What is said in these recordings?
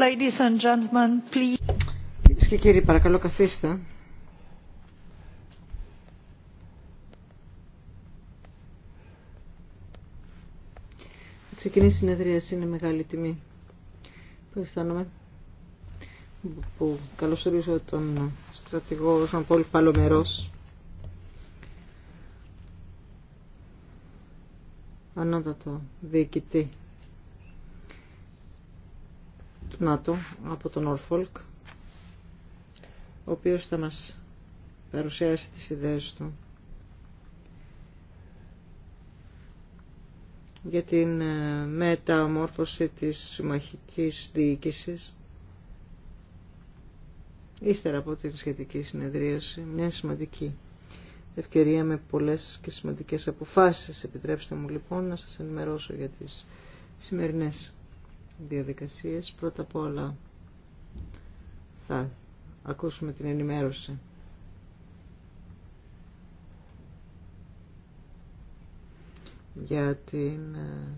Ladies and Κυρίες και κύριοι, παρακαλώ καθίστε. Ξεκινήσει η συνεδρίαση, είναι μεγάλη τιμή που αισθάνομαι. Που καλωσορίζω τον στρατηγό Ζαν Πολ Παλομερός. Ανώτατο διοικητή ΝΑΤΟ από τον Ορφόλκ, ο οποίος θα μας παρουσιάσει τις ιδέες του για την ε, μεταμόρφωση της μαχικής διοίκησης ύστερα από την σχετική συνεδρίαση μια σημαντική ευκαιρία με πολλές και σημαντικές αποφάσεις επιτρέψτε μου λοιπόν να σας ενημερώσω για τις σημερινές διαδικασίες. Πρώτα απ' όλα θα ακούσουμε την ενημέρωση. για την ε,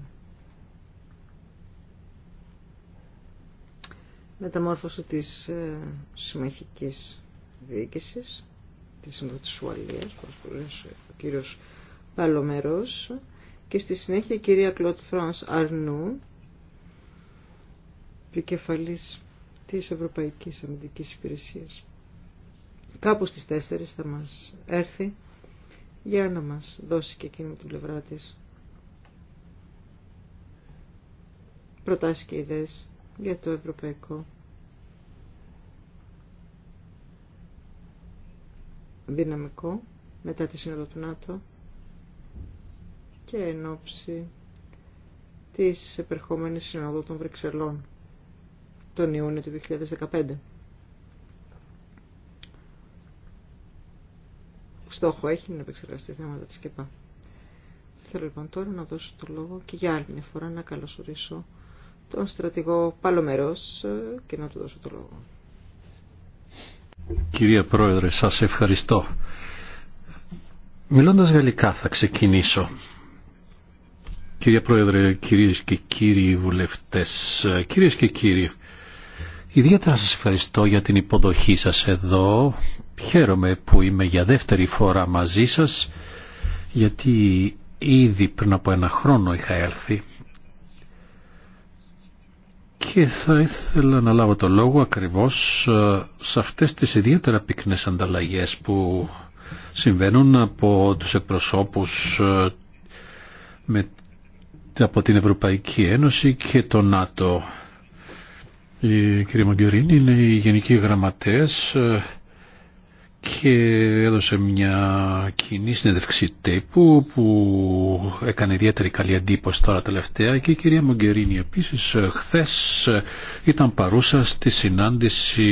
μεταμόρφωση της ε, συμμαχικής διοίκησης της που Ουαλίας, ο κύριος Παλομερός και στη συνέχεια η κυρία Κλωτ Φρανς Αρνού επικεφαλής της Ευρωπαϊκής Αμυντικής Υπηρεσίας. Κάπου στις 4 θα μας έρθει για να μας δώσει και εκείνη την πλευρά της προτάσεις και ιδέες για το ευρωπαϊκό δυναμικό μετά τη Σύνοδο του ΝΑΤΟ και εν ώψη της επερχόμενης Συνοδού των Βρυξελών τον Ιούνιο του 2015. Στόχο έχει να επεξεργαστεί θέματα της ΚΕΠΑ. Θέλω λοιπόν τώρα να δώσω το λόγο και για άλλη μια φορά να καλωσορίσω τον στρατηγό Παλομερός ε, και να του δώσω το λόγο. Κυρία Πρόεδρε, σας ευχαριστώ. Μιλώντας γαλλικά θα ξεκινήσω. Κυρία Πρόεδρε, κυρίες και κύριοι βουλευτές, ε, κυρίες και κύριοι, Ιδιαίτερα σας ευχαριστώ για την υποδοχή σας εδώ. Χαίρομαι που είμαι για δεύτερη φορά μαζί σας γιατί ήδη πριν από ένα χρόνο είχα έρθει και θα ήθελα να λάβω το λόγο ακριβώς ε, σε αυτές τις ιδιαίτερα πυκνές ανταλλαγές που συμβαίνουν από τους εκπροσώπους ε, με, από την Ευρωπαϊκή Ένωση και το ΝΑΤΟ η κυρία Μαγκερίνη είναι η Γενική Γραμματέας ε, και έδωσε μια κοινή συνέντευξη τύπου που έκανε ιδιαίτερη καλή εντύπωση τώρα τελευταία και η κυρία Μογκερίνη επίσης ε, χθες ε, ήταν παρούσα στη συνάντηση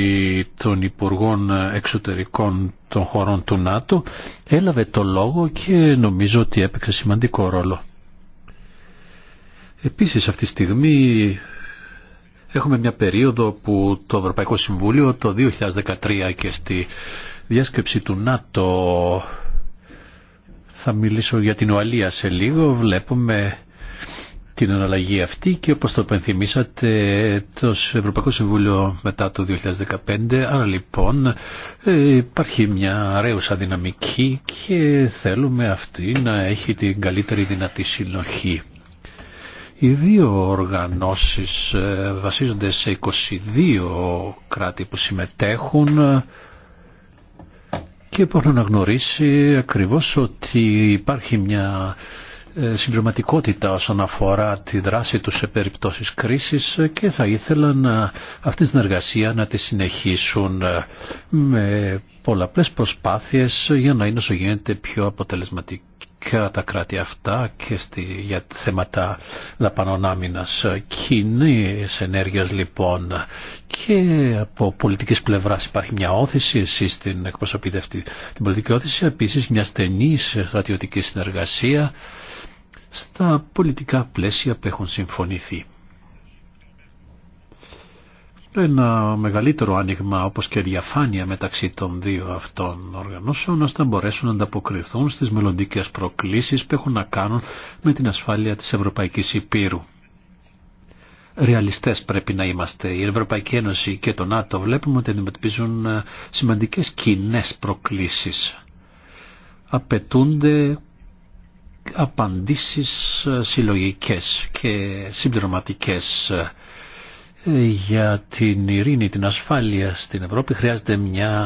των Υπουργών Εξωτερικών των χωρών του ΝΑΤΟ έλαβε το λόγο και νομίζω ότι έπαιξε σημαντικό ρόλο. Επίσης αυτή τη στιγμή Έχουμε μια περίοδο που το Ευρωπαϊκό Συμβούλιο το 2013 και στη διάσκεψη του ΝΑΤΟ θα μιλήσω για την Ουαλία σε λίγο. Βλέπουμε την αναλλαγή αυτή και όπως το επενθυμίσατε το Ευρωπαϊκό Συμβούλιο μετά το 2015. Άρα λοιπόν ε, υπάρχει μια αρέουσα δυναμική και θέλουμε αυτή να έχει την καλύτερη δυνατή συνοχή. Οι δύο οργανώσεις ε, βασίζονται σε 22 κράτη που συμμετέχουν ε, και μπορούν να γνωρίσει ακριβώς ότι υπάρχει μια ε, συμπληρωματικότητα όσον αφορά τη δράση του σε περιπτώσεις κρίσης και θα ήθελαν να, αυτή την εργασία να τη συνεχίσουν με πολλαπλές προσπάθειες για να είναι όσο γίνεται πιο αποτελεσματική και τα κράτη αυτά και στη, για θέματα δαπανών άμυνας κοινής ενέργειας λοιπόν και από πολιτικής πλευράς υπάρχει μια όθηση εσείς την εκπροσωπείτε αυτή την πολιτική όθηση επίσης μια στενή στρατιωτική συνεργασία στα πολιτικά πλαίσια που έχουν συμφωνηθεί ένα μεγαλύτερο άνοιγμα όπως και διαφάνεια μεταξύ των δύο αυτών οργανώσεων ώστε να μπορέσουν να ανταποκριθούν στις μελλοντικές προκλήσεις που έχουν να κάνουν με την ασφάλεια της Ευρωπαϊκής Υπήρου. Ρεαλιστές πρέπει να είμαστε. Η Ευρωπαϊκή Ένωση και το ΝΑΤΟ βλέπουμε ότι αντιμετωπίζουν ε, σημαντικές κοινέ προκλήσεις. Απαιτούνται απαντήσεις ε, συλλογικές και συμπληρωματικές ε, για την ειρήνη, την ασφάλεια στην Ευρώπη χρειάζεται μια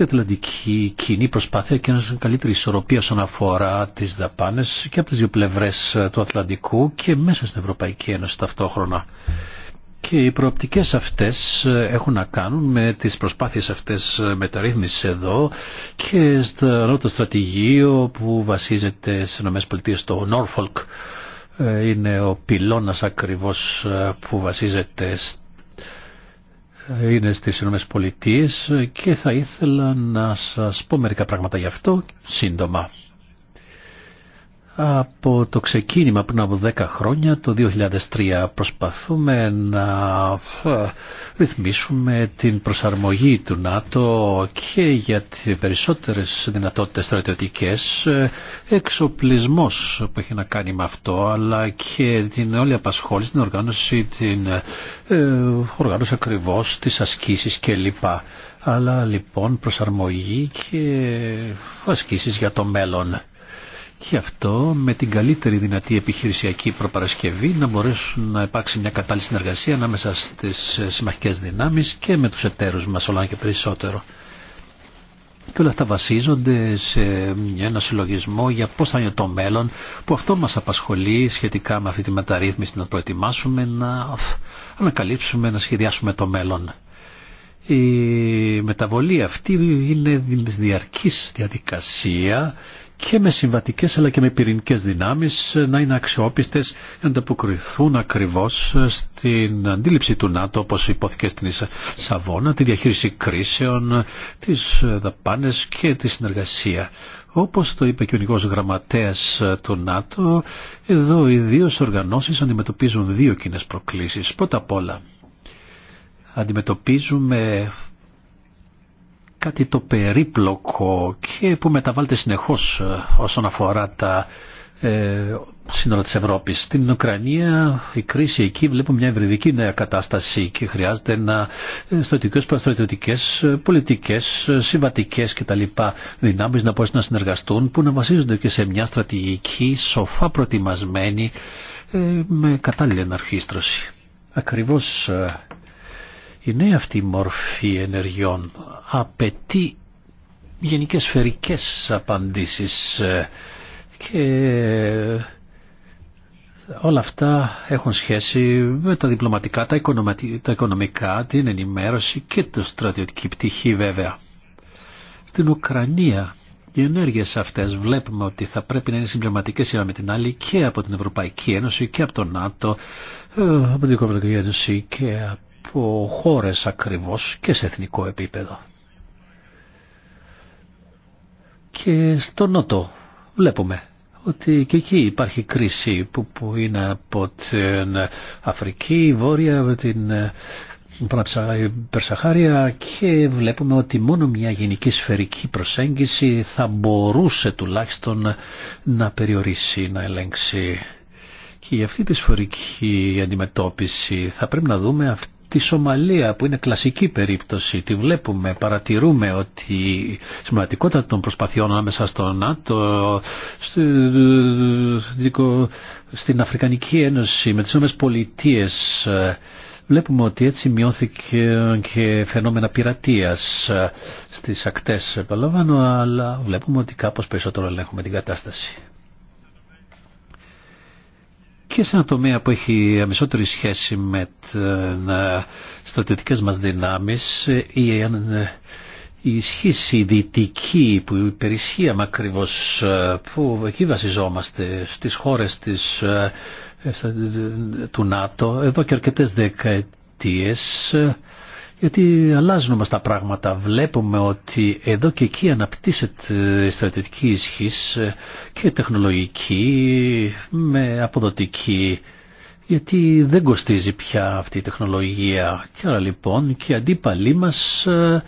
ατλαντική κοινή προσπάθεια και ένας καλύτερη ισορροπία όσον αφορά τις δαπάνες και από τις δύο πλευρές του Ατλαντικού και μέσα στην Ευρωπαϊκή Ένωση ταυτόχρονα. Και οι προοπτικές αυτές έχουν να κάνουν με τις προσπάθειες αυτές μεταρρύθμισης εδώ και στο νότο στρατηγείο που βασίζεται στις ΗΠΑ, στο Norfolk ε, είναι ο πυλώνας ακριβώς ε, που βασίζεται ε, είναι στις Ηνωμένες Πολιτείες και θα ήθελα να σας πω μερικά πράγματα γι' αυτό σύντομα. Από το ξεκίνημα πριν από 10 χρόνια, το 2003, προσπαθούμε να ε, ρυθμίσουμε την προσαρμογή του ΝΑΤΟ και για τις περισσότερες δυνατότητες στρατιωτικές, ε, εξοπλισμός που έχει να κάνει με αυτό, αλλά και την όλη απασχόληση, την οργάνωση, την ε, οργάνωση ακριβώς, τις ασκήσεις κλπ. Αλλά λοιπόν προσαρμογή και ασκήσεις για το μέλλον και αυτό με την καλύτερη δυνατή επιχειρησιακή προπαρασκευή να μπορέσουν να υπάρξει μια κατάλληλη συνεργασία ανάμεσα στις ε, συμμαχικές δυνάμεις και με τους εταίρους μας όλα και περισσότερο. Και όλα αυτά βασίζονται σε ένα συλλογισμό για πώς θα είναι το μέλλον που αυτό μας απασχολεί σχετικά με αυτή τη μεταρρύθμιση να προετοιμάσουμε, να ανακαλύψουμε, να σχεδιάσουμε το μέλλον. Η μεταβολή αυτή είναι διαρκής διαδικασία και με συμβατικές αλλά και με πυρηνικές δυνάμεις να είναι αξιόπιστες για να ανταποκριθούν ακριβώς στην αντίληψη του ΝΑΤΟ όπως υπόθηκε στην Σαβόνα, τη διαχείριση κρίσεων, τις δαπάνες και τη συνεργασία. Όπως το είπε και ο Γενικός Γραμματέας του ΝΑΤΟ, εδώ οι δύο οργανώσεις αντιμετωπίζουν δύο κοινέ προκλήσεις. Πρώτα απ' όλα, αντιμετωπίζουμε κάτι το περίπλοκο και που μεταβάλλεται συνεχώς ε, όσον αφορά τα ε, σύνορα της Ευρώπης. Στην Ουκρανία η κρίση εκεί βλέπουμε μια ευρυδική νέα κατάσταση και χρειάζεται να ε, στρατιωτικές, προστρατιωτικές, ε, πολιτικές, συμβατικές λοιπά δυνάμεις να μπορέσουν να συνεργαστούν που να βασίζονται και σε μια στρατηγική σοφά προετοιμασμένη με κατάλληλη αναρχίστρωση. Ακριβώς η νέα αυτή μορφή ενεργειών απαιτεί γενικές σφαιρικές απαντήσεις ε, και όλα αυτά έχουν σχέση με τα διπλωματικά, τα, οικονομικά, την ενημέρωση και το στρατιωτική πτυχή βέβαια. Στην Ουκρανία οι ενέργειες αυτές βλέπουμε ότι θα πρέπει να είναι συμπληρωματικές η με την άλλη και από την Ευρωπαϊκή Ένωση και από το ΝΑΤΟ, ε, από την Ευρωπαϊκή Ένωση και από από χώρες ακριβώς και σε εθνικό επίπεδο. Και στο Νότο βλέπουμε ότι και εκεί υπάρχει κρίση που, που είναι από την Αφρική, Βόρεια, την Περσαχάρια και βλέπουμε ότι μόνο μια γενική σφαιρική προσέγγιση θα μπορούσε τουλάχιστον να περιορίσει, να ελέγξει. Και για αυτή τη σφαιρική αντιμετώπιση θα πρέπει να δούμε τη Σομαλία που είναι κλασική περίπτωση. Τη βλέπουμε, παρατηρούμε ότι η σημαντικότητα των προσπαθειών ανάμεσα στο ΝΑΤΟ, στην Αφρικανική Ένωση, με τις Ηνωμένες Πολιτείες, ε, βλέπουμε ότι έτσι μειώθηκε και φαινόμενα πειρατείας ε, στις ακτές, αλλά βλέπουμε ότι κάπως περισσότερο ελέγχουμε την κατάσταση και σε ένα τομέα που έχει αμεσότερη σχέση με ε, στρατιωτικές μας δυνάμεις ή ε, αν ε, η ισχύση δυτική που υπερισχύαμε ακριβώ που εκεί βασιζόμαστε στις χώρες της, του ΝΑΤΟ εδώ και αρκετές δεκαετίες γιατί αλλάζουν όμως τα πράγματα. Βλέπουμε ότι εδώ και εκεί αναπτύσσεται στρατιωτική ισχύς ε, και τεχνολογική με αποδοτική. Γιατί δεν κοστίζει πια αυτή η τεχνολογία. Και άρα λοιπόν και οι αντίπαλοι μας ε,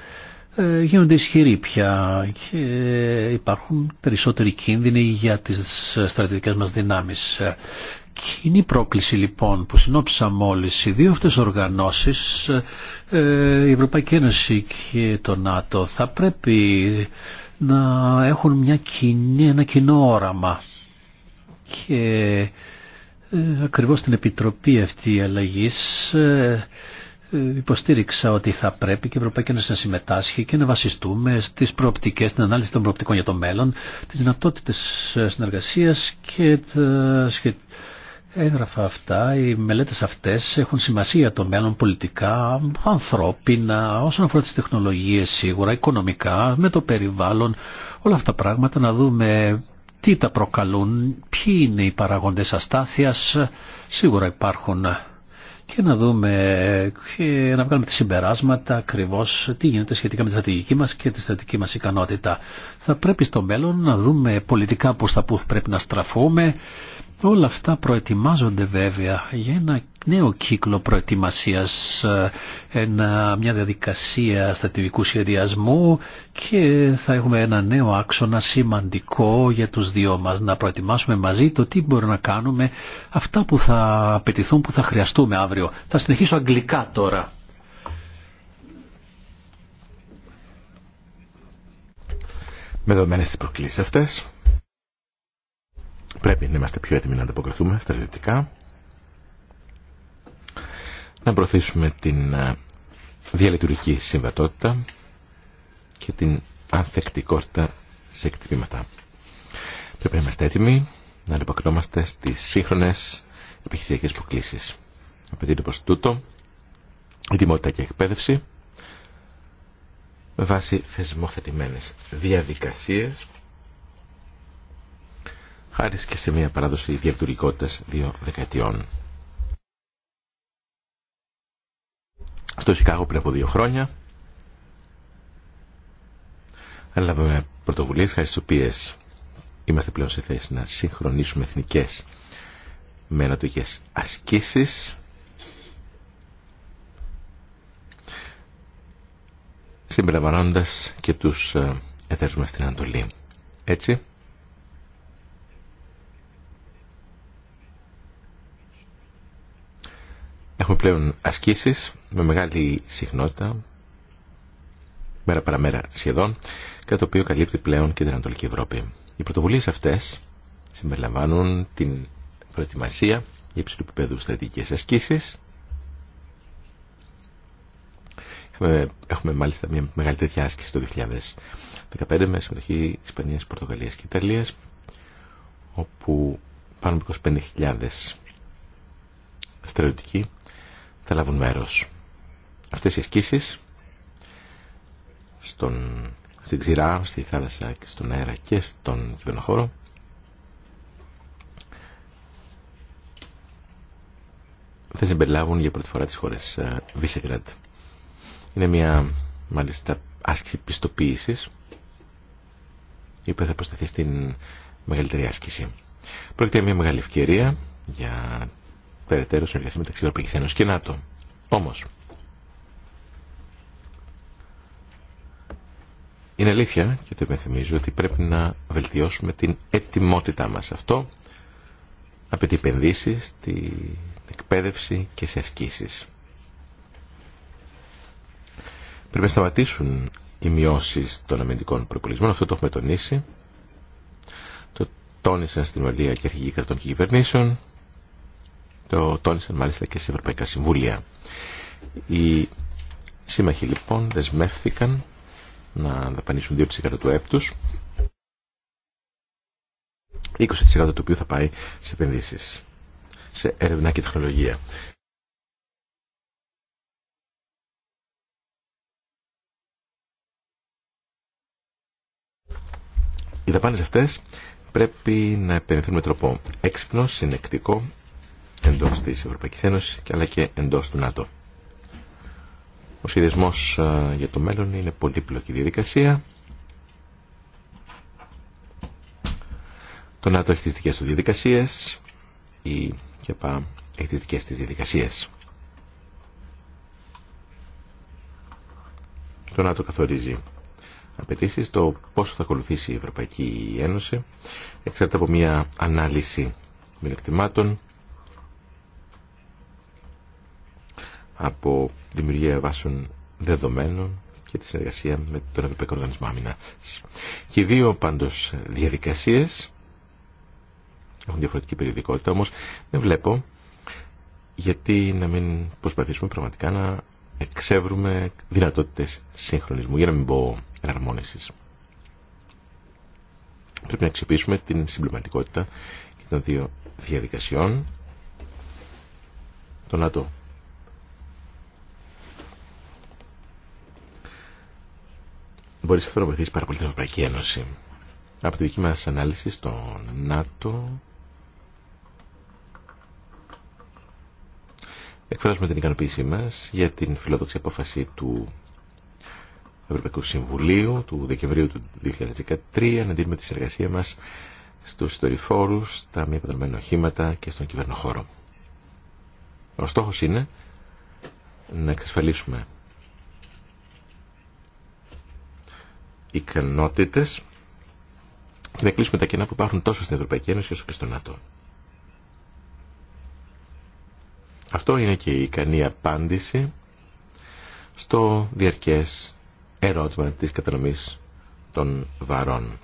ε, γίνονται ισχυροί πια και υπάρχουν περισσότεροι κίνδυνοι για τις στρατιωτικές μας δυνάμεις. Κοινή πρόκληση λοιπόν που συνόψα μόλις οι δύο αυτές οργανώσεις, ε, η Ευρωπαϊκή Ένωση και το ΝΑΤΟ, θα πρέπει να έχουν μια κοινή, ένα κοινό όραμα. Και ε, ακριβώς την Επιτροπή αυτή η αλλαγής ε, ε, υποστήριξα ότι θα πρέπει και η Ευρωπαϊκή Ένωση να συμμετάσχει και να βασιστούμε στις προοπτικές, στην ανάλυση των προοπτικών για το μέλλον, τις δυνατότητες συνεργασίας και τα σχετικά έγραφα αυτά, οι μελέτες αυτές έχουν σημασία το μέλλον πολιτικά, ανθρώπινα, όσον αφορά τις τεχνολογίες σίγουρα, οικονομικά, με το περιβάλλον, όλα αυτά τα πράγματα να δούμε τι τα προκαλούν, ποιοι είναι οι παραγόντες αστάθειας, σίγουρα υπάρχουν και να δούμε και να βγάλουμε τις συμπεράσματα ακριβώ τι γίνεται σχετικά με τη στρατηγική μας και τη στρατηγική μας ικανότητα. Θα πρέπει στο μέλλον να δούμε πολιτικά πώς θα πού πρέπει να στραφούμε Όλα αυτά προετοιμάζονται βέβαια για ένα νέο κύκλο προετοιμασίας, ε, μια διαδικασία στατηρικού σχεδιασμού και θα έχουμε ένα νέο άξονα σημαντικό για τους δυο μας να προετοιμάσουμε μαζί το τι μπορούμε να κάνουμε, αυτά που θα απαιτηθούν, που θα χρειαστούμε αύριο. Θα συνεχίσω αγγλικά τώρα. Με δεδομένες τις προκλήσεις αυτές, Πρέπει να είμαστε πιο έτοιμοι να ανταποκριθούμε στρατιωτικά, να προωθήσουμε την ε, διαλειτουργική συμβατότητα και την ανθεκτικότητα σε εκτυπήματα. Πρέπει να είμαστε έτοιμοι να ανταποκρινόμαστε στις σύγχρονες επιχειρησιακές προκλήσεις. Απαιτείται προς τούτο ετοιμότητα και εκπαίδευση με βάση θεσμοθετημένες διαδικασίες χάρη και σε μια παράδοση διαβδουρικότητας δύο δεκαετιών. Στο Σικάγο πριν από δύο χρόνια έλαβαμε πρωτοβουλίες χάρη στις οποίες είμαστε πλέον σε θέση να συγχρονίσουμε εθνικές με ανατολικές ασκήσεις συμπεριλαμβανώντας και τους εταίρους στην Ανατολή. Έτσι, πλέον ασκήσεις με μεγάλη συχνότητα, μέρα παραμέρα σχεδόν, κατά το οποίο καλύπτει πλέον και την Ανατολική Ευρώπη. Οι πρωτοβουλίες αυτές συμπεριλαμβάνουν την προετοιμασία για υψηλού επίπεδου στρατηγικές ασκήσεις, Έχουμε, μάλιστα μια μεγάλη τέτοια άσκηση το 2015 με συμμετοχή Ισπανίας, Πορτογαλίας και Ιταλίας όπου πάνω από 25.000 στρατιωτικοί θα λάβουν μέρος. Αυτές οι ασκήσεις στον, στην ξηρά, στη θάλασσα και στον αέρα και στον κυβερνοχώρο θα συμπεριλάβουν για πρώτη φορά τις χώρες ε, Βίσεγκραντ. Είναι μια μάλιστα άσκηση πιστοποίησης η οποία θα προσταθεί στην μεγαλύτερη άσκηση. Πρόκειται μια μεγάλη ευκαιρία για περαιτέρω συνεργασία μεταξύ Ευρωπαϊκή Ένωση και ΝΑΤΟ. Όμως, είναι αλήθεια και το υπενθυμίζω ότι πρέπει να βελτιώσουμε την ετοιμότητά μα Αυτό απαιτεί επενδύσει στην εκπαίδευση και σε ασκήσει. Πρέπει να σταματήσουν οι μειώσει των αμυντικών προπολισμών. Αυτό το έχουμε τονίσει. Το τόνισαν στην Ουαλία και αρχηγοί κρατών και κυβερνήσεων το τόνισαν μάλιστα και σε Ευρωπαϊκά Συμβούλια. Οι σύμμαχοι λοιπόν δεσμεύθηκαν να δαπανίσουν 2% του έπτους 20% του οποίου θα πάει σε επενδύσεις, σε έρευνα και τεχνολογία. Οι δαπάνε αυτές πρέπει να επενδυθούν με τρόπο έξυπνο, συνεκτικό, εντός της Ευρωπαϊκής Ένωσης αλλά και εντός του ΝΑΤΟ. Ο σχεδιασμό ε, για το μέλλον είναι πολύπλοκη διαδικασία. Το ΝΑΤΟ έχει τις δικές του διαδικασίες, η ΚΕΠΑ έχει τις δικές της διαδικασίες. Το ΝΑΤΟ καθορίζει απαιτήσει, το πόσο θα ακολουθήσει η Ευρωπαϊκή Ένωση, εξαρτάται από μια ανάλυση μειονεκτημάτων, από δημιουργία βάσεων δεδομένων και τη συνεργασία με τον Ευρωπαϊκό Οργανισμό Άμυνα. Και οι δύο πάντω διαδικασίε, έχουν διαφορετική περιοδικότητα, όμως δεν βλέπω γιατί να μην προσπαθήσουμε πραγματικά να εξεύρουμε δυνατότητες συγχρονισμού, για να μην πω εναρμόνιση. Πρέπει να αξιοποιήσουμε την συμπληρωματικότητα των δύο διαδικασιών. Το ΝΑΤΟ Μπορεί αυτό να βοηθήσει πάρα πολύ την Ευρωπαϊκή Ένωση. Από τη δική μα ανάλυση στο ΝΑΤΟ εκφράζουμε την ικανοποίησή μας για την φιλόδοξη απόφαση του Ευρωπαϊκού Συμβουλίου του Δεκεμβρίου του 2013 να δίνουμε τη συνεργασία μας στους δορυφόρους, τα μη επιδρομένα οχήματα και στον κυβερνοχώρο. Ο στόχο είναι να εξασφαλίσουμε ικανότητε και να κλείσουμε τα κενά που υπάρχουν τόσο στην Ευρωπαϊκή Ένωση όσο και στο ΝΑΤΟ. Αυτό είναι και η ικανή απάντηση στο διαρκέ ερώτημα της κατανομής των βαρών.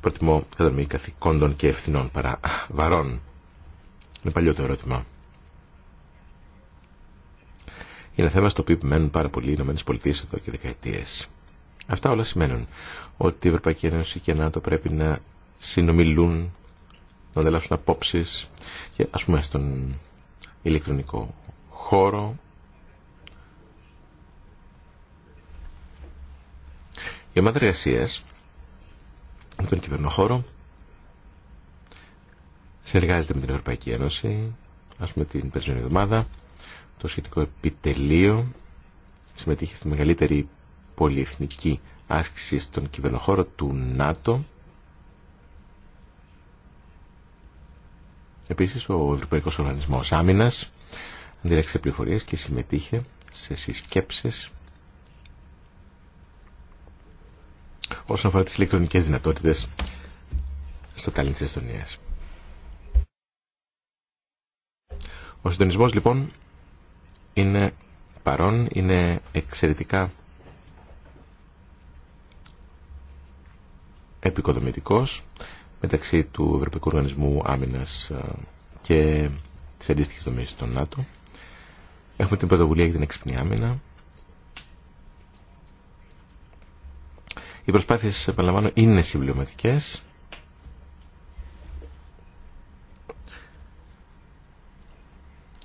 Προτιμώ κατανομή καθηκόντων και ευθυνών παρά βαρών. Είναι παλιό το ερώτημα. Είναι θέμα στο οποίο επιμένουν πάρα πολλοί οι ΗΠΑ εδώ και δεκαετίες. Αυτά όλα σημαίνουν ότι η Ευρωπαϊκή Ένωση και η ΝΑΤΟ πρέπει να συνομιλούν, να ανταλλάσσουν απόψει και α πούμε στον ηλεκτρονικό χώρο. Η ομάδα εργασία με τον κυβερνοχώρο συνεργάζεται με την Ευρωπαϊκή Ένωση, α πούμε την περσμένη εβδομάδα, το σχετικό επιτελείο συμμετείχε στη μεγαλύτερη πολυεθνική άσκηση στον κυβερνοχώρο του ΝΑΤΟ. Επίσης, ο Ευρωπαϊκός Οργανισμός Άμυνας αντίλεξε πληροφορίες και συμμετείχε σε συσκέψεις όσον αφορά τις ηλεκτρονικές δυνατότητες στο Τάλιν της Εστονίας. Ο συντονισμός λοιπόν είναι παρόν, είναι εξαιρετικά επικοδομητικός μεταξύ του Ευρωπαϊκού Οργανισμού Άμυνας ε, και της αντίστοιχη δομή των ΝΑΤΟ. Έχουμε την πρωτοβουλία για την έξυπνη άμυνα. Οι προσπάθειες, επαναλαμβάνω, είναι συμπληρωματικές.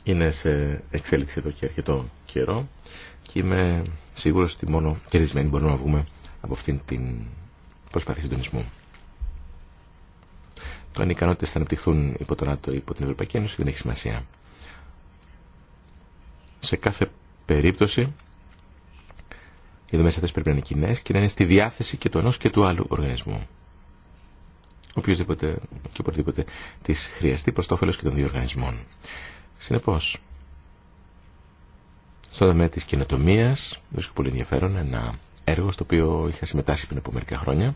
Είναι σε εξέλιξη εδώ και αρκετό καιρό και είμαι σίγουρος ότι μόνο κερδισμένοι μπορούμε να βγούμε από αυτήν την πως συντονισμού. Το αν οι ικανότητε θα αναπτυχθούν υπό τον ΝΑΤΟ ή υπό την Ευρωπαϊκή Ένωση δεν έχει σημασία. Σε κάθε περίπτωση οι δομέ αυτέ πρέπει να είναι κοινέ και να είναι στη διάθεση και του ενό και του άλλου οργανισμού. Οποιοδήποτε και οπουδήποτε τη χρειαστεί προ το όφελο και των δύο οργανισμών. Συνεπώ, στον τομέα τη καινοτομία βρίσκω πολύ ενδιαφέρον να έργο στο οποίο είχα συμμετάσχει πριν από μερικά χρόνια.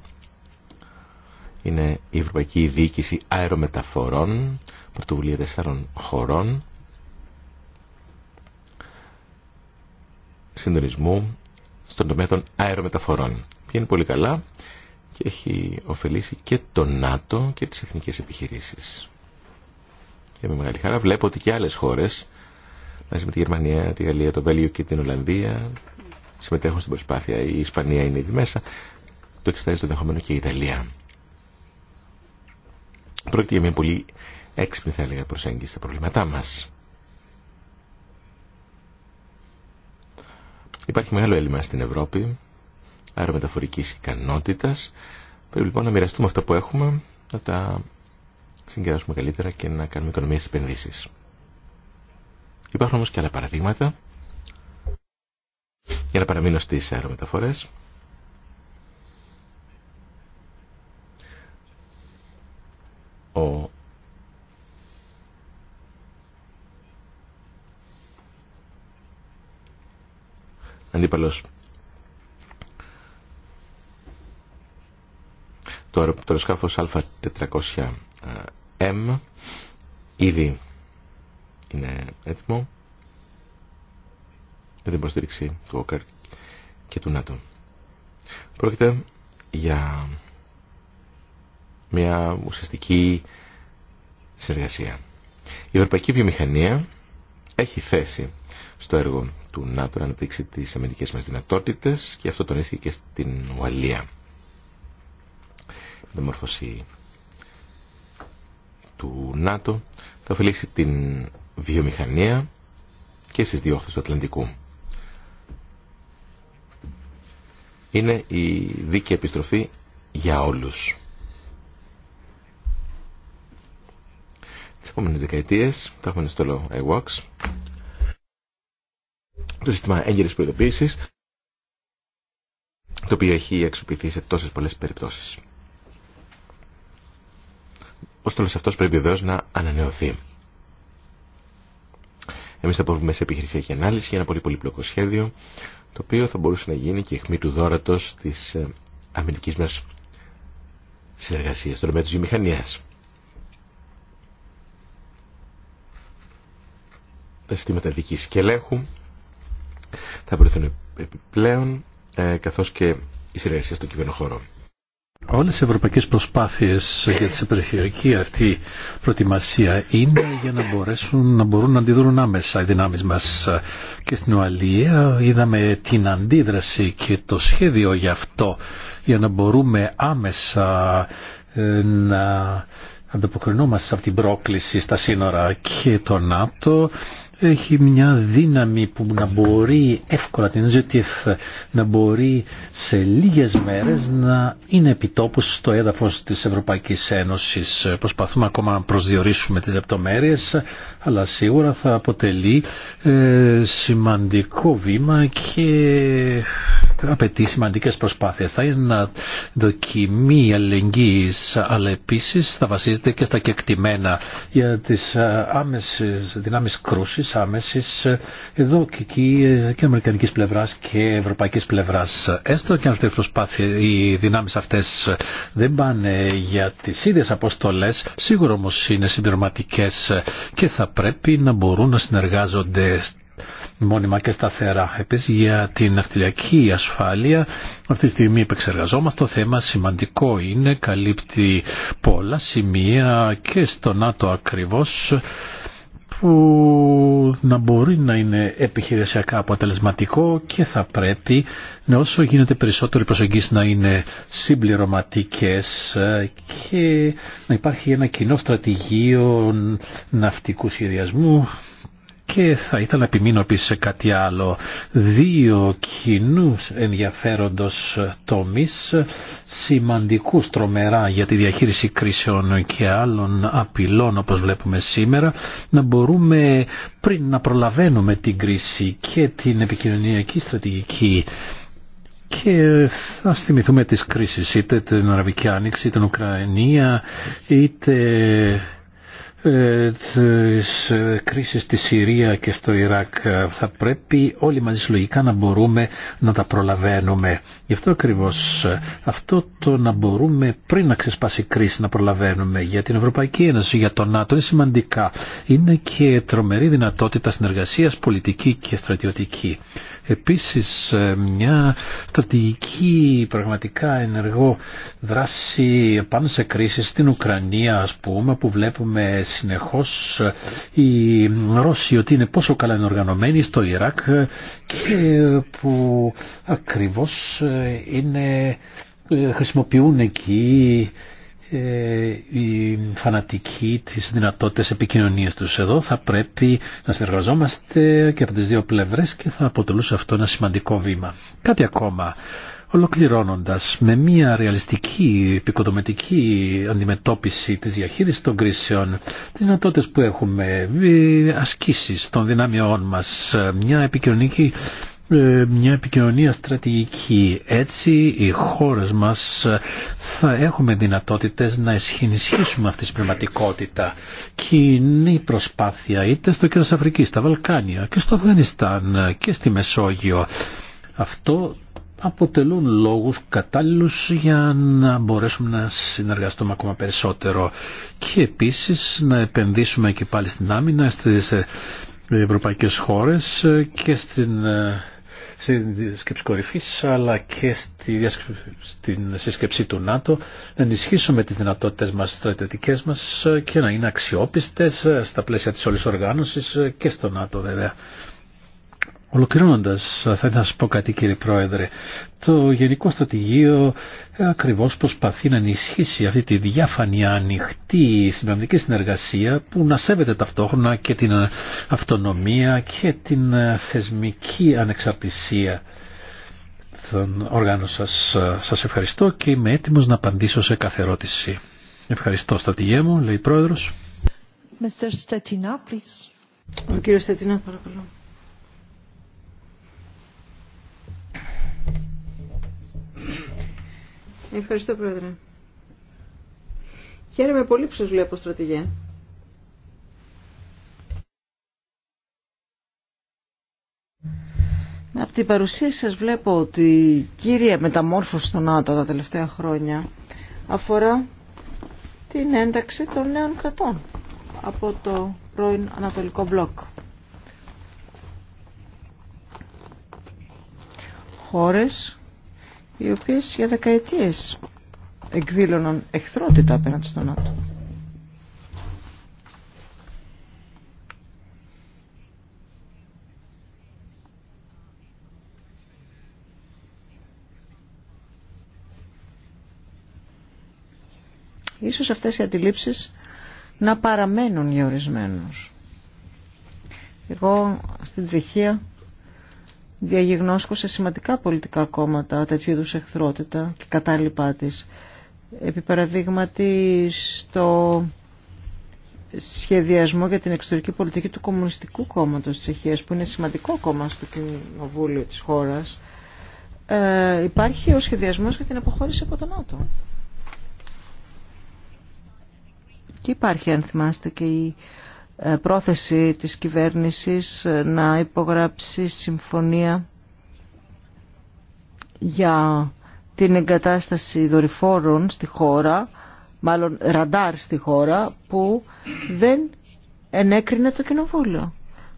Είναι η Ευρωπαϊκή Διοίκηση Αερομεταφορών, πρωτοβουλία τεσσάρων χωρών, συντονισμού στον τομέα των αερομεταφορών. Πηγαίνει πολύ καλά και έχει ωφελήσει και το ΝΑΤΟ και τις εθνικές επιχειρήσεις. Και με μεγάλη χαρά βλέπω ότι και άλλες χώρες, μαζί με τη Γερμανία, τη Γαλλία, το Βέλγιο και την Ολλανδία, συμμετέχουν στην προσπάθεια. Η Ισπανία είναι ήδη μέσα, το εξετάζει το ενδεχόμενο και η Ιταλία. Πρόκειται για μια πολύ έξυπνη θα έλεγα προσέγγιση στα προβλήματά μα. Υπάρχει μεγάλο έλλειμμα στην Ευρώπη, αερομεταφορική ικανότητα. Πρέπει λοιπόν να μοιραστούμε αυτά που έχουμε, να τα συγκεράσουμε καλύτερα και να κάνουμε οικονομίες επενδύσει. Υπάρχουν όμω και άλλα παραδείγματα για να παραμείνω στις αερομεταφορές. Ο αντίπαλος το σκάφος α Α400M ήδη είναι έτοιμο με την υποστήριξη του ΟΚΑΡ και του ΝΑΤΟ. Πρόκειται για μια ουσιαστική συνεργασία. Η ευρωπαϊκή βιομηχανία έχει θέση στο έργο του ΝΑΤΟ να αναπτύξει τις αμυντικές μας δυνατότητες και αυτό τονίστηκε και στην Ουαλία. Η μορφωσή του ΝΑΤΟ θα ωφελήσει την βιομηχανία και στις διόχθες του Ατλαντικού. είναι η δίκαιη επιστροφή για όλους. Τις επόμενες δεκαετίες θα έχουμε στολό iWalks, το σύστημα έγκαιρης προειδοποίησης, το οποίο έχει αξιοποιηθεί σε τόσες πολλές περιπτώσεις. Ο στόλος αυτός πρέπει βεβαίως να ανανεωθεί. Εμεί θα προβούμε σε επιχειρησιακή ανάλυση για ένα πολύ πολύπλοκο σχέδιο, το οποίο θα μπορούσε να γίνει και αιχμή του δόρατος της ε, αμυντική μα συνεργασία στον τομέα τη βιομηχανία. Τα συστήματα δική και ελέγχου θα βρεθούν επιπλέον, ε, καθώς και η συνεργασία στον κυβερνοχώρο. Όλες οι ευρωπαϊκές προσπάθειες για τη περιφερειακή αυτή προετοιμασία είναι για να μπορέσουν να μπορούν να αντιδρούν άμεσα οι δυνάμεις μας. Και στην Ουαλία είδαμε την αντίδραση και το σχέδιο για αυτό για να μπορούμε άμεσα ε, να ανταποκρινόμαστε από την πρόκληση στα σύνορα και το ΝΑΤΟ έχει μια δύναμη που να μπορεί εύκολα την ZTF να μπορεί σε λίγες μέρες να είναι επιτόπους στο έδαφος της Ευρωπαϊκής Ένωσης. Προσπαθούμε ακόμα να προσδιορίσουμε τις λεπτομέρειες αλλά σίγουρα θα αποτελεί ε, σημαντικό βήμα και απαιτεί σημαντικές προσπάθειες. Θα είναι να δοκιμή αλληλεγγύης αλλά επίσης θα βασίζεται και στα κεκτημένα για τις ε, άμεσες δυνάμεις κρούσης άμεσης ε, εδώ και εκεί ε, και αμερικανικής πλευράς και Ευρωπαϊκή πλευρά. Έστω και αν αυτέ οι οι δυνάμεις αυτές ε, δεν πάνε για τι ίδιε αποστολέ. σίγουρα όμω είναι συμπληρωματικέ και θα πρέπει να μπορούν να συνεργάζονται μόνιμα και σταθερά. Επίσης για την αυτιλιακή ασφάλεια αυτή τη στιγμή επεξεργαζόμαστε το θέμα σημαντικό είναι, καλύπτει πολλά σημεία και στο ΝΑΤΟ ακριβώς που να μπορεί να είναι επιχειρησιακά αποτελεσματικό και θα πρέπει να όσο γίνεται περισσότερο οι να είναι συμπληρωματικές ε, και να υπάρχει ένα κοινό στρατηγείο ναυτικού σχεδιασμού και θα ήθελα να επιμείνω επίσης σε κάτι άλλο. Δύο κοινού ενδιαφέροντος τομείς, σημαντικούς τρομερά για τη διαχείριση κρίσεων και άλλων απειλών όπως βλέπουμε σήμερα, να μπορούμε πριν να προλαβαίνουμε την κρίση και την επικοινωνιακή στρατηγική και θα θυμηθούμε τις κρίσεις είτε την Αραβική Άνοιξη, την Ουκρανία είτε ε, της ε, κρίσης στη Συρία και στο Ιράκ ε, θα πρέπει όλοι μαζί συλλογικά να μπορούμε να τα προλαβαίνουμε. Γι' αυτό ακριβώς αυτό το να μπορούμε πριν να ξεσπάσει η κρίση να προλαβαίνουμε για την Ευρωπαϊκή Ένωση, για τον ΝΑΤΟ είναι σημαντικά. Είναι και τρομερή δυνατότητα συνεργασίας πολιτική και στρατιωτική. Επίσης ε, μια στρατηγική πραγματικά ενεργό δράση πάνω σε κρίσεις στην Ουκρανία ας πούμε που βλέπουμε συνεχώς ε, οι Ρώσοι ότι είναι πόσο καλά ενοργανωμένοι στο Ιράκ και που ακριβώς ε, είναι χρησιμοποιούν εκεί οι ε, φανατικοί τις δυνατότητες επικοινωνίας τους. Εδώ θα πρέπει να συνεργαζόμαστε και από τις δύο πλευρές και θα αποτελούσε αυτό ένα σημαντικό βήμα. Κάτι ακόμα. Ολοκληρώνοντας με μια ρεαλιστική επικοδομητική αντιμετώπιση της διαχείρισης των κρίσεων, τις δυνατότητες που έχουμε, ε, ασκήσεις των δυνάμειών μας, ε, μια επικοινωνική ε, μια επικοινωνία στρατηγική. Έτσι οι χώρες μας ε, θα έχουμε δυνατότητες να ενισχύσουμε αυτή την πνευματικότητα. Κοινή προσπάθεια είτε στο κέντρο Αφρική, στα Βαλκάνια και στο Αφγανιστάν ε, και στη Μεσόγειο. Αυτό αποτελούν λόγους κατάλληλους για να μπορέσουμε να συνεργαστούμε ακόμα περισσότερο και επίσης να επενδύσουμε και πάλι στην άμυνα στις ευρωπαϊκές χώρες και στην στη σκέψη κορυφή αλλά και στη, στην σύσκεψη του ΝΑΤΟ να ενισχύσουμε τις δυνατότητες μας στρατιωτικέ μα, και να είναι αξιόπιστε, στα πλαίσια τη όλης οργάνωση και στο ΝΑΤΟ βέβαια. Ολοκληρώνοντας, θα ήθελα να σας πω κάτι κύριε Πρόεδρε. Το Γενικό Στρατηγείο ακριβώς προσπαθεί να ενισχύσει αυτή τη διάφανη ανοιχτή συναντική συνεργασία που να σέβεται ταυτόχρονα και την αυτονομία και την θεσμική ανεξαρτησία των οργάνων σας. Σας ευχαριστώ και είμαι έτοιμος να απαντήσω σε κάθε ερώτηση. Ευχαριστώ στρατηγέ μου, λέει Πρόεδρος. παρακαλώ. Ευχαριστώ, Πρόεδρε. Χαίρομαι πολύ που σας βλέπω, στρατηγέ. Από την παρουσία σας βλέπω ότι η κύρια μεταμόρφωση στο ΝΑΤΟ τα τελευταία χρόνια αφορά την ένταξη των νέων κρατών από το πρώην Ανατολικό Μπλοκ. Χώρες οι οποίες για δεκαετίες εκδήλωναν εχθρότητα απέναντι στον ΝΑΤΟ. Ίσως αυτές οι αντιλήψεις να παραμένουν για ορισμένους. Εγώ στην Τσεχία σε σημαντικά πολιτικά κόμματα τέτοιου είδου εχθρότητα και κατάλοιπά τη. Επί παραδείγματι στο σχεδιασμό για την εξωτερική πολιτική του Κομμουνιστικού Κόμματος της Τσεχίας που είναι σημαντικό κόμμα στο κοινοβούλιο της χώρας ε, υπάρχει ο σχεδιασμός για την αποχώρηση από τον ΝΑΤΟ. Και υπάρχει αν θυμάστε και η ε, πρόθεση της κυβέρνησης ε, να υπογράψει συμφωνία για την εγκατάσταση δορυφόρων στη χώρα, μάλλον ραντάρ στη χώρα, που δεν ενέκρινε το κοινοβούλιο.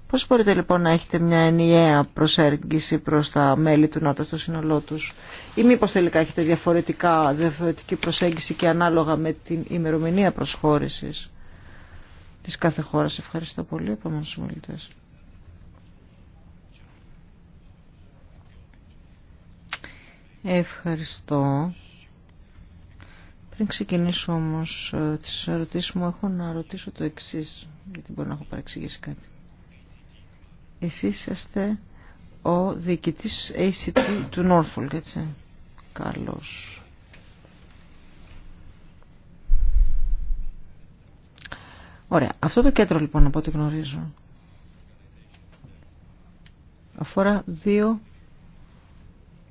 Πώς μπορείτε λοιπόν να έχετε μια ενιαία προσέγγιση προς τα μέλη του ΝΑΤΟ στο σύνολό τους ή μήπως τελικά έχετε διαφορετικά, διαφορετική προσέγγιση και ανάλογα με την ημερομηνία προσχώρησης της κάθε χώρας. Ευχαριστώ πολύ. Επόμενος Ευχαριστώ. Πριν ξεκινήσω όμως ε, τις ερωτήσεις μου, έχω να ρωτήσω το εξής, γιατί μπορεί να έχω παρεξηγήσει κάτι. Εσείς είσαστε ο διοικητής ACT του Norfolk, έτσι. Καλώς. Ωραία. Αυτό το κέντρο λοιπόν από ό,τι γνωρίζω αφορά δύο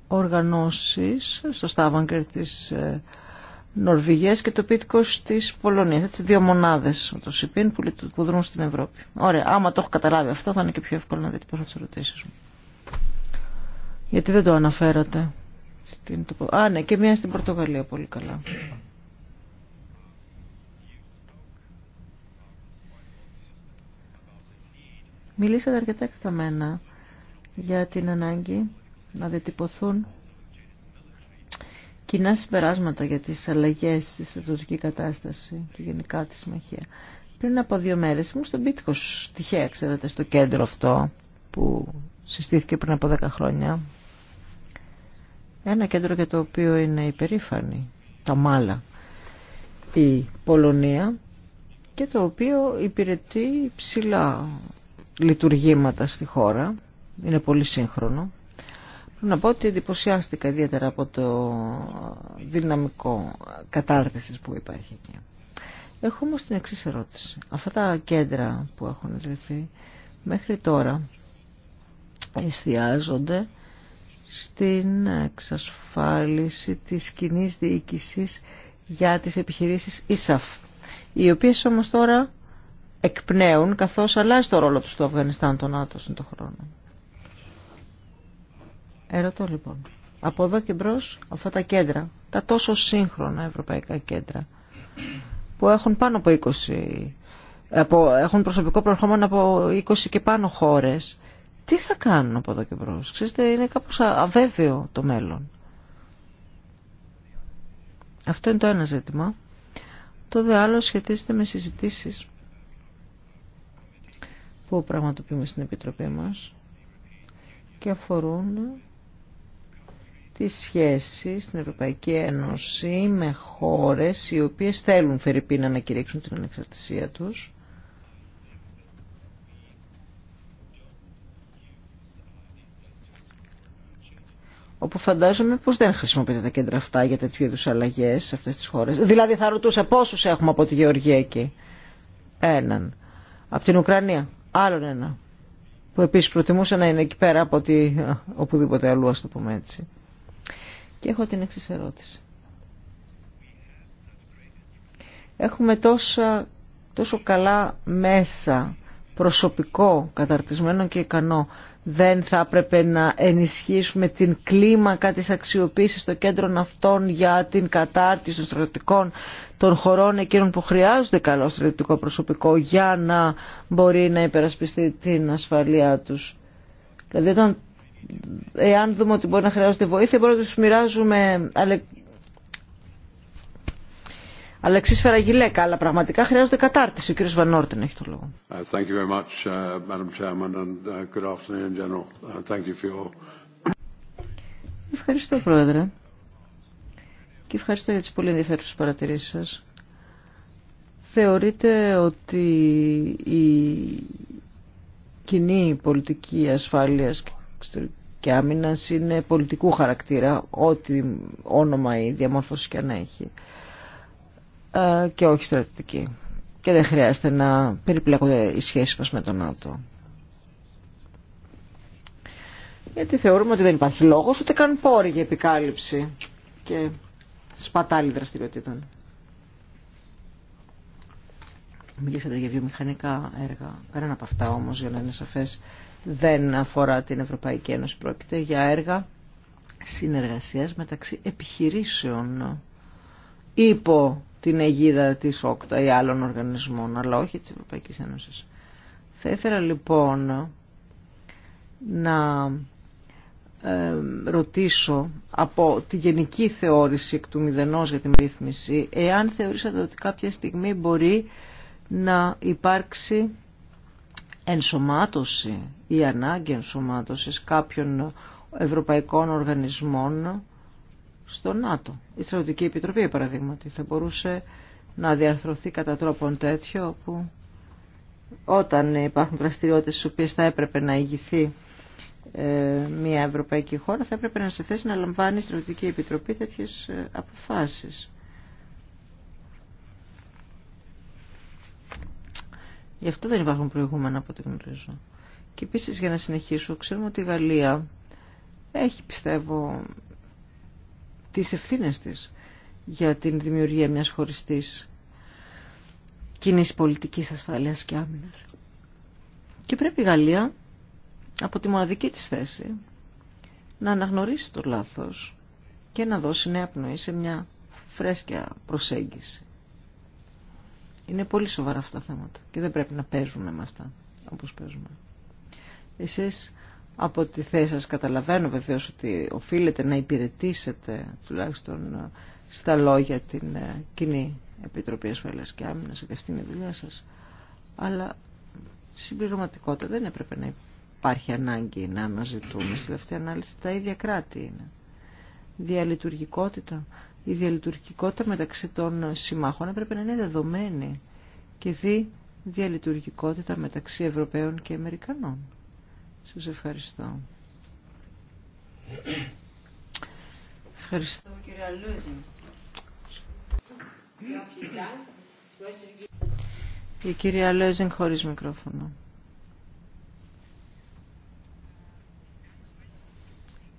οργανώσεις στο Στάβανκερ της ε, Νορβηγίας και το Πίτκος της Πολωνίας. Έτσι, δύο μονάδες το ΣΥΠΗΝ που, που δρούν στην Ευρώπη. Ωραία, άμα το έχω καταλάβει αυτό θα είναι και πιο εύκολο να δείτε πώς θα τις ερωτήσεις μου. Γιατί δεν το αναφέρατε. Α, ναι, και μία στην Πορτογαλία πολύ καλά. Μιλήσατε αρκετά εκταμένα για την ανάγκη να διατυπωθούν κοινά συμπεράσματα για τις αλλαγές στη στρατιωτική κατάσταση και γενικά τη συμμαχία. Πριν από δύο μέρες ήμουν στον Πίτκος, τυχαία ξέρετε, στο κέντρο αυτό που συστήθηκε πριν από δέκα χρόνια. Ένα κέντρο για το οποίο είναι υπερήφανη, τα Μάλα, η Πολωνία και το οποίο υπηρετεί ψηλά λειτουργήματα στη χώρα. Είναι πολύ σύγχρονο. Πρέπει να πω ότι εντυπωσιάστηκα ιδιαίτερα από το δυναμικό κατάρτισης που υπάρχει εκεί. Έχω όμως την εξής ερώτηση. Αυτά τα κέντρα που έχουν ιδρυθεί μέχρι τώρα εστιάζονται στην εξασφάλιση της κοινή διοίκηση για τις επιχειρήσεις ΙΣΑΦ, οι οποίες όμως τώρα εκπνέουν καθώς αλλάζει το ρόλο του στο Αφγανιστάν τον ΝΑΤΟ στον το χρόνο. Ερωτώ λοιπόν. Από εδώ και μπρο αυτά τα κέντρα, τα τόσο σύγχρονα ευρωπαϊκά κέντρα που έχουν πάνω από 20 από, έχουν προσωπικό προερχόμενο από 20 και πάνω χώρες τι θα κάνουν από εδώ και μπρο. ξέρετε είναι κάπως αβέβαιο το μέλλον αυτό είναι το ένα ζήτημα το δε άλλο σχετίζεται με συζητήσεις που πραγματοποιούμε στην Επιτροπή μας και αφορούν τις σχέσεις στην Ευρωπαϊκή Ένωση με χώρες οι οποίες θέλουν φερειπή να ανακηρύξουν την ανεξαρτησία τους όπου φαντάζομαι πως δεν χρησιμοποιείται τα κέντρα αυτά για τέτοιου είδου αλλαγέ σε αυτές τις χώρες. Δηλαδή θα ρωτούσα πόσους έχουμε από τη Γεωργία εκεί. Έναν. Από την Ουκρανία. Άλλον ένα. Που επίσης προτιμούσε να είναι εκεί πέρα από ότι ε, οπουδήποτε αλλού, ας το πούμε έτσι. Και έχω την εξή ερώτηση. Έχουμε τόσα, τόσο καλά μέσα, προσωπικό, καταρτισμένο και ικανό δεν θα έπρεπε να ενισχύσουμε την κλίμακα της αξιοποίησης των κέντρων αυτών για την κατάρτιση των στρατιωτικών των χωρών εκείνων που χρειάζονται καλό στρατιωτικό προσωπικό για να μπορεί να υπερασπιστεί την ασφαλεία τους. Δηλαδή όταν, εάν δούμε ότι μπορεί να χρειάζονται βοήθεια, μπορούμε να τους μοιράζουμε Αλεξίς Φεραγγιλέκα, αλλά πραγματικά χρειάζονται κατάρτιση. Ο κύριος Βανόρτεν έχει το λόγο. Uh, ευχαριστώ, Πρόεδρε. Και ευχαριστώ για τις πολύ ενδιαφέρουσες παρατηρήσεις σας. Θεωρείτε ότι η κοινή πολιτική ασφάλειας και άμυνας είναι πολιτικού χαρακτήρα, ό,τι όνομα ή διαμόρφωση και αν έχει. Ε, και όχι στρατιωτική. Και δεν χρειάζεται να περιπλέκονται οι σχέσεις μας με τον ΝΑΤΟ. Γιατί θεωρούμε ότι δεν υπάρχει λόγος ούτε καν πόρη για επικάλυψη και σπατάλη δραστηριοτήτων. Μιλήσατε για βιομηχανικά έργα. Κανένα από αυτά όμως, για να είναι σαφές, δεν αφορά την Ευρωπαϊκή Ένωση. Πρόκειται για έργα συνεργασίας μεταξύ επιχειρήσεων υπό την αιγίδα της ΟΚΤΑ ή άλλων οργανισμών, αλλά όχι της Ευρωπαϊκής Ένωσης. Θα ήθελα λοιπόν να ε, ρωτήσω από τη γενική θεώρηση εκ του μηδενός για την ρύθμιση, εάν θεωρήσατε ότι κάποια στιγμή μπορεί να υπάρξει ενσωμάτωση ή ανάγκη ενσωμάτωσης κάποιων ευρωπαϊκών οργανισμών στο ΝΑΤΟ. Η Στρατιωτική Επιτροπή, παραδείγματι, θα μπορούσε να διαρθρωθεί κατά τρόπον τέτοιο που όταν υπάρχουν δραστηριότητε στις οποίες θα έπρεπε να ηγηθεί ε, μια ευρωπαϊκή χώρα θα έπρεπε να σε θέσει να λαμβάνει η Στρατιωτική Επιτροπή τέτοιες ε, αποφάσεις. Γι' αυτό δεν υπάρχουν προηγούμενα από ό,τι γνωρίζω. Και επίση για να συνεχίσω, ξέρουμε ότι η Γαλλία έχει πιστεύω τις ευθύνες της για την δημιουργία μιας χωριστής κοινή πολιτικής ασφαλείας και άμυνας. Και πρέπει η Γαλλία από τη μοναδική της θέση να αναγνωρίσει το λάθος και να δώσει νέα πνοή σε μια φρέσκια προσέγγιση. Είναι πολύ σοβαρά αυτά τα θέματα και δεν πρέπει να παίζουμε με αυτά όπως παίζουμε. Εσείς από τη θέση σας καταλαβαίνω βεβαίως ότι οφείλετε να υπηρετήσετε τουλάχιστον ε, στα λόγια την ε, κοινή Επιτροπή Ασφαλείας και Άμυνας και αυτή είναι η δουλειά σας αλλά συμπληρωματικότητα δεν έπρεπε να υπάρχει ανάγκη να αναζητούμε στη τελευταία ανάλυση τα ίδια κράτη είναι διαλειτουργικότητα η διαλειτουργικότητα μεταξύ των συμμάχων έπρεπε να είναι δεδομένη και δι διαλειτουργικότητα μεταξύ Ευρωπαίων και Αμερικανών σας ευχαριστώ. Ευχαριστώ κυρία Αλούζη. Η κυρία Λέζινγκ χωρίς μικρόφωνο.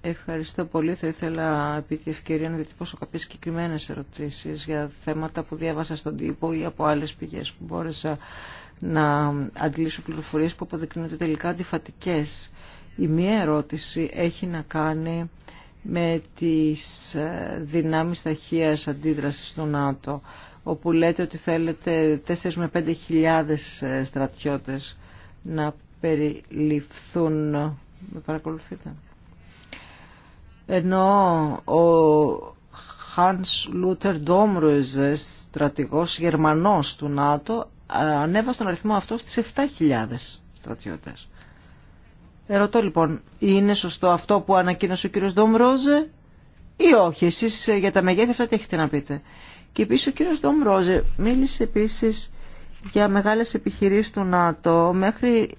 Ευχαριστώ πολύ. Θα ήθελα επί τη ευκαιρία να διατυπώσω κάποιες συγκεκριμένε ερωτήσεις για θέματα που διάβασα στον τύπο ή από άλλες πηγές που μπόρεσα να αντλήσω πληροφορίες που αποδεικνύονται τελικά αντιφατικές. Η μία ερώτηση έχει να κάνει με τις ε, δυνάμεις ταχείας αντίδρασης του ΝΑΤΟ, όπου λέτε ότι θέλετε 4 με 5 χιλιάδες ε, στρατιώτες να περιληφθούν. Με παρακολουθείτε ενώ ο Hans Luther Domröse, στρατηγός Γερμανός του ΝΑΤΟ, ανέβασε τον αριθμό αυτό στις 7.000 στρατιώτες. Ερωτώ λοιπόν, είναι σωστό αυτό που ανακοίνωσε ο κύριος Ντομρόζε ή όχι, εσείς ε, για τα μεγέθη αυτά τι έχετε να πείτε. Και επίση ο κύριος Ντομρόζε μίλησε επίσης για μεγάλες επιχειρήσεις του ΝΑΤΟ μέχρι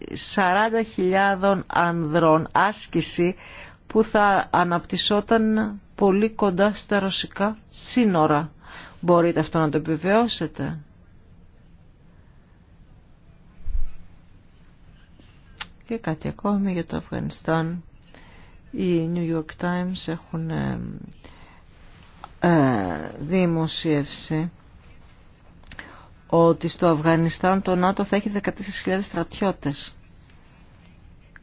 40.000 ανδρών άσκηση που θα αναπτυσσόταν πολύ κοντά στα ρωσικά σύνορα. Μπορείτε αυτό να το επιβεβαιώσετε. Και κάτι ακόμη για το Αφγανιστάν. Οι New York Times έχουν ε, ε δημοσιεύσει ότι στο Αφγανιστάν το ΝΑΤΟ θα έχει 14.000 στρατιώτες.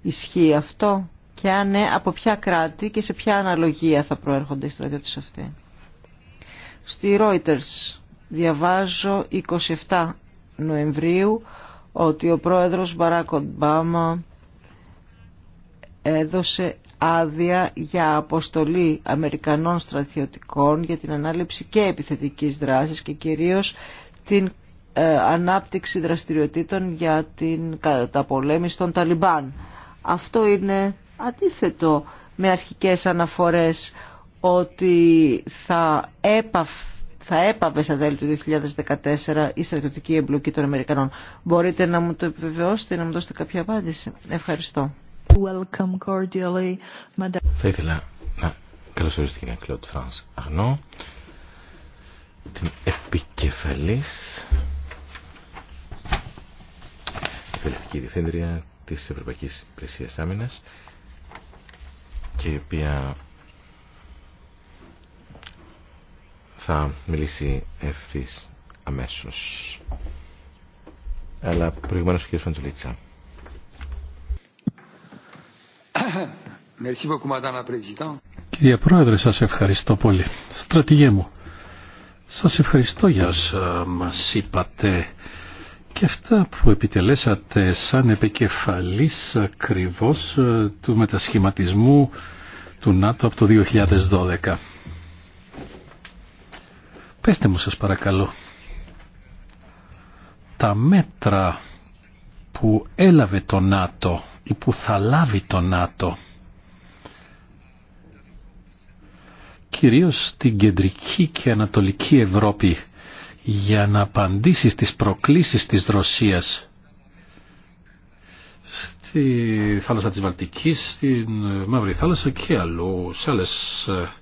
Ισχύει αυτό και αν ναι, από ποια κράτη και σε ποια αναλογία θα προέρχονται οι στρατιώτες αυτοί. Στη Reuters διαβάζω 27 Νοεμβρίου ότι ο πρόεδρος Μπαράκ Ομπάμα έδωσε άδεια για αποστολή Αμερικανών στρατιωτικών για την ανάληψη και επιθετικής δράσης και κυρίως την ε, ανάπτυξη δραστηριοτήτων για την καταπολέμηση των Ταλιμπάν. Αυτό είναι αντίθετο με αρχικές αναφορές ότι θα, έπαυ, θα έπαβε στα τέλη του 2014 η στρατιωτική εμπλοκή των Αμερικανών. Μπορείτε να μου το επιβεβαιώσετε, να μου δώσετε κάποια απάντηση. Ευχαριστώ. θα ήθελα να καλωσορίσω την κυρία Κλώτ Φρανς Αγνώ, την επικεφαλής εκτελεστική διευθύντρια της Ευρωπαϊκής Υπηρεσίας Άμυνας και η οποία θα μιλήσει ευθύ αμέσως. Αλλά προηγουμένως ο κ. Φαντουλίτσα. Κυρία Πρόεδρε, σας ευχαριστώ πολύ. Στρατηγέ μου, σας ευχαριστώ για όσα μας είπατε και αυτά που επιτελέσατε σαν επικεφαλής ακριβώς ε, του μετασχηματισμού του ΝΑΤΟ από το 2012. Πεστε μου σας παρακαλώ, τα μέτρα που έλαβε το ΝΑΤΟ ή που θα λάβει το ΝΑΤΟ κυρίως στην κεντρική και ανατολική Ευρώπη για να απαντήσει στις προκλήσεις της Ρωσίας στη θάλασσα της Βαλτικής, στην Μαύρη Θάλασσα και αλλού, σε άλλες ε,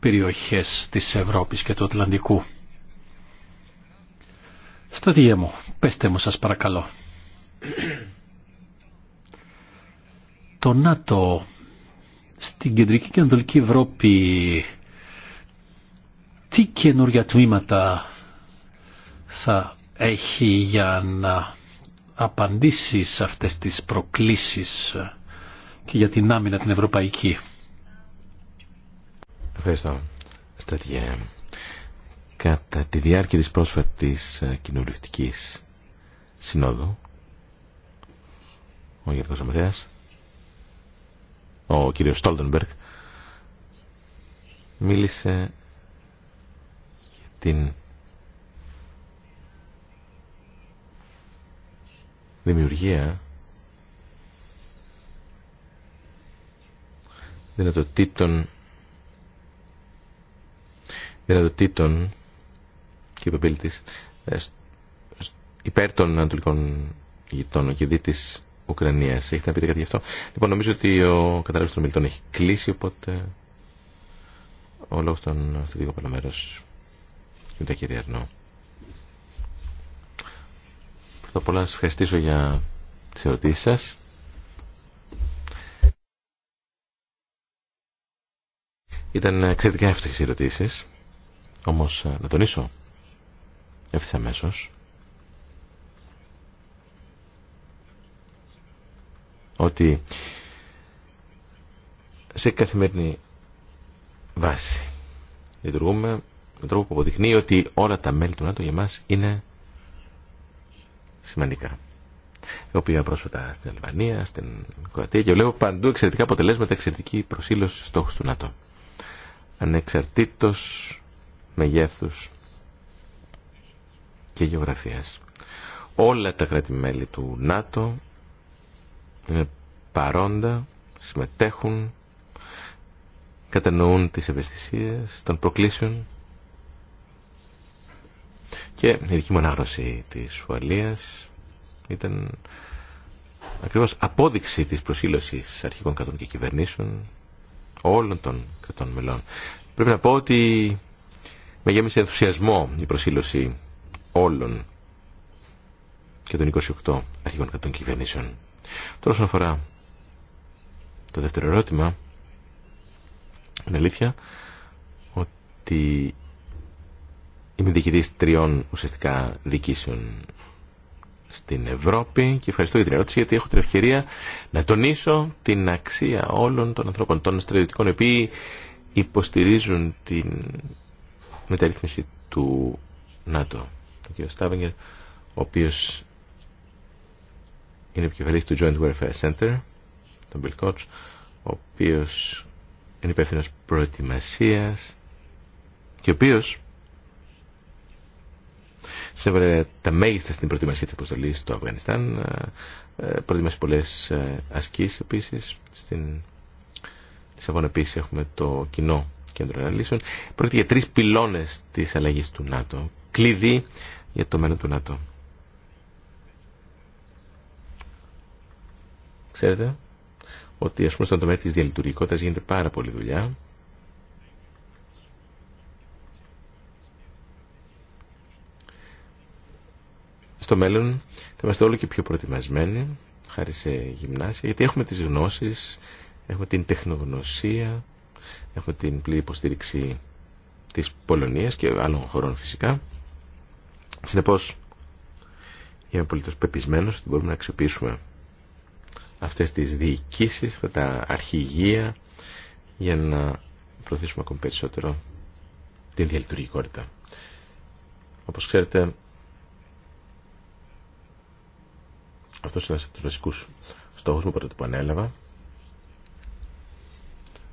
περιοχές της Ευρώπης και του Ατλαντικού. Στρατηγέ μου, πέστε μου σας παρακαλώ. Το ΝΑΤΟ στην Κεντρική και Ανατολική Ευρώπη τι καινούργια τμήματα θα έχει για να απαντήσει σε αυτές τις προκλήσεις και για την άμυνα την ευρωπαϊκή. Ευχαριστώ, στρατιέ. Κατά τη διάρκεια της πρόσφατης ε, κοινοβουλευτικής συνόδου, ο Γερικός Αμαθέας, ο κύριος Στόλτενμπεργκ, μίλησε για την δημιουργία δυνατοτήτων δυνατοτήτων και υποπίλητης ε, υπέρ των ανατολικών γειτόνων και δι της Ουκρανίας. Έχετε να πείτε κάτι γι' αυτό. Λοιπόν, νομίζω ότι ο κατάλληλος των μιλητών έχει κλείσει, οπότε ο λόγος των στρατηγικών παλαμέρων και τα κυρία Αρνό. Πρώτα απ' όλα σας ευχαριστήσω για τις ερωτήσεις σας. Ήταν εξαιρετικά εύστοχε οι ερωτήσεις. Όμως ε, να τονίσω ευθύ αμέσως ότι σε καθημερινή βάση λειτουργούμε με τρόπο που αποδεικνύει ότι όλα τα μέλη του ΝΑΤΟ για μας είναι σημαντικά τα οποία πρόσφατα στην Αλβανία, στην Κροατία και βλέπω παντού εξαιρετικά αποτελέσματα, εξαιρετική προσήλωση στόχους του ΝΑΤΟ. Ανεξαρτήτως μεγέθους και γεωγραφίας. Όλα τα κράτη-μέλη του ΝΑΤΟ είναι παρόντα, συμμετέχουν, κατανοούν τις ευαισθησίες των προκλήσεων και η δική μου ανάγνωση της Ουαλίας ήταν ακριβώς απόδειξη της προσήλωσης αρχικών κρατών και κυβερνήσεων όλων των κρατών μελών. Πρέπει να πω ότι με γέμισε ενθουσιασμό η προσήλωση όλων και των 28 αρχικών κρατών και κυβερνήσεων. Τώρα όσον αφορά το δεύτερο ερώτημα, είναι αλήθεια ότι Είμαι διοικητή τριών ουσιαστικά διοικήσεων στην Ευρώπη και ευχαριστώ για την ερώτηση γιατί έχω την ευκαιρία να τονίσω την αξία όλων των ανθρώπων, των στρατιωτικών οι οποίοι υποστηρίζουν την μεταρρύθμιση του ΝΑΤΟ. Ο κ. Στάβενγκερ, ο οποίο είναι επικεφαλή του Joint Warfare Center, τον Bill Koch, ο οποίο είναι υπεύθυνο προετοιμασία και ο οποίο βρε τα μέγιστα στην προετοιμασία της αποστολή στο Αφγανιστάν. Ε, ε, προετοιμασία πολλές ε, ασκήσεις επίσης. Στην Λισαβόνα επίσης έχουμε το κοινό κέντρο αναλύσεων. Πρόκειται για τρεις πυλώνες της αλλαγής του ΝΑΤΟ. Κλειδί για το μέλλον του ΝΑΤΟ. Ξέρετε ότι ας πούμε στον τομέα της διαλειτουργικότητας γίνεται πάρα πολύ δουλειά. στο μέλλον θα είμαστε όλο και πιο προετοιμασμένοι χάρη σε γυμνάσια γιατί έχουμε τις γνώσεις, έχουμε την τεχνογνωσία, έχουμε την πλήρη υποστήριξη της Πολωνίας και άλλων χωρών φυσικά. Συνεπώς είμαι πολύ πεπισμένος ότι μπορούμε να αξιοποιήσουμε αυτές τις διοικήσεις, αυτά τα αρχηγεία για να προωθήσουμε ακόμη περισσότερο την διαλειτουργικότητα. Όπως ξέρετε Αυτό είναι ένα από τους βασικούς στόχους μου πρώτα που ανέλαβα.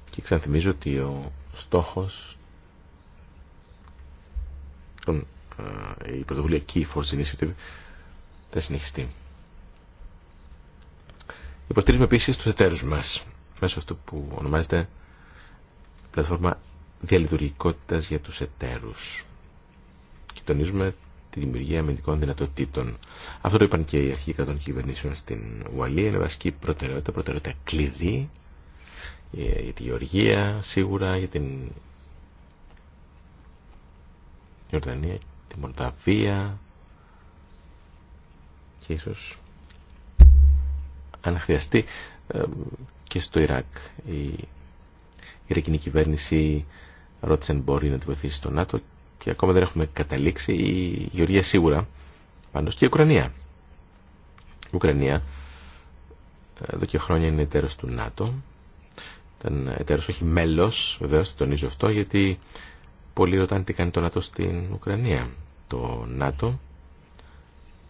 Και ξαναθυμίζω ότι ο στόχος ε, η πρωτοβουλία Key Force Initiative θα συνεχιστεί. Υποστηρίζουμε επίση του εταίρου μα μέσω αυτού που ονομάζεται πλατφόρμα διαλειτουργικότητα για του εταίρου. Και τονίζουμε τη δημιουργία αμυντικών δυνατοτήτων. Αυτό το είπαν και οι αρχικοί κρατών κυβερνήσεων στην Ουαλία. Είναι βασική προτεραιότητα, προτεραιότητα κλειδί για τη Γεωργία σίγουρα, για την Ιορδανία, τη Μολδαβία και ίσως αν χρειαστεί ε, και στο Ιράκ η Ιρακινή κυβέρνηση ρώτησε αν μπορεί να τη βοηθήσει στο ΝΑΤΟ και ακόμα δεν έχουμε καταλήξει η Γεωργία σίγουρα πάνω και η Ουκρανία η Ουκρανία ε, εδώ και χρόνια είναι εταίρος του ΝΑΤΟ ήταν εταίρος όχι μέλος βεβαίως το τονίζω αυτό γιατί πολλοί ρωτάνε τι κάνει το ΝΑΤΟ στην Ουκρανία το ΝΑΤΟ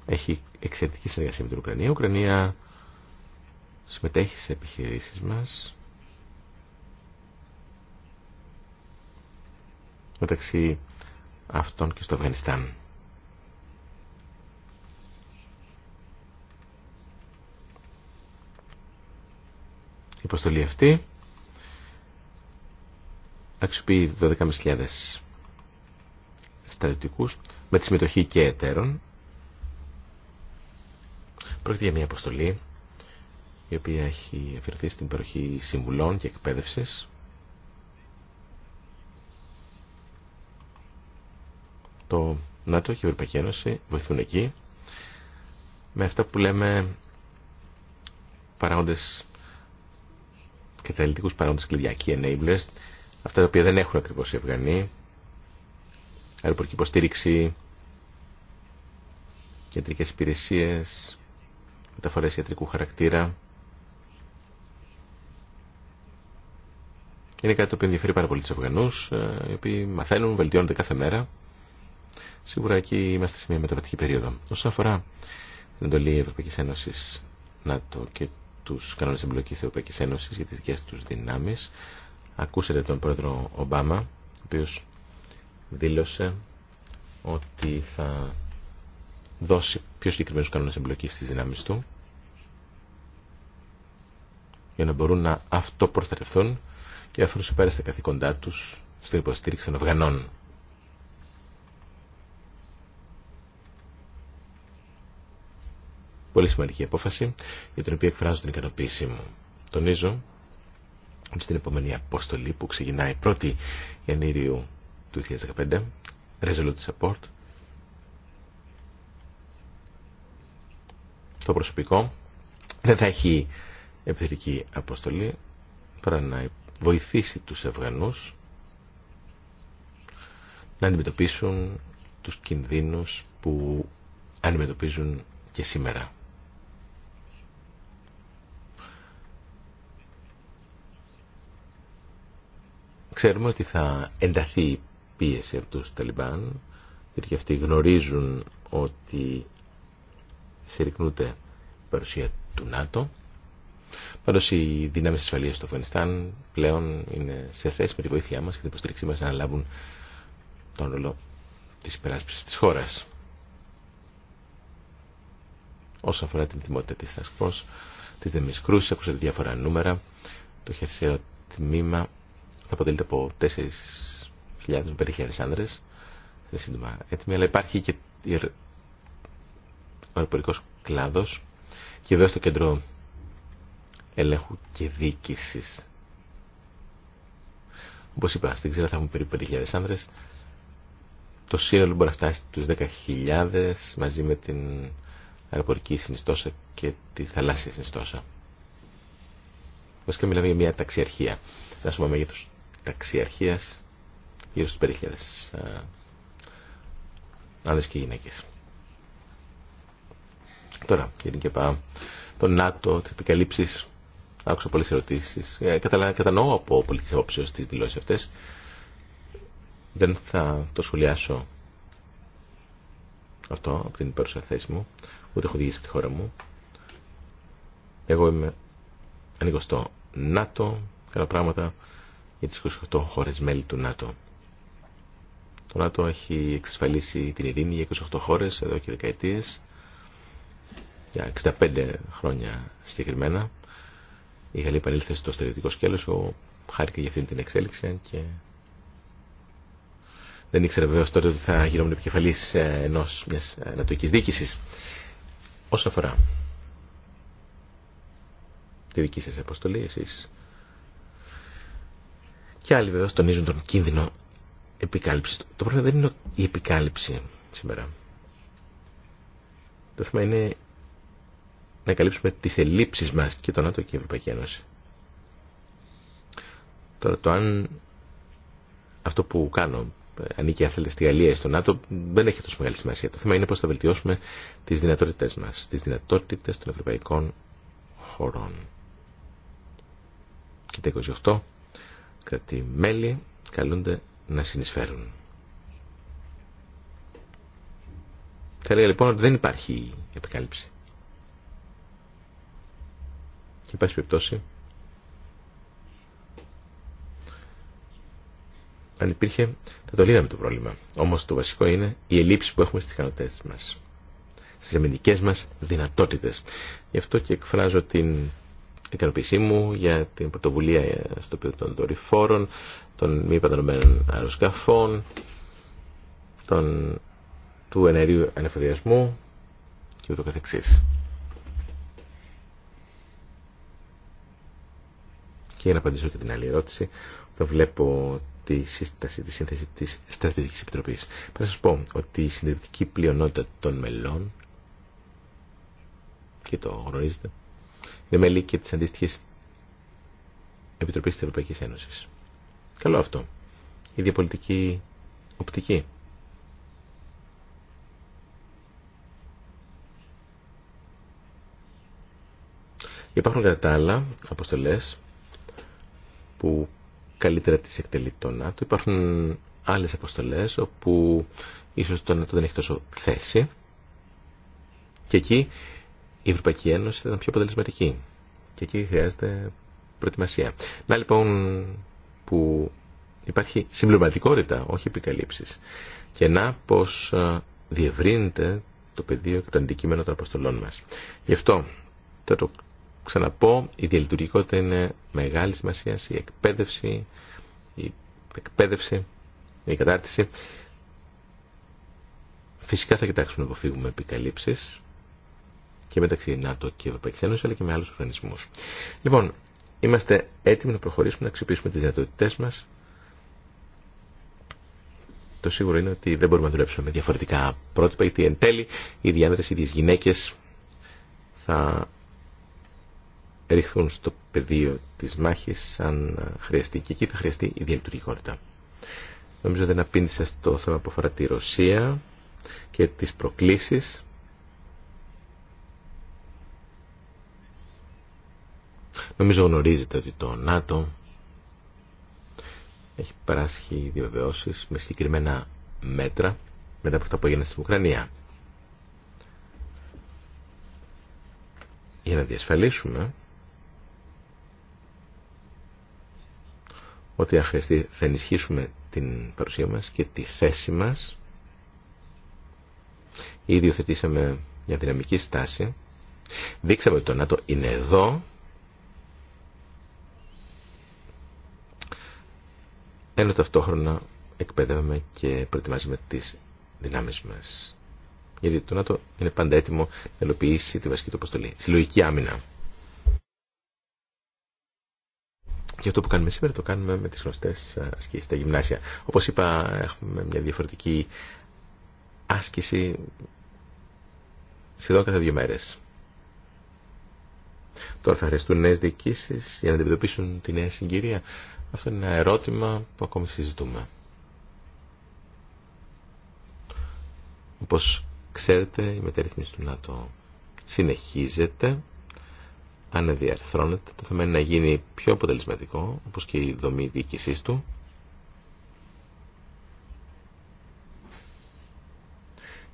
έχει εξαιρετική συνεργασία με την Ουκρανία η Ουκρανία συμμετέχει σε επιχειρήσεις μας μεταξύ αυτών και στο Αφγανιστάν. Η αποστολή αυτή αξιοποιεί 12.500 στρατιωτικούς με τη συμμετοχή και εταίρων. Πρόκειται για μια αποστολή η οποία έχει αφιερωθεί στην περιοχή συμβουλών και εκπαίδευσης το ΝΑΤΟ και η Ευρωπαϊκή Ένωση βοηθούν εκεί με αυτά που λέμε παράγοντες καταλητικούς παράγοντες κλειδιακοί enablers αυτά τα οποία δεν έχουν ακριβώς οι Αφγανοί αεροπορική υποστήριξη κεντρικές υπηρεσίες μεταφορές ιατρικού χαρακτήρα Είναι κάτι το οποίο ενδιαφέρει πάρα πολύ του Αφγανού, ε, οι οποίοι μαθαίνουν, βελτιώνονται κάθε μέρα Σίγουρα εκεί είμαστε σε μια μεταβατική περίοδο. Όσον αφορά την εντολή Ευρωπαϊκή Ένωση, ΝΑΤΟ και του κανόνε εμπλοκή τη Ευρωπαϊκή Ένωση για τι δικέ του δυνάμει, ακούσατε τον πρόεδρο Ομπάμα, ο οποίο δήλωσε ότι θα δώσει πιο συγκεκριμένου κανόνε εμπλοκή στι δυνάμει του για να μπορούν να αυτοπροστατευθούν και αφού σου σε στα καθήκοντά του στην υποστήριξη των Αφγανών. Πολύ σημαντική απόφαση για την οποία εκφράζω την ικανοποίησή μου. Τονίζω ότι στην επόμενη αποστολή που ξεκινάει 1η Ιανουαρίου του 2015, Resolute Support, το προσωπικό δεν θα έχει επιθετική αποστολή παρά να βοηθήσει τους Αφγανούς να αντιμετωπίσουν τους κινδύνους που αντιμετωπίζουν και σήμερα. Ξέρουμε ότι θα ενταθεί η πίεση από τους Ταλιμπάν, γιατί αυτοί γνωρίζουν ότι συρρυκνούνται η παρουσία του ΝΑΤΟ. Πάντω οι δυνάμει ασφαλεία του Αφγανιστάν πλέον είναι σε θέση με τη βοήθειά μα και την υποστήριξή μα να αναλάβουν τον ρόλο τη υπεράσπιση τη χώρα. Όσον αφορά την τιμότητα τη Task τη δεμής ακούσατε διάφορα νούμερα. Το χερσαίο τμήμα θα αποτελείται από 4.000 με 5.000 άνδρες, είναι σύντομα έτοιμοι, αλλά υπάρχει και ο αεροπορικό κλάδο και βέβαια στο κέντρο ελέγχου και διοίκηση. Όπω είπα, στην ξέρα θα έχουμε περίπου 5.000 άνδρες. Το σύνολο μπορεί να φτάσει στους 10.000 μαζί με την αεροπορική συνιστόσα και τη θαλάσσια συνιστόσα. Βασικά μιλάμε για μια ταξιαρχία. Ένα σώμα ταξιαρχίας γύρω στις 5.000 ε, και γυναίκες. Τώρα, για και ΚΕΠΑ, τον ΝΑΤΟ, τις επικαλύψεις, άκουσα πολλές ερωτήσεις. Ε, κατανοώ από πολιτικές όψεως τι δηλώσει αυτέ Δεν θα το σχολιάσω αυτό από την παρούσα θέση μου, ούτε έχω διηγήσει τη χώρα μου. Εγώ είμαι ανοίγω στο ΝΑΤΟ, κάνω πράγματα για τις 28 χώρες μέλη του ΝΑΤΟ. Το ΝΑΤΟ έχει εξασφαλίσει την ειρήνη για 28 χώρες εδώ και δεκαετίες, για 65 χρόνια συγκεκριμένα. Η Γαλλία επανήλθε στο στερεωτικό σκέλος, ο χάρηκε για αυτή την εξέλιξη και δεν ήξερα βεβαίω τώρα ότι θα γινόμουν επικεφαλή ε, ενός μιας ανατολική διοίκησης. Όσον αφορά τη δική σα αποστολή, εσείς και άλλοι βεβαίω τονίζουν τον κίνδυνο επικάλυψη. Το πρόβλημα δεν είναι η επικάλυψη σήμερα. Το θέμα είναι να καλύψουμε τις ελλείψεις μας και το ΝΑΤΟ και η Ευρωπαϊκή Ένωση. Τώρα το αν αυτό που κάνω ε, ανήκει αν θέλετε στη Γαλλία ή στο ΝΑΤΟ δεν έχει τόσο μεγάλη σημασία. Το θέμα είναι πώς θα βελτιώσουμε τις δυνατότητες μας, τις δυνατότητες των ευρωπαϊκών χωρών. Και τα 28 οι μελη καλούνται να συνεισφέρουν. Θα έλεγα λοιπόν ότι δεν υπάρχει επικάλυψη. Και πάση περιπτώσει, αν υπήρχε, θα το λύναμε το πρόβλημα. Όμως το βασικό είναι η ελλείψη που έχουμε στις ικανότητες μας, στις αμυντικές μας δυνατότητες. Γι' αυτό και εκφράζω την ικανοποίησή μου για την πρωτοβουλία στο επίπεδο των δορυφόρων, των μη παντανομένων αεροσκαφών, των, του ενεργείου ανεφοδιασμού και ούτω καθεξής. Και για να απαντήσω και την άλλη ερώτηση, θα βλέπω τη σύσταση, τη σύνθεση της Στρατηγικής Επιτροπής. Πρέπει να σας πω ότι η συντηρητική πλειονότητα των μελών, και το γνωρίζετε, με μέλη και τη αντίστοιχη επιτροπή τη Ευρωπαϊκή Ένωση. Καλό αυτό. Η διαπολιτική οπτική. Υπάρχουν κατά τα άλλα αποστολέ που καλύτερα τις εκτελεί το ΝΑΤΟ. Υπάρχουν άλλες αποστολέ όπου ίσως το ΝΑΤΟ δεν έχει τόσο θέση. Και εκεί η Ευρωπαϊκή Ένωση ήταν πιο αποτελεσματική. Και εκεί χρειάζεται προετοιμασία. Να λοιπόν που υπάρχει συμπληρωματικότητα, όχι επικαλύψεις. Και να πως ε, διευρύνεται το πεδίο και το αντικείμενο των αποστολών μας. Γι' αυτό θα το ξαναπώ, η διαλειτουργικότητα είναι μεγάλη σημασία, η εκπαίδευση, η εκπαίδευση, η κατάρτιση. Φυσικά θα κοιτάξουμε να αποφύγουμε επικαλύψεις, και μεταξύ ΝΑΤΟ και Ευρωπαϊκή Ένωση αλλά και με άλλου οργανισμού. Λοιπόν, είμαστε έτοιμοι να προχωρήσουμε να αξιοποιήσουμε τι δυνατότητέ μα, Το σίγουρο είναι ότι δεν μπορούμε να δουλέψουμε με διαφορετικά πρότυπα γιατί εν τέλει οι ίδιοι οι ίδιε γυναίκες θα ριχθούν στο πεδίο τη μαχη αν χρειαστεί και εκεί θα χρειαστεί η διαλειτουργικότητα. Νομίζω δεν απήντησα στο θέμα που αφορά τη Ρωσία και τις προκλήσεις. Νομίζω γνωρίζετε ότι το ΝΑΤΟ έχει παράσχει διαβεβαιώσεις με συγκεκριμένα μέτρα μετά από αυτά που έγινε στην Ουκρανία. Για να διασφαλίσουμε ότι αν χρειαστεί θα ενισχύσουμε την παρουσία μας και τη θέση μας ήδη οθετήσαμε μια δυναμική στάση δείξαμε ότι το ΝΑΤΟ είναι εδώ Ενώ ταυτόχρονα εκπαιδεύουμε και προετοιμάζουμε τις δυνάμεις μας. Γιατί το ΝΑΤΟ είναι πάντα έτοιμο να ελοποιήσει τη βασική του αποστολή. Συλλογική άμυνα. Και αυτό που κάνουμε σήμερα το κάνουμε με τις γνωστές ασκήσεις στα γυμνάσια. Όπως είπα, έχουμε μια διαφορετική άσκηση σχεδόν κάθε δύο μέρες. Τώρα θα χρειαστούν νέες διοικήσεις για να αντιμετωπίσουν τη νέα συγκυρία. Αυτό είναι ένα ερώτημα που ακόμη συζητούμε. Όπως ξέρετε η μεταρρύθμιση του ΝΑΤΟ συνεχίζεται, ανεδιαρθρώνεται, το θέμα είναι να γίνει πιο αποτελεσματικό, όπως και η δομή διοίκησής του.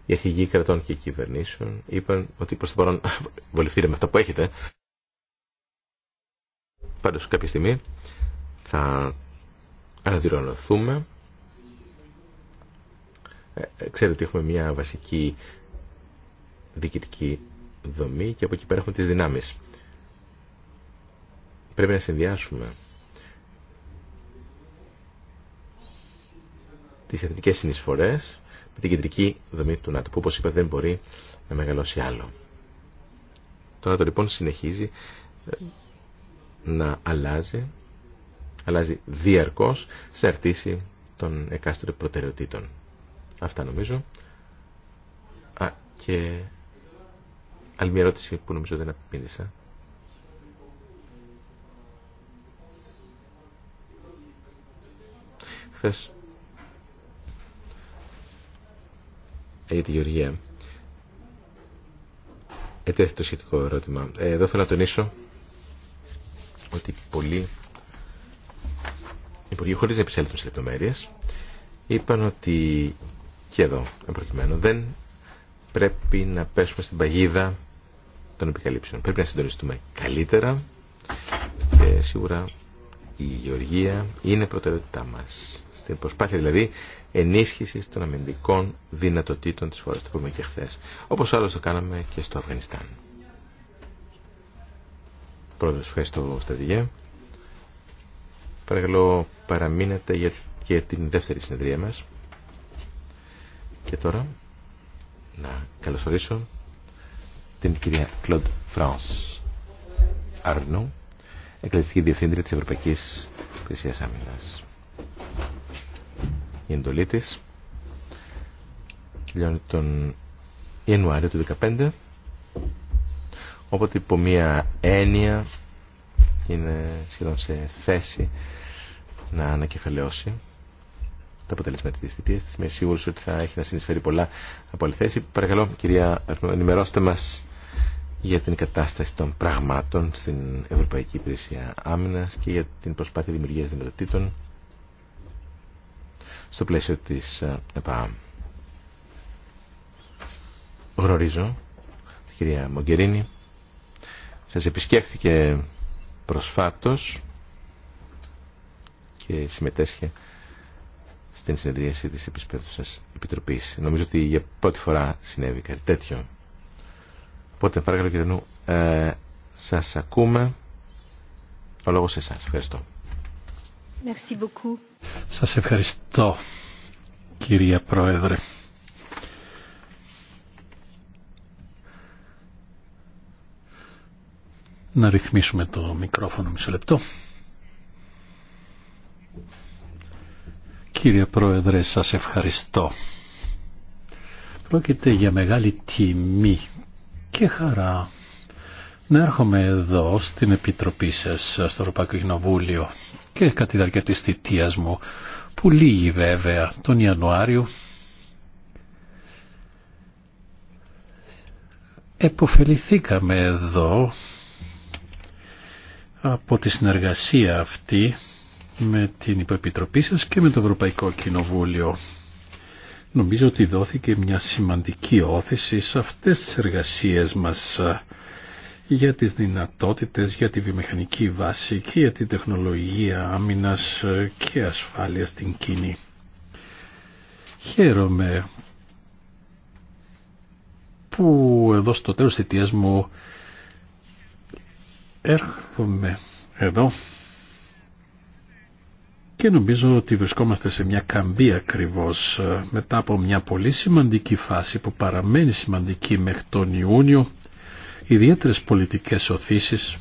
Οι αρχηγοί κρατών και κυβερνήσεων είπαν ότι προς το παρόν βολευτείτε με αυτά που έχετε. Πάντως κάποια στιγμή θα ε, ε, Ξέρετε ότι έχουμε μια βασική διοικητική δομή και από εκεί πέρα έχουμε τις δυνάμεις. Πρέπει να συνδυάσουμε τις εθνικές συνεισφορές με την κεντρική δομή του ΝΑΤΟ που όπως είπα δεν μπορεί να μεγαλώσει άλλο. Το ΝΑΤΟ λοιπόν συνεχίζει ε, να αλλάζει αλλάζει διαρκώς σε αρτήση των εκάστοτε προτεραιοτήτων. Αυτά νομίζω. Α, και άλλη μια ερώτηση που νομίζω δεν απήντησα. Χθε ε, για τη Γεωργία ετέθη το σχετικό ερώτημα. Ε, εδώ θέλω να τονίσω ότι πολλοί Υπουργοί, χωρίς να επισέλθουν σε λεπτομέρειες, είπαν ότι και εδώ, προκειμένου, δεν πρέπει να πέσουμε στην παγίδα των επικαλύψεων. Πρέπει να συντονιστούμε καλύτερα και σίγουρα η γεωργία είναι προτεραιότητά μας. Στην προσπάθεια δηλαδή ενίσχυση των αμυντικών δυνατοτήτων της χώρα το είπαμε και χθε. Όπως άλλο το κάναμε και στο Αφγανιστάν. Πρόεδρος, ευχαριστώ στρατηγέ. Παρακαλώ παραμείνετε για, και την δεύτερη συνεδρία μας. Και τώρα να καλωσορίσω την κυρία Κλοντ Φρανς Αρνού, εκκλησιαστική διευθύντρια της Ευρωπαϊκής Εκκλησίας Άμυνας. Η εντολή της τελειώνει τον Ιανουάριο του 2015, οπότε υπό μία έννοια είναι σχεδόν σε θέση να ανακεφαλαιώσει τα αποτελέσματα τη θητείας της. Είμαι σίγουρος ότι θα έχει να συνεισφέρει πολλά από άλλη θέση. Παρακαλώ, κυρία, ενημερώστε μας για την κατάσταση των πραγμάτων στην Ευρωπαϊκή Υπηρεσία Άμυνας και για την προσπάθεια δημιουργίας δυνατοτήτων στο πλαίσιο της ε, ΕΠΑ. Γνωρίζω, κυρία Μογκερίνη, σας επισκέφθηκε προσφάτως και συμμετέσχε στην συνεδρίαση της Επισπέδουσας Επιτροπής. Νομίζω ότι για πρώτη φορά συνέβη κάτι τέτοιο. Οπότε, παρακαλώ κύριε Νου, ε, σας ακούμε. Ο λόγος σε εσάς. Ευχαριστώ. Merci Σας ευχαριστώ, κυρία Πρόεδρε. Να ρυθμίσουμε το μικρόφωνο μισό λεπτό. Κύριε Πρόεδρε, σας ευχαριστώ. Πρόκειται για μεγάλη τιμή και χαρά να έρχομαι εδώ στην Επιτροπή σας στο Ευρωπαϊκό και κατά τη διάρκεια της θητείας μου που λύγει βέβαια τον Ιανουάριο εποφεληθήκαμε εδώ από τη συνεργασία αυτή με την υπεπιτροπή σας και με το Ευρωπαϊκό Κοινοβούλιο. Νομίζω ότι δόθηκε μια σημαντική όθηση σε αυτές τις εργασίες μας ε, για τις δυνατότητες, για τη βιομηχανική βάση και για την τεχνολογία άμυνας ε, και ασφάλειας στην Κίνη. Χαίρομαι που εδώ στο τέλος θητείας μου έρχομαι εδώ και νομίζω ότι βρισκόμαστε σε μια καμπή ακριβώς ε, μετά από μια πολύ σημαντική φάση που παραμένει σημαντική μέχρι τον Ιούνιο ιδιαίτερες πολιτικές οθήσεις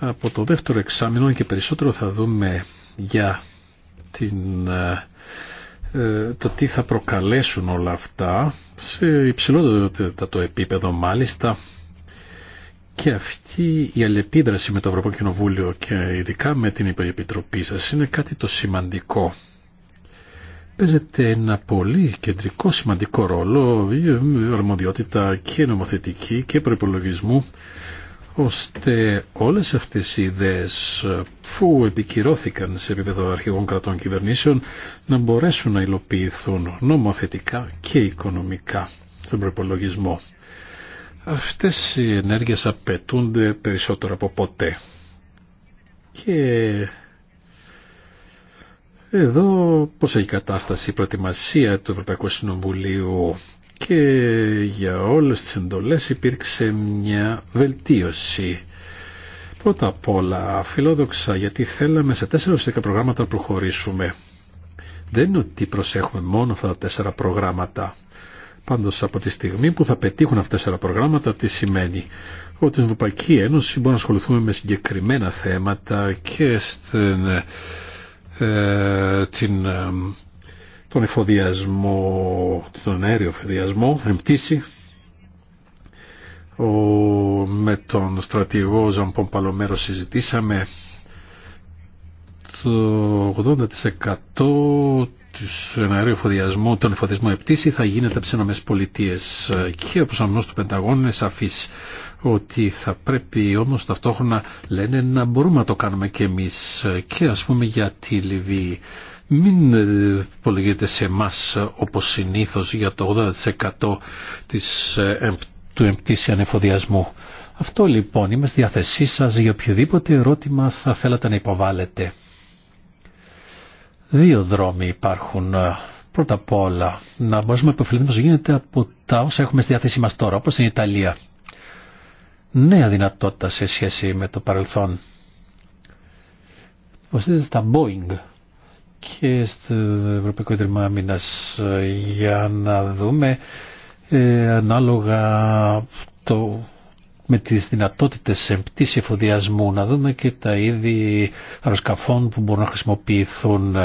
από το δεύτερο εξάμεινο και περισσότερο θα δούμε για την, ε, ε, το τι θα προκαλέσουν όλα αυτά σε υψηλότερο το επίπεδο μάλιστα και αυτή η αλληλεπίδραση με το Ευρωπαϊκό Κοινοβούλιο και ειδικά με την Υπερεπιτροπή σας είναι κάτι το σημαντικό. Παίζεται ένα πολύ κεντρικό σημαντικό ρόλο, αρμοδιότητα και νομοθετική και προπολογισμού, ώστε όλες αυτές οι ιδέες που επικυρώθηκαν σε επίπεδο αρχηγών κρατών κυβερνήσεων να μπορέσουν να υλοποιηθούν νομοθετικά και οικονομικά στον προπολογισμό. Αυτές οι ενέργειες απαιτούνται περισσότερο από ποτέ. Και εδώ πώς έχει κατάσταση η προετοιμασία του Ευρωπαϊκού Συνομβουλίου και για όλες τις εντολές υπήρξε μια βελτίωση. Πρώτα απ' όλα φιλόδοξα γιατί θέλαμε σε 4-10 προγράμματα να προχωρήσουμε. Δεν είναι ότι προσέχουμε μόνο αυτά τα τέσσερα προγράμματα. Πάντω από τη στιγμή που θα πετύχουν αυτά τα προγράμματα τι σημαίνει ότι στην Ευρωπαϊκή Ένωση μπορούμε να ασχοληθούμε με συγκεκριμένα θέματα και στην, ε, ε τον εφοδιασμό, τον αέριο εφοδιασμό, την ο, με τον στρατηγό Ζαμπον Παλωμέρο συζητήσαμε το 80% του αερίου φωδιασμού, τον εφοδιασμό επτήση θα γίνεται από τις Ηνωμένες Πολιτείες και ο προσαρμός του Πενταγώνου είναι σαφής ότι θα πρέπει όμως ταυτόχρονα λένε να μπορούμε να το κάνουμε και εμείς και ας πούμε για τη Λιβύη. Μην ε, υπολογίζετε σε εμά όπως συνήθως για το 80% της, ε, του εμπτήση ανεφοδιασμού. Αυτό λοιπόν, είμαστε στη διάθεσή σας για οποιοδήποτε ερώτημα θα θέλατε να υποβάλλετε. Δύο δρόμοι υπάρχουν. Πρώτα απ' όλα να μπορέσουμε να υποφελθούμε όσο γίνεται από τα όσα έχουμε στη διάθεσή μας τώρα, όπως στην Ιταλία. Νέα δυνατότητα σε σχέση με το παρελθόν. Βασίζεται στα Boeing και στο Ευρωπαϊκό Ιδρύμα για να δούμε ε, ανάλογα το με τις δυνατότητες εμπτής εφοδιασμού, να δούμε και τα είδη αεροσκαφών που μπορούν να χρησιμοποιηθούν.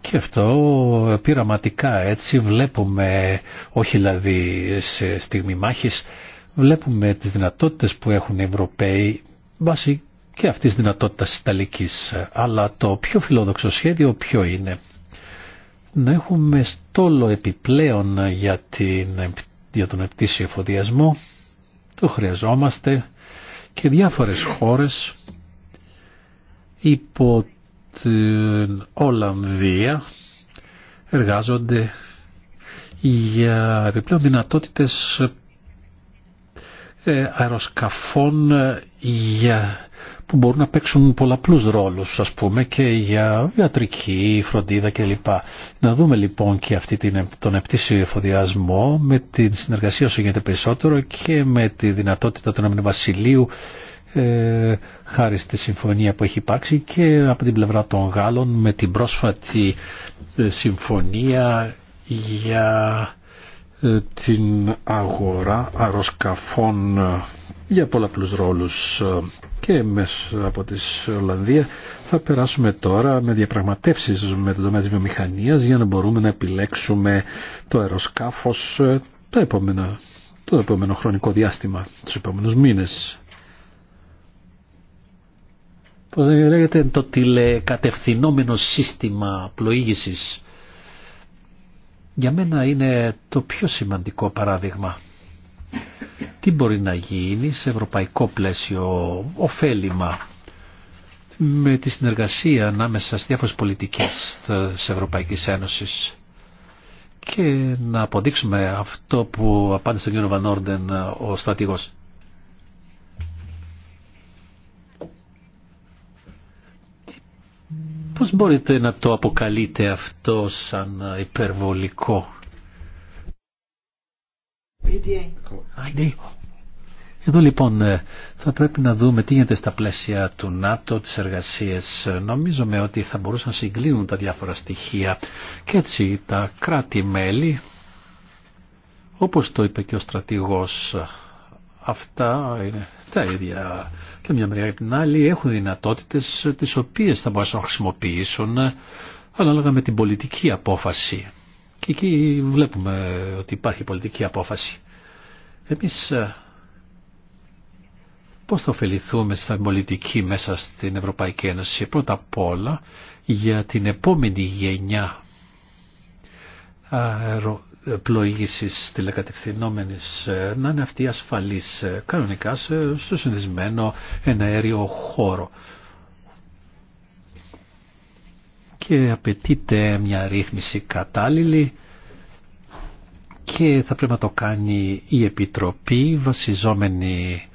Και αυτό πειραματικά έτσι βλέπουμε, όχι δηλαδή σε στιγμή μάχης, βλέπουμε τις δυνατότητες που έχουν οι Ευρωπαίοι βάσει και αυτής της δυνατότητας της Ιταλικής. Αλλά το πιο φιλόδοξο σχέδιο ποιο είναι. Να έχουμε στόλο επιπλέον για, την, για τον επτήσιο εφοδιασμό το χρειαζόμαστε και διάφορες χώρες υπό την Ολλανδία εργάζονται για επιπλέον δυνατότητες ε, αεροσκαφών για που μπορούν να παίξουν πολλαπλούς ρόλους ας πούμε και για ιατρική, φροντίδα κλπ. Να δούμε λοιπόν και αυτή την, τον επτήσιο εφοδιασμό με την συνεργασία όσο γίνεται περισσότερο και με τη δυνατότητα του Ηνωμένου Βασιλείου ε, χάρη στη συμφωνία που έχει υπάρξει και από την πλευρά των Γάλλων με την πρόσφατη ε, συμφωνία για ε, την αγορά αεροσκαφών ε, για πολλαπλούς ρόλους ε, και μέσα από τη Ολλανδία θα περάσουμε τώρα με διαπραγματεύσεις με το τομέα της βιομηχανίας για να μπορούμε να επιλέξουμε το αεροσκάφος το επόμενο, το επόμενο χρονικό διάστημα, τους επόμενους μήνες. Λέγεται το τηλεκατευθυνόμενο σύστημα πλοήγησης για μένα είναι το πιο σημαντικό παράδειγμα. Τι μπορεί να γίνει σε ευρωπαϊκό πλαίσιο ωφέλιμα με τη συνεργασία ανάμεσα στις διάφορες πολιτικές της Ευρωπαϊκής Ένωσης και να αποδείξουμε αυτό που απάντησε τον κύριο Βανόρντεν ο στρατηγός. Πώς μπορείτε να το αποκαλείτε αυτό σαν ε, υπερβολικό. Ναι. Εδώ λοιπόν ε, θα πρέπει να δούμε τι γίνεται στα πλαίσια του ΝΑΤΟ, τις εργασίες. Ε, νομίζουμε ότι θα μπορούσαν να συγκλίνουν τα διάφορα στοιχεία και έτσι τα κράτη-μέλη, όπως το είπε και ο στρατηγός, αυτά είναι τα ίδια και μια μεριά την άλλη έχουν δυνατότητες τις οποίες θα μπορέσουν να χρησιμοποιήσουν ανάλογα με την πολιτική απόφαση. Και εκεί βλέπουμε ότι υπάρχει πολιτική απόφαση. Εμείς ε, πώς θα ωφεληθούμε στα πολιτική μέσα στην Ευρωπαϊκή Ένωση πρώτα απ' όλα για την επόμενη γενιά αεροπλοήγησης τηλεκατευθυνόμενης ε, να είναι αυτή ασφαλής ε, κανονικά στο συνδυσμένο εναέριο χώρο. Και απαιτείται μια ρύθμιση κατάλληλη και θα πρέπει να το κάνει η Επιτροπή βασιζόμενη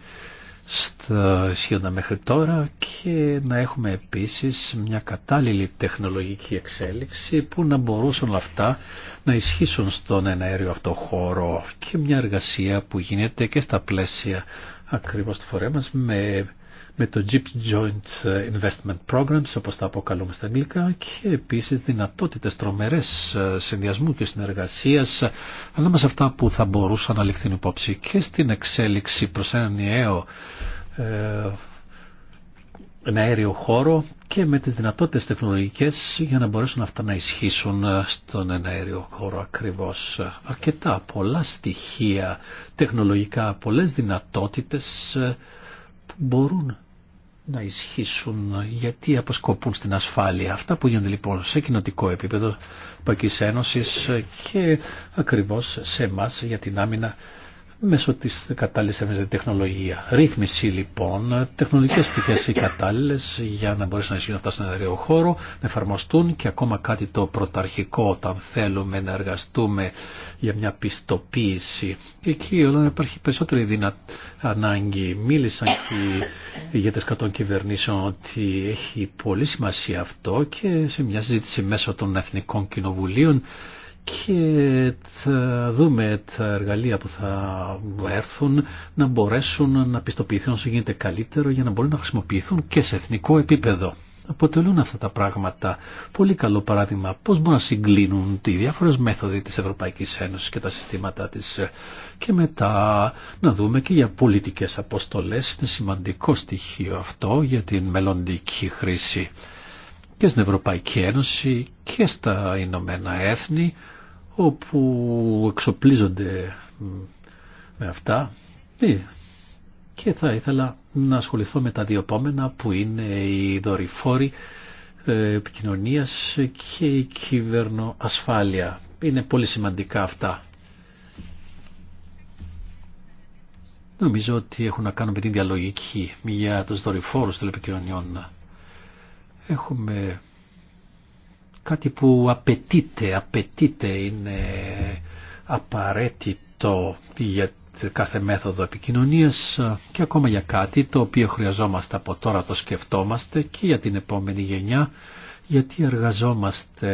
στα σχεδόν μέχρι τώρα και να έχουμε επίσης μια κατάλληλη τεχνολογική εξέλιξη που να μπορούσαν αυτά να ισχύσουν στον εναέριο αυτό χώρο και μια εργασία που γίνεται και στα πλαίσια ακριβώς του φορέα μας με με το Jeep Joint ε, Investment Programs όπως τα αποκαλούμε στα αγγλικά και επίσης δυνατότητες τρομερές ε, συνδυασμού και συνεργασίας ανάμεσα αυτά που θα μπορούσαν να ληφθούν υπόψη και στην εξέλιξη προς έναν νέο ε, ένα αέριο χώρο και με τις δυνατότητες τεχνολογικές για να μπορέσουν αυτά να ισχύσουν στον αέριο χώρο ακριβώς. Αρκετά πολλά στοιχεία τεχνολογικά, πολλές δυνατότητες μπορούν να ισχύσουν γιατί αποσκοπούν στην ασφάλεια. Αυτά που γίνονται λοιπόν σε κοινοτικό επίπεδο Πακής Ένωσης και ακριβώς σε εμά για την άμυνα μέσω της κατάλληλης τεχνολογία. Ρύθμιση λοιπόν, τεχνολογικές πτυχές οι κατάλληλες για να μπορέσουν να ισχύουν αυτά στον εταιρείο χώρο, να εφαρμοστούν και ακόμα κάτι το πρωταρχικό όταν θέλουμε να εργαστούμε για μια πιστοποίηση. Και εκεί όταν υπάρχει περισσότερη δυνατή ανάγκη, μίλησαν και οι ηγέτες κρατών κυβερνήσεων ότι έχει πολύ σημασία αυτό και σε μια συζήτηση μέσω των Εθνικών Κοινοβουλίων και θα δούμε τα εργαλεία που θα έρθουν να μπορέσουν να πιστοποιηθούν όσο γίνεται καλύτερο για να μπορούν να χρησιμοποιηθούν και σε εθνικό επίπεδο. Αποτελούν αυτά τα πράγματα πολύ καλό παράδειγμα πώς μπορούν να συγκλίνουν τη διάφορες μέθοδοι της Ευρωπαϊκής Ένωσης και τα συστήματά της και μετά να δούμε και για πολιτικές αποστολές. Είναι σημαντικό στοιχείο αυτό για την μελλοντική χρήση και στην Ευρωπαϊκή Ένωση και στα Ηνωμένα Έθνη που εξοπλίζονται με αυτά ε, και θα ήθελα να ασχοληθώ με τα δύο επόμενα που είναι οι δορυφόροι ε, επικοινωνίας και η κυβερνοασφάλεια. Είναι πολύ σημαντικά αυτά. Νομίζω ότι έχουν να κάνουν με την διαλογική για τους δορυφόρους επικοινωνιών. Έχουμε κάτι που απαιτείται, απαιτείται, είναι απαραίτητο για κάθε μέθοδο επικοινωνίας και ακόμα για κάτι το οποίο χρειαζόμαστε από τώρα το σκεφτόμαστε και για την επόμενη γενιά γιατί εργαζόμαστε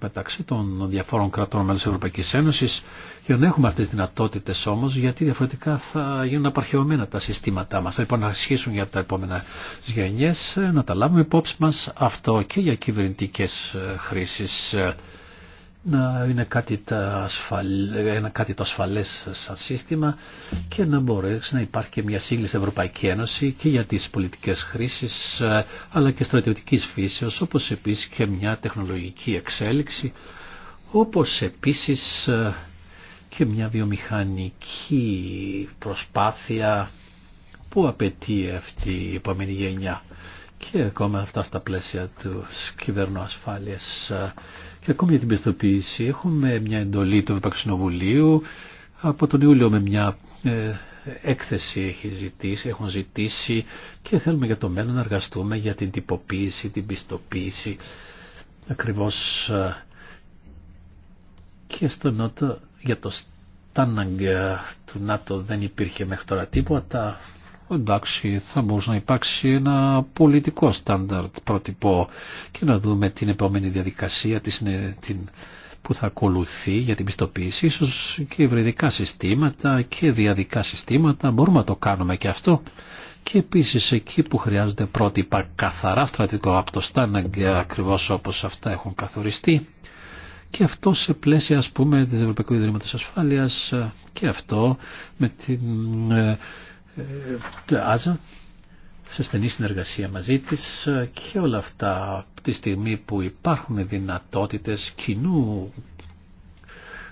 μεταξύ των διαφόρων κρατών μέλων Ευρωπαϊκής Ένωσης και να έχουμε αυτές τις δυνατότητες όμως, γιατί διαφορετικά θα γίνουν απαρχαιωμένα τα συστήματά μας. Θα λοιπόν ασχίσουν για τα επόμενα γενιές, να τα λάβουμε υπόψη μας αυτό και για κυβερνητικές ε, χρήσεις. Ε, να είναι κάτι, τα ένα κάτι το ασφαλές σαν σύστημα και να μπορέσει να υπάρχει και μια σύγκληση Ευρωπαϊκή Ένωση και για τις πολιτικές χρήσεις ε, αλλά και στρατιωτικής φύσεως όπως επίσης και μια τεχνολογική εξέλιξη όπως επίσης και μια βιομηχανική προσπάθεια που απαιτεί αυτή η επόμενη γενιά και ακόμα αυτά στα πλαίσια του κυβερνοασφάλειας και ακόμη για την πιστοποίηση έχουμε μια εντολή του Ευρωπαϊκού από τον Ιούλιο με μια ε, έκθεση έχει ζητήσει, έχουν ζητήσει και θέλουμε για το μέλλον να εργαστούμε για την τυποποίηση, την πιστοποίηση ακριβώς ε, και στο νότο για το Στάνναγκ του ΝΑΤΟ δεν υπήρχε μέχρι τώρα τίποτα. Εντάξει, θα μπορούσε να υπάρξει ένα πολιτικό στάνταρτ πρότυπο και να δούμε την επόμενη διαδικασία την, που θα ακολουθεί για την πιστοποίηση. Ίσως και υβριδικά συστήματα και διαδικά συστήματα μπορούμε να το κάνουμε και αυτό. Και επίσης εκεί που χρειάζονται πρότυπα καθαρά στρατικό από το Στάνναγκ ακριβώς όπως αυτά έχουν καθοριστεί και αυτό σε πλαίσια ας πούμε της Ευρωπαϊκού Ιδρύματος Ασφάλειας ε, και αυτό με την ε, ε, ΑΖΑ σε στενή συνεργασία μαζί της ε, και όλα αυτά τη στιγμή που υπάρχουν δυνατότητες κοινού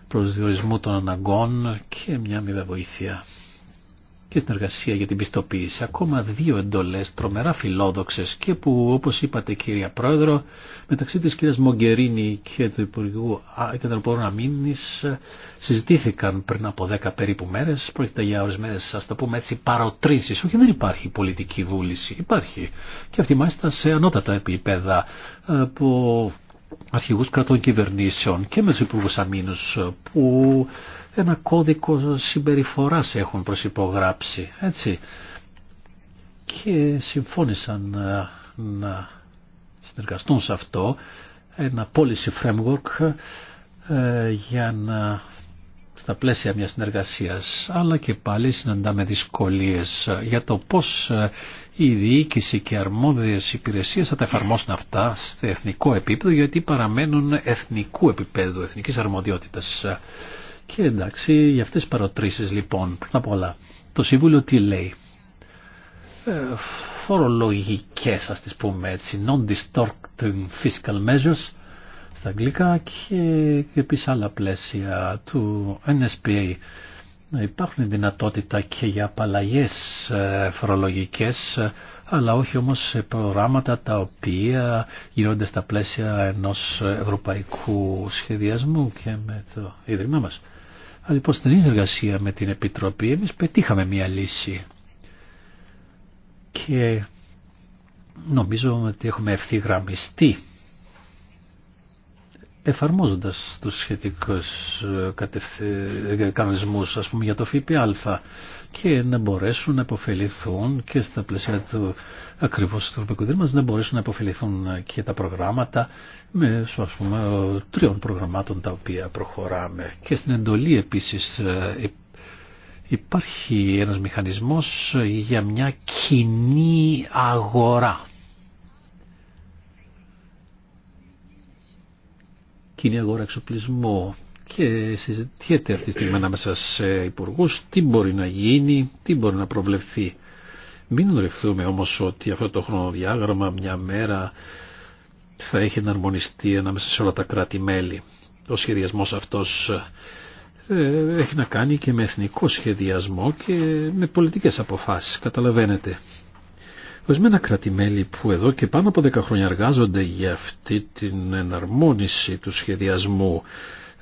προσδιορισμού των αναγκών και μια μη βοήθεια και συνεργασία για την πιστοποίηση. Ακόμα δύο εντολές τρομερά φιλόδοξες και που όπως είπατε κυρία Πρόεδρο μεταξύ της κυρίας Μογκερίνη και του Υπουργού και των Αμήνης συζητήθηκαν πριν από δέκα περίπου μέρες. Πρόκειται για ορισμένες ας το πούμε έτσι παροτρήσεις. Όχι δεν υπάρχει πολιτική βούληση. Υπάρχει. Και αυτή μάλιστα σε ανώτατα επίπεδα ε, από αρχηγούς κρατών κυβερνήσεων και με τους υπουργούς αμήνους που ένα κώδικο συμπεριφοράς έχουν προσυπογράψει, έτσι. Και συμφώνησαν ε, να, συνεργαστούν σε αυτό ένα policy framework ε, για να στα πλαίσια μιας συνεργασίας, αλλά και πάλι συναντάμε δυσκολίες ε, για το πώς η διοίκηση και αρμόδιες υπηρεσίες θα τα εφαρμόσουν αυτά σε εθνικό επίπεδο, γιατί παραμένουν εθνικού επίπεδου, εθνικής αρμοδιότητας. Και εντάξει, για αυτές τις παροτρήσεις λοιπόν, πρώτα απ' όλα, το Συμβούλιο τι λέει. Ε, φορολογικές ας τις πούμε έτσι, non-distorting fiscal measures στα αγγλικά και επίσης άλλα πλαίσια του NSPA. Να υπάρχουν δυνατότητα και για απαλλαγές ε, φορολογικές, ε, αλλά όχι όμως σε προγράμματα τα οποία γίνονται στα πλαίσια ενός ευρωπαϊκού σχεδιασμού και με το Ίδρυμά μας λοιπόν στην εργασία με την Επιτροπή εμείς πετύχαμε μια λύση και νομίζω ότι έχουμε ευθυγραμμιστεί εφαρμόζοντας τους σχετικούς ε, ε, κανονισμούς ας πούμε για το ΦΠΑ και να μπορέσουν να υποφεληθούν και στα πλαίσια του ακριβώς του Ευρωπαϊκού να μπορέσουν να υποφεληθούν και τα προγράμματα με ας πούμε, τριών προγραμμάτων τα οποία προχωράμε. Και στην εντολή επίσης ε, υπάρχει ένας μηχανισμός για μια κοινή αγορά. Κοινή αγορά εξοπλισμού και συζητιέται αυτή τη στιγμή ανάμεσα σε υπουργού τι μπορεί να γίνει, τι μπορεί να προβλεφθεί. Μην ρευθούμε όμως ότι αυτό το χρονοδιάγραμμα μια μέρα θα έχει εναρμονιστεί ανάμεσα σε όλα τα κράτη-μέλη. Ο σχεδιασμός αυτός ε, έχει να κάνει και με εθνικό σχεδιασμό και με πολιτικές αποφάσεις, καταλαβαίνετε. Ορισμένα κρατημέλη που εδώ και πάνω από 10 χρόνια εργάζονται για αυτή την εναρμόνιση του σχεδιασμού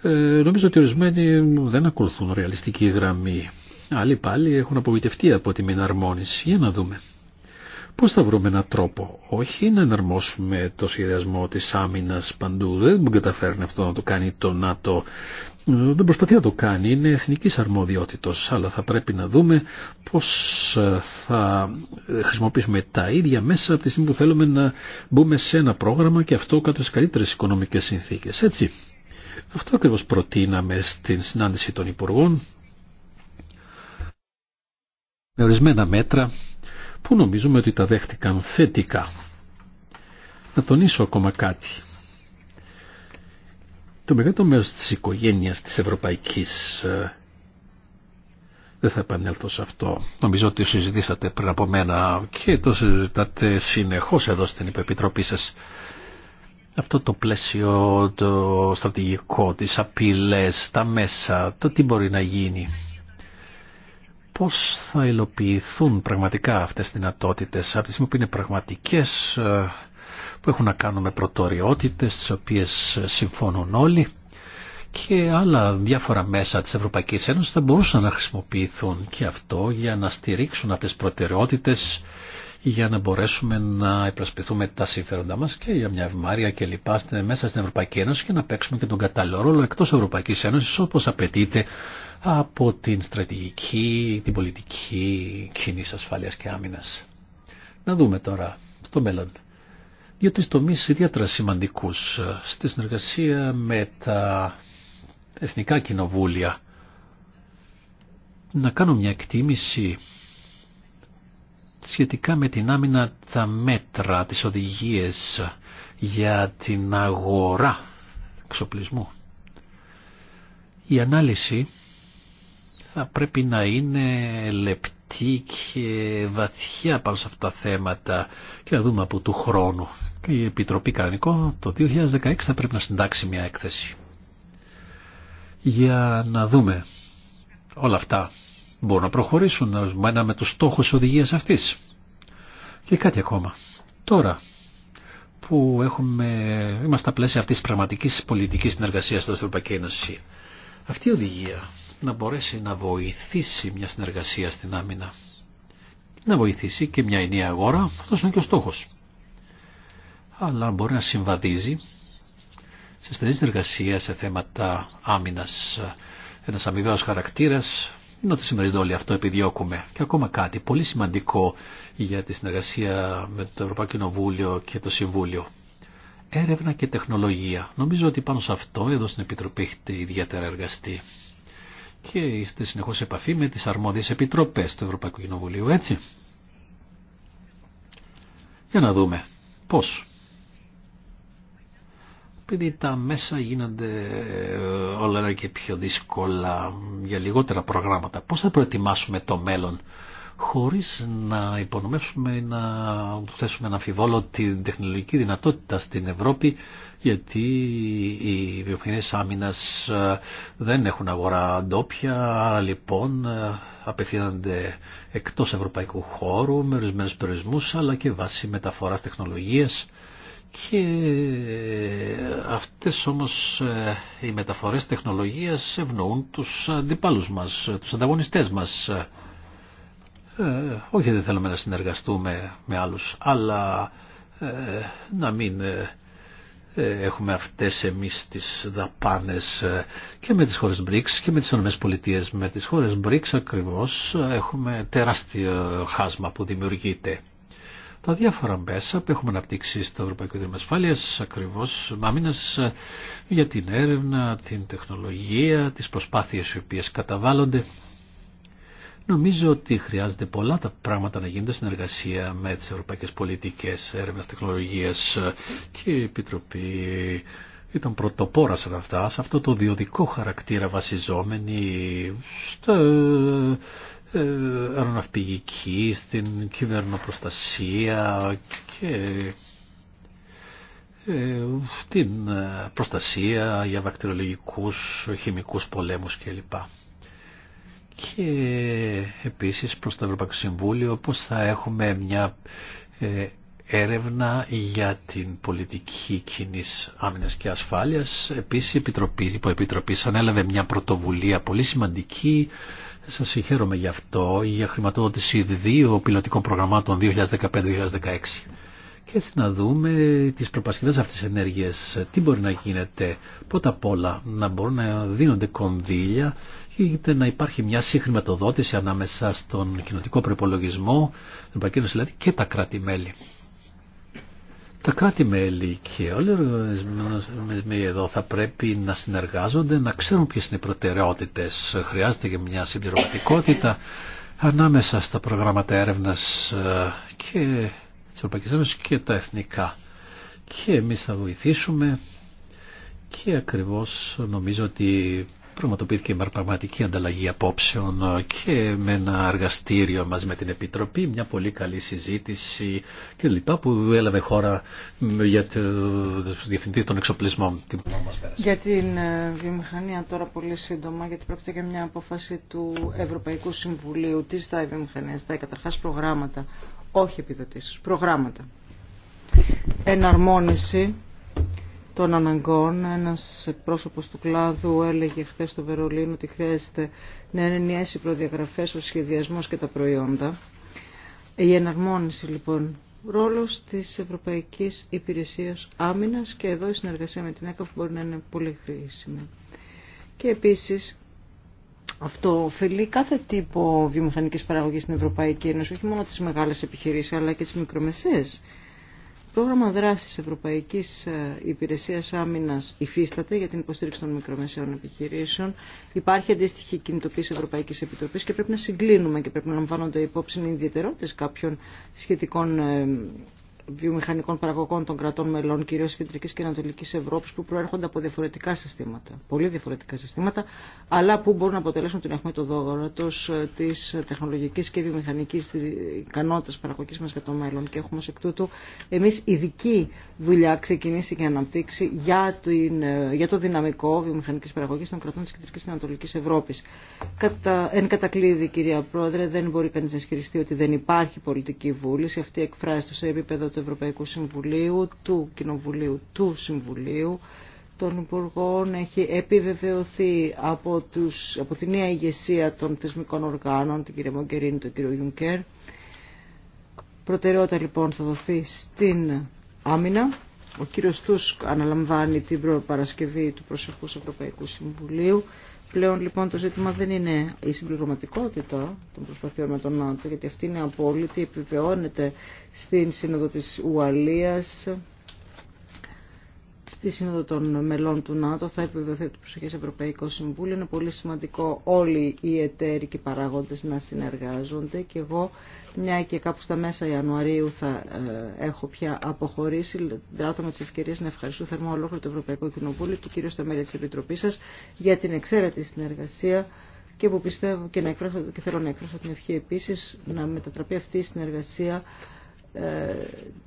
ε, νομίζω ότι ορισμένοι δεν ακολουθούν ρεαλιστική γραμμή. Άλλοι πάλι έχουν απογοητευτεί από τη εναρμόνιση. Για να δούμε. Πώς θα βρούμε έναν τρόπο. Όχι να εναρμόσουμε το σχεδιασμό της άμυνας παντού. Δεν μου καταφέρνει αυτό να το κάνει το ΝΑΤΟ. Ε, δεν προσπαθεί να το κάνει. Είναι εθνικής αρμοδιότητος. Αλλά θα πρέπει να δούμε πώς ε, θα χρησιμοποιήσουμε τα ίδια μέσα από τη στιγμή που θέλουμε να μπούμε σε ένα πρόγραμμα και αυτό κάτω στις καλύτερες οικονομικές συνθήκες. Έτσι. Αυτό ακριβώς προτείναμε στην συνάντηση των Υπουργών με ορισμένα μέτρα που νομίζουμε ότι τα δέχτηκαν θετικά. Να τονίσω ακόμα κάτι. Το μεγάλο μέρος της οικογένειας της Ευρωπαϊκής ε, δεν θα επανέλθω σε αυτό. Νομίζω ότι συζητήσατε πριν από μένα και το συζητάτε συνεχώς εδώ στην υπεπιτροπή σας αυτό το πλαίσιο το στρατηγικό, τις απειλές, τα μέσα, το τι μπορεί να γίνει. Πώς θα υλοποιηθούν πραγματικά αυτές τις δυνατότητες από τη που είναι πραγματικές, ε, που έχουν να κάνουν με προτοριότητες, τις οποίες συμφωνούν όλοι και άλλα διάφορα μέσα της Ευρωπαϊκής Ένωσης θα μπορούσαν να χρησιμοποιηθούν και αυτό για να στηρίξουν αυτές τις προτεραιότητες για να μπορέσουμε να υπρασπιθούμε τα συμφέροντά μας και για μια ευμάρεια και λοιπά μέσα στην Ευρωπαϊκή Ένωση και να παίξουμε και τον κατάλληλο ρόλο εκτός Ευρωπαϊκής Ένωσης όπως απαιτείται από την στρατηγική, την πολιτική κοινή ασφάλειας και άμυνας. Να δούμε τώρα στο μέλλον Διότι στο ιδιαίτερα σημαντικού ε, στη συνεργασία με τα εθνικά κοινοβούλια να κάνω μια εκτίμηση σχετικά με την άμυνα τα μέτρα, τις οδηγίες για την αγορά εξοπλισμού. Η ανάλυση θα πρέπει να είναι λεπτή και βαθιά πάνω σε αυτά τα θέματα και να δούμε από του χρόνου. Και η Επιτροπή Κανονικό το 2016 θα πρέπει να συντάξει μια έκθεση για να δούμε όλα αυτά μπορούν να προχωρήσουν με με τους στόχους οδηγίας αυτής. Και κάτι ακόμα. Τώρα που έχουμε, είμαστε στα πλαίσια αυτής της πραγματικής πολιτικής συνεργασίας στην Ευρωπαϊκή Ένωση, αυτή η οδηγία να μπορέσει να βοηθήσει μια συνεργασία στην άμυνα, να βοηθήσει και μια ενιαία αγορά, αυτός είναι και ο στόχος. Αλλά μπορεί να συμβαδίζει σε στενή συνεργασία σε θέματα άμυνας, ένας αμοιβαίος χαρακτήρας να το σήμερα όλοι αυτό επιδιώκουμε. Και ακόμα κάτι πολύ σημαντικό για τη συνεργασία με το Ευρωπαϊκό Κοινοβούλιο και το Συμβούλιο. Έρευνα και τεχνολογία. Νομίζω ότι πάνω σε αυτό εδώ στην Επιτροπή έχετε ιδιαίτερα εργαστεί. Και είστε συνεχώς σε επαφή με τις αρμόδιες επιτροπές του Ευρωπαϊκού Κοινοβουλίου, έτσι. Για να δούμε πώς επειδή τα μέσα γίνονται ε, όλα ένα και πιο δύσκολα για λιγότερα προγράμματα. Πώς θα προετοιμάσουμε το μέλλον χωρίς να υπονομεύσουμε ή να θέσουμε να αμφιβόλο την τεχνολογική δυνατότητα στην Ευρώπη γιατί οι βιομηχανίες άμυνας ε, δεν έχουν αγορά ντόπια, άρα λοιπόν ε, απευθύνονται εκτός ευρωπαϊκού χώρου με ορισμένους περιορισμούς αλλά και βάση μεταφοράς τεχνολογίας και αυτές όμως ε, οι μεταφορές τεχνολογίας ευνοούν τους αντιπάλους μας, τους ανταγωνιστές μας. Ε, όχι δεν θέλουμε να συνεργαστούμε με άλλους, αλλά ε, να μην έχουμε αυτές εμείς τις δαπάνες και με τις χώρες BRICS και με τις ΗΠΑ. Με τις χώρες BRICS ακριβώς έχουμε τεράστιο χάσμα που δημιουργείται τα διάφορα μέσα που έχουμε αναπτύξει στο Ευρωπαϊκό Ιδρύμα Ασφάλεια, Ακριβώ μάμυνα ε, για την έρευνα, την τεχνολογία, τι προσπάθειε οι οποίε καταβάλλονται. Νομίζω ότι χρειάζεται πολλά τα πράγματα να γίνονται συνεργασία με τι ευρωπαϊκέ πολιτικέ, έρευνα, τεχνολογία και η Επιτροπή ήταν πρωτοπόρα σε αυτά, σε αυτό το διοδικό χαρακτήρα βασιζόμενη ε, αεροναυπηγική, στην κυβερνοπροστασία και ε, την ε, προστασία για βακτηριολογικούς, χημικούς πολέμους κλπ. Και επίσης προς το Ευρωπαϊκό Συμβούλιο πώς θα έχουμε μια έρευνα για την πολιτική κοινή άμυνας και ασφάλειας. Επίσης η Επιτροπή, η Επιτροπή ανέλαβε μια πρωτοβουλία πολύ σημαντική σας συγχαίρομαι γι' αυτό για χρηματοδότηση δύο πιλωτικών προγραμμάτων 2015-2016. Και έτσι να δούμε τις προπασκευές αυτής της τι μπορεί να γίνεται. Πρώτα απ' όλα να μπορούν να δίνονται κονδύλια και να υπάρχει μια συγχρηματοδότηση ανάμεσα στον κοινοτικό προπολογισμό, την δηλαδή και τα κράτη-μέλη τα κράτη-μέλη και όλοι οι οργανισμοί εδώ θα πρέπει να συνεργάζονται, να ξέρουν ποιες είναι οι προτεραιότητες. Χρειάζεται και μια συμπληρωματικότητα ανάμεσα στα προγράμματα έρευνας ε, και της Ευρωπαϊκής Ένωσης και τα εθνικά. Και εμείς θα βοηθήσουμε και ακριβώς νομίζω ότι πραγματοποιήθηκε η πραγματική ανταλλαγή απόψεων και με ένα εργαστήριο μαζί με την Επιτροπή, μια πολύ καλή συζήτηση κλπ που έλαβε χώρα για τους διευθυντή των εξοπλισμών. Για την ε, βιομηχανία τώρα πολύ σύντομα, γιατί πρόκειται για μια απόφαση του Ευρωπαϊκού Συμβουλίου. Τι ζητάει η βιομηχανία, ζητάει καταρχάς προγράμματα, όχι επιδοτήσεις, προγράμματα. Εναρμόνιση των αναγκών. Ένας πρόσωπο του κλάδου έλεγε χθε στο Βερολίνο ότι χρειάζεται να είναι ενιαίες οι προδιαγραφές, ο σχεδιασμός και τα προϊόντα. Η εναρμόνιση λοιπόν ρόλος της Ευρωπαϊκής Υπηρεσίας Άμυνας και εδώ η συνεργασία με την ΕΚΑΦ μπορεί να είναι πολύ χρήσιμη. Και επίσης αυτό ωφελεί κάθε τύπο βιομηχανικής παραγωγής στην Ευρωπαϊκή Ένωση, όχι μόνο τις μεγάλες επιχειρήσεις αλλά και τις μικρομεσαίες το πρόγραμμα δράσης Ευρωπαϊκής ε, Υπηρεσίας Άμυνας υφίσταται για την υποστήριξη των μικρομεσαίων επιχειρήσεων. Υπάρχει αντίστοιχη κινητοποίηση Ευρωπαϊκής Επιτροπής και πρέπει να συγκλίνουμε και πρέπει να λαμβάνονται υπόψη οι ιδιαιτερότητες κάποιων σχετικών ε, βιομηχανικών παραγωγών των κρατών μελών, κυρίως Κεντρική και ανατολική Ευρώπη που προέρχονται από διαφορετικά συστήματα, πολύ διαφορετικά συστήματα, αλλά που μπορούν να αποτελέσουν την αιχμή του δόγματο ε, τη τεχνολογική και βιομηχανική ικανότητα παραγωγή μας για το μέλλον. Και έχουμε ω εκ τούτου εμεί ειδική δουλειά ξεκινήσει και αναπτύξει για, ε, το δυναμικό βιομηχανική παραγωγή των κρατών τη Κεντρική και Ανατολική Ευρώπη. Κατα, εν κατακλείδη, κυρία Πρόεδρε, δεν μπορεί κανεί να ισχυριστεί ότι δεν υπάρχει πολιτική βούληση. Αυτή εκφράζεται σε επίπεδο του Ευρωπαϊκού Συμβουλίου, του Κοινοβουλίου, του Συμβουλίου των Υπουργών έχει επιβεβαιωθεί από, τους, από την νέα ηγεσία των θεσμικών οργάνων, την κυρία Μογκερίνη, τον κύριο Γιουνκέρ. Προτεραιότητα λοιπόν θα δοθεί στην άμυνα. Ο κύριος Τούσκ αναλαμβάνει την προπαρασκευή του προσεχούς Ευρωπαϊκού Συμβουλίου Πλέον λοιπόν το ζήτημα δεν είναι η συμπληρωματικότητα των προσπαθειών με τον ΝΑΤΟ, γιατί αυτή είναι απόλυτη, επιβεβαιώνεται στην Σύνοδο της Ουαλίας στη Σύνοδο των Μελών του ΝΑΤΟ θα επιβεβαιωθεί από το Προσεχές Ευρωπαϊκό Συμβούλιο. Είναι πολύ σημαντικό όλοι οι εταίροι και οι παράγοντες να συνεργάζονται και εγώ μια και κάπου στα μέσα Ιανουαρίου θα ε, έχω πια αποχωρήσει. Δράτω με τις ευκαιρίες να ευχαριστώ θερμό ολόκληρο το Ευρωπαϊκό Κοινοβούλιο και κυρίως τα μέλη της Επιτροπής σας για την εξαίρετη συνεργασία και που πιστεύω και, να εκφράσω, και θέλω να εκφράσω την ευχή επίσης να μετατραπεί αυτή η συνεργασία ε,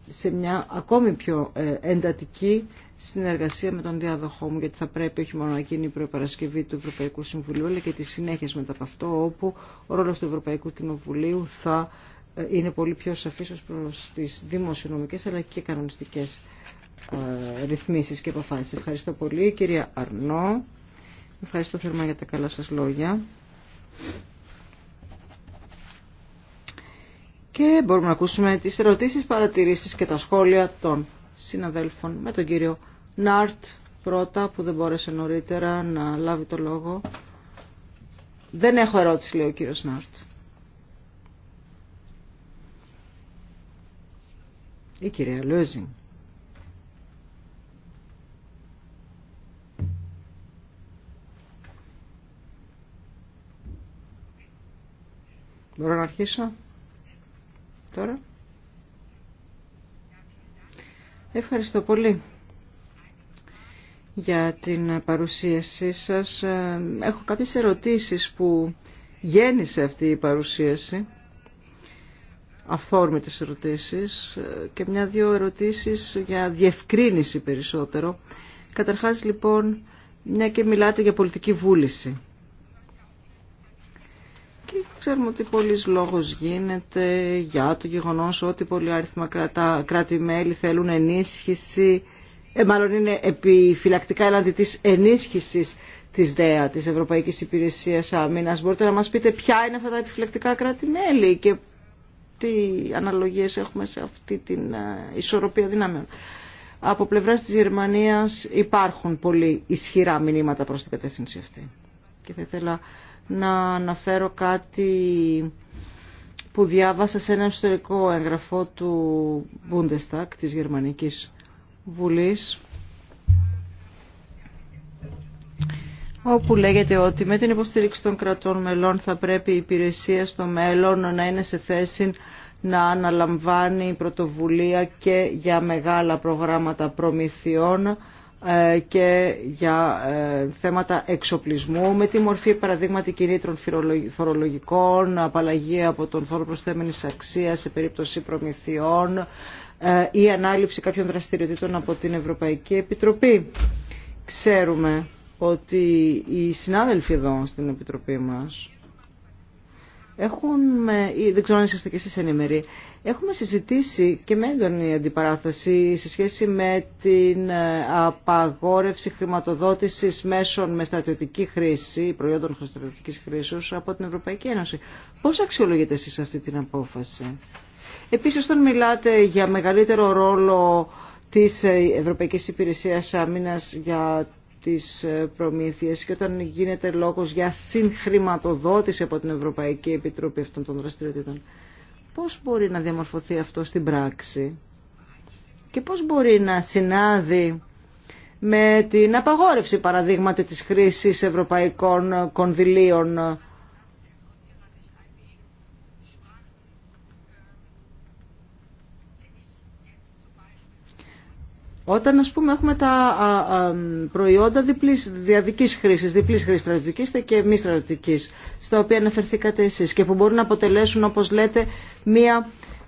σε μια ακόμη πιο ε, εντατική συνεργασία με τον διάδοχό μου, γιατί θα πρέπει όχι μόνο να γίνει η προεπαρασκευή του Ευρωπαϊκού Συμβουλίου, αλλά και τις συνέχεια μετά από αυτό, όπου ο ρόλος του Ευρωπαϊκού Κοινοβουλίου θα ε, είναι πολύ πιο σαφής ως προς τις δημοσιονομικές αλλά και κανονιστικές ρυθμίσεις και επαφάσεις. Ευχαριστώ πολύ, κυρία Αρνό. Ευχαριστώ θερμά για τα καλά σας λόγια. και μπορούμε να ακούσουμε τις ερωτήσεις, παρατηρήσεις και τα σχόλια των συναδέλφων με τον κύριο Νάρτ πρώτα που δεν μπόρεσε νωρίτερα να λάβει το λόγο. Δεν έχω ερώτηση λέει ο κύριος Νάρτ. Η κυρία Λούζιν. Μπορώ να αρχίσω τώρα. Ευχαριστώ πολύ για την παρουσίασή σας. Έχω κάποιες ερωτήσεις που γέννησε αυτή η παρουσίαση. αφόρμητες ερωτήσεις και μια-δυο ερωτήσεις για διευκρίνηση περισσότερο. Καταρχάς λοιπόν, μια και μιλάτε για πολιτική βούληση. Ξέρουμε ότι πολλής λόγος γίνεται για το γεγονό οτι ότι πολλοί άριθμα κράτη-μέλη θέλουν ενίσχυση, ε, μάλλον είναι επιφυλακτικά έναντι της ενίσχυσης της ΔΕΑ, της Ευρωπαϊκής Υπηρεσίας Αμήνας. Μπορείτε να μα πείτε ποια είναι αυτά τα επιφυλακτικά κράτη-μέλη και τι αναλογίες έχουμε σε αυτή την ε, ισορροπία δυνάμεων. Από πλευρά τη Γερμανία υπάρχουν πολύ ισχυρά μηνύματα προ την κατεύθυνση αυτή. Και θα ήθελα να αναφέρω κάτι που διάβασα σε ένα εσωτερικό έγγραφο του Bundestag της Γερμανικής Βουλής όπου λέγεται ότι με την υποστήριξη των κρατών μελών θα πρέπει η υπηρεσία στο μέλλον να είναι σε θέση να αναλαμβάνει πρωτοβουλία και για μεγάλα προγράμματα προμηθειών ε, και για ε, θέματα εξοπλισμού με τη μορφή παραδείγματι κινήτρων φορολογικών, απαλλαγή από τον φόρο προσθέμενης αξίας σε περίπτωση προμηθειών ε, ή ανάληψη κάποιων δραστηριοτήτων από την Ευρωπαϊκή Επιτροπή. Ξέρουμε ότι οι συνάδελφοι εδώ στην Επιτροπή μας έχουν, δεν ξέρω αν είσαστε και εσείς ενημεροί, Έχουμε συζητήσει και με έντονη αντιπαράθεση σε σχέση με την ε, απαγόρευση χρηματοδότησης μέσων με στρατιωτική χρήση, προϊόντων στρατιωτικής χρήση από την Ευρωπαϊκή Ένωση. Πώς αξιολογείτε εσείς αυτή την απόφαση. Επίσης, όταν μιλάτε για μεγαλύτερο ρόλο της ε, Ευρωπαϊκής Υπηρεσίας Άμυνας για τις ε, προμήθειες και όταν γίνεται λόγος για συγχρηματοδότηση από την Ευρωπαϊκή Επιτροπή αυτών των δραστηριοτήτων πώς μπορεί να διαμορφωθεί αυτό στην πράξη και πώς μπορεί να συνάδει με την απαγόρευση παραδείγματι της χρήσης ευρωπαϊκών κονδυλίων Όταν ας πούμε έχουμε τα προϊόντα διπλής, διαδικής χρήσης, διπλής χρήσης στρατιωτικής και μη στρατιωτικής, στα οποία αναφερθήκατε εσείς και που μπορούν να αποτελέσουν όπως λέτε μία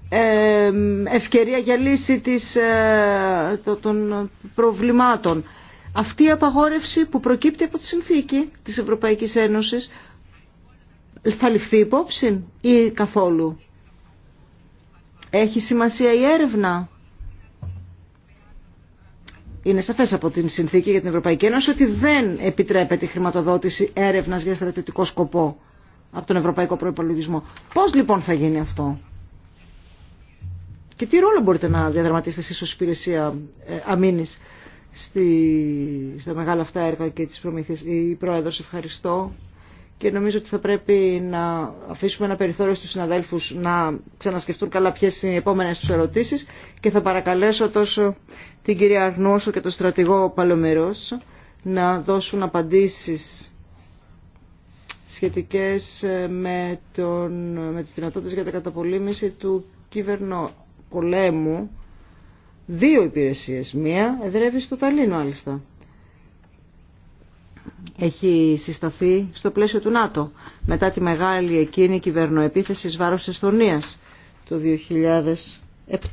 ε, ευκαιρία για λύση της, ε, των προβλημάτων. Αυτή η απαγόρευση που προκύπτει από τη συνθήκη της Ευρωπαϊκής Ένωσης θα ληφθεί υπόψη ή καθόλου. Έχει σημασία η έρευνα είναι σαφές από την συνθήκη για την Ευρωπαϊκή Ένωση ότι δεν επιτρέπεται η χρηματοδότηση έρευνας για στρατιωτικό σκοπό από τον Ευρωπαϊκό Προϋπολογισμό. Πώς λοιπόν θα γίνει αυτό. Και τι ρόλο μπορείτε να διαδραματίσετε εσείς ως υπηρεσία ε, στη, στα μεγάλα αυτά έργα και τις προμήθειες. Η Πρόεδρος, ευχαριστώ και νομίζω ότι θα πρέπει να αφήσουμε ένα περιθώριο στους συναδέλφους να ξανασκεφτούν καλά ποιες είναι οι επόμενες τους ερωτήσεις και θα παρακαλέσω τόσο την κυρία Αρνούσο και τον στρατηγό Παλομερός να δώσουν απαντήσεις σχετικές ε, με, τον, με τις δυνατότητες για την καταπολέμηση του κύβερνο πολέμου. Δύο υπηρεσίες. Μία εδρεύει στο Ταλίνο, άλιστα έχει συσταθεί στο πλαίσιο του ΝΑΤΟ μετά τη μεγάλη εκείνη κυβερνοεπίθεση βάρος Εστονίας το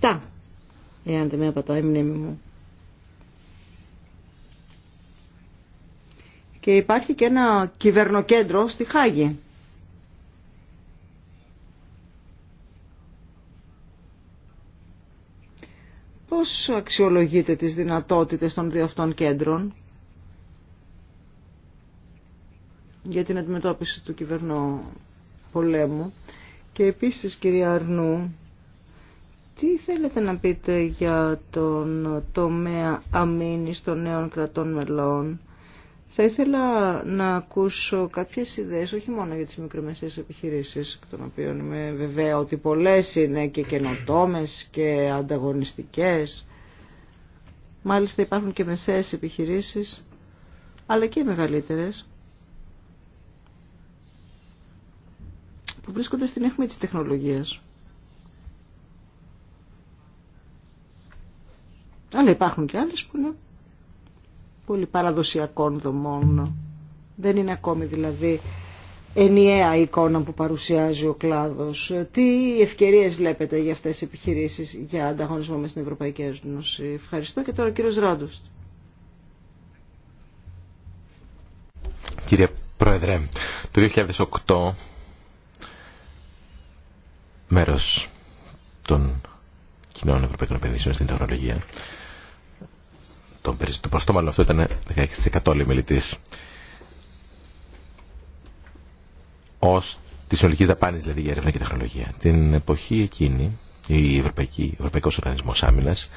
2007 εάν δεν με απατάει μνήμη μου. Και υπάρχει και ένα κυβερνοκέντρο στη Χάγη. Πώς αξιολογείτε τις δυνατότητες των δύο αυτών κέντρων για την αντιμετώπιση του κυβερνού πολέμου. Και επίσης, κυρία Αρνού, τι θέλετε να πείτε για τον τομέα αμήνης των νέων κρατών μελών. Θα ήθελα να ακούσω κάποιες ιδέες, όχι μόνο για τις μικρομεσαίες επιχειρήσεις, των οποίων είμαι βεβαία ότι πολλές είναι και καινοτόμες και ανταγωνιστικές. Μάλιστα υπάρχουν και μεσαίες επιχειρήσεις, αλλά και μεγαλύτερες. που βρίσκονται στην αιχμή της τεχνολογίας. Αλλά υπάρχουν και άλλες που είναι πολύ παραδοσιακών δομών. Δεν είναι ακόμη δηλαδή ενιαία εικόνα που παρουσιάζει ο κλάδος. Τι ευκαιρίες βλέπετε για αυτές τις επιχειρήσεις για ανταγωνισμό μέσα στην Ευρωπαϊκή Ένωση. Ευχαριστώ και τώρα ο κύριος Ράντος. Κύριε Πρόεδρε, το 2008 μέρος των κοινών ευρωπαϊκών επενδύσεων στην τεχνολογία. Το ποσοστό μάλλον αυτό ήταν 16% οι μελητής. Ως τη συνολική δαπάνη δηλαδή για έρευνα και τεχνολογία. Την εποχή εκείνη, η Ευρωπαϊκή, ο Ευρωπαϊκός Οργανισμός Άμυνας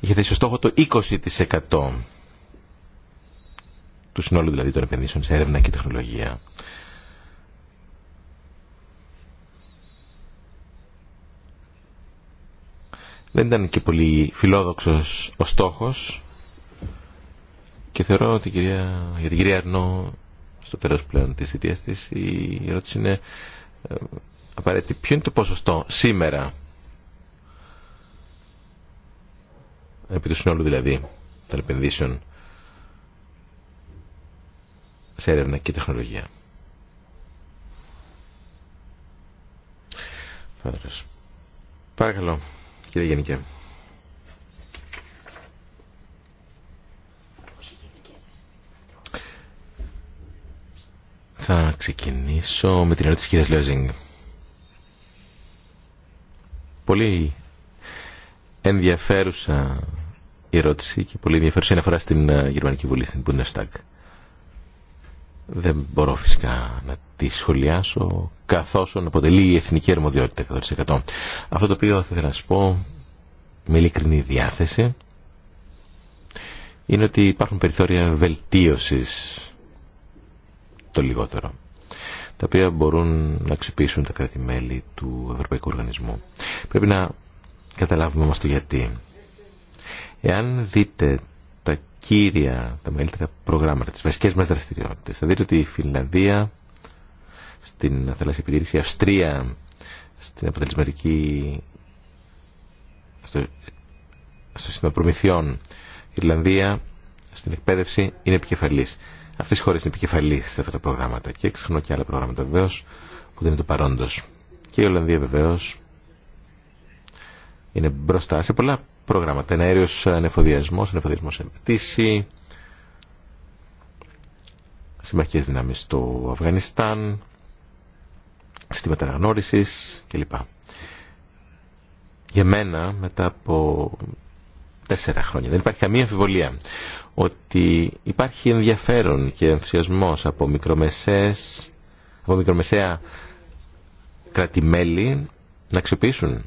είχε θέσει στόχο το 20% του συνόλου δηλαδή των επενδύσεων σε έρευνα και τεχνολογία. Δεν ήταν και πολύ φιλόδοξος ο στόχος και θεωρώ ότι κυρία, για την κυρία Αρνό στο τέλος πλέον της θητείας της η ερώτηση είναι ε, απαραίτητη. Ποιο είναι το ποσοστό σήμερα επί του συνόλου δηλαδή των επενδύσεων σε έρευνα και τεχνολογία. Πάρα Παρακαλώ. Κύριε Γενικέ. Θα ξεκινήσω με την ερώτηση της κυρίας Λέζινγκ. Πολύ ενδιαφέρουσα η ερώτηση και πολύ ενδιαφέρουσα αναφορά στην ε, Γερμανική Βουλή, στην Bundestag. Δεν μπορώ φυσικά να τη σχολιάσω καθώς αποτελεί η εθνική αρμοδιότητα 100%. Αυτό το οποίο θα ήθελα να σας πω με ειλικρινή διάθεση είναι ότι υπάρχουν περιθώρια βελτίωσης το λιγότερο τα οποία μπορούν να αξιοποιήσουν τα κράτη-μέλη του Ευρωπαϊκού Οργανισμού. Πρέπει να καταλάβουμε όμως το γιατί. Εάν δείτε τα κύρια, τα μεγαλύτερα προγράμματα, τις βασικές μας δραστηριότητες. Θα δείτε ότι η Φιλανδία, στην θαλάσσια επιτήρηση, η Αυστρία, στην αποτελεσματική, στο, στο σύστημα προμηθειών, η Ιρλανδία, στην εκπαίδευση, είναι επικεφαλής. Αυτές οι χώρες είναι επικεφαλής σε αυτά τα προγράμματα και ξεχνώ και άλλα προγράμματα βεβαίω που δεν είναι το παρόντος. Και η Ολλανδία βεβαίω είναι μπροστά σε πολλά προγράμματα. Ένα αέριο ανεφοδιασμός, ανεφοδιασμός σε πτήση, Συμμαχικέ δυνάμεις στο Αφγανιστάν, συστήματα αναγνώριση κλπ. Για μένα, μετά από τέσσερα χρόνια, δεν υπάρχει καμία αμφιβολία ότι υπάρχει ενδιαφέρον και ενθουσιασμό απο μικρομεσές μικρομεσαίες, από μικρομεσαία κράτη-μέλη να αξιοποιήσουν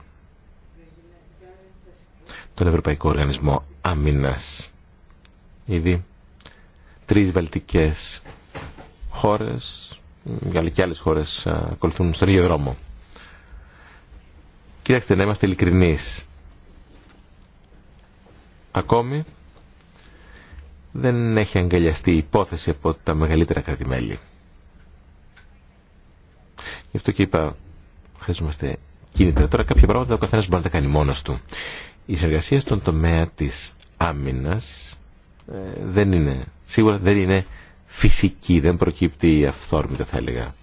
τον Ευρωπαϊκό Οργανισμό Αμυνάς. Ήδη τρεις βαλτικές χώρες, αλλά και άλλες χώρες ακολουθούν στον ίδιο δρόμο. Κοιτάξτε, να είμαστε ειλικρινεί Ακόμη δεν έχει αγκαλιαστεί η υπόθεση από τα μεγαλύτερα κρατημέλη. Γι' αυτό και είπα, χρειαζόμαστε κίνητρα. Τώρα κάποια πράγματα ο καθένας μπορεί να τα κάνει μόνος του η συνεργασία στον τομέα της άμυνας ε, δεν είναι, σίγουρα δεν είναι φυσική, δεν προκύπτει αυθόρμητα θα έλεγα.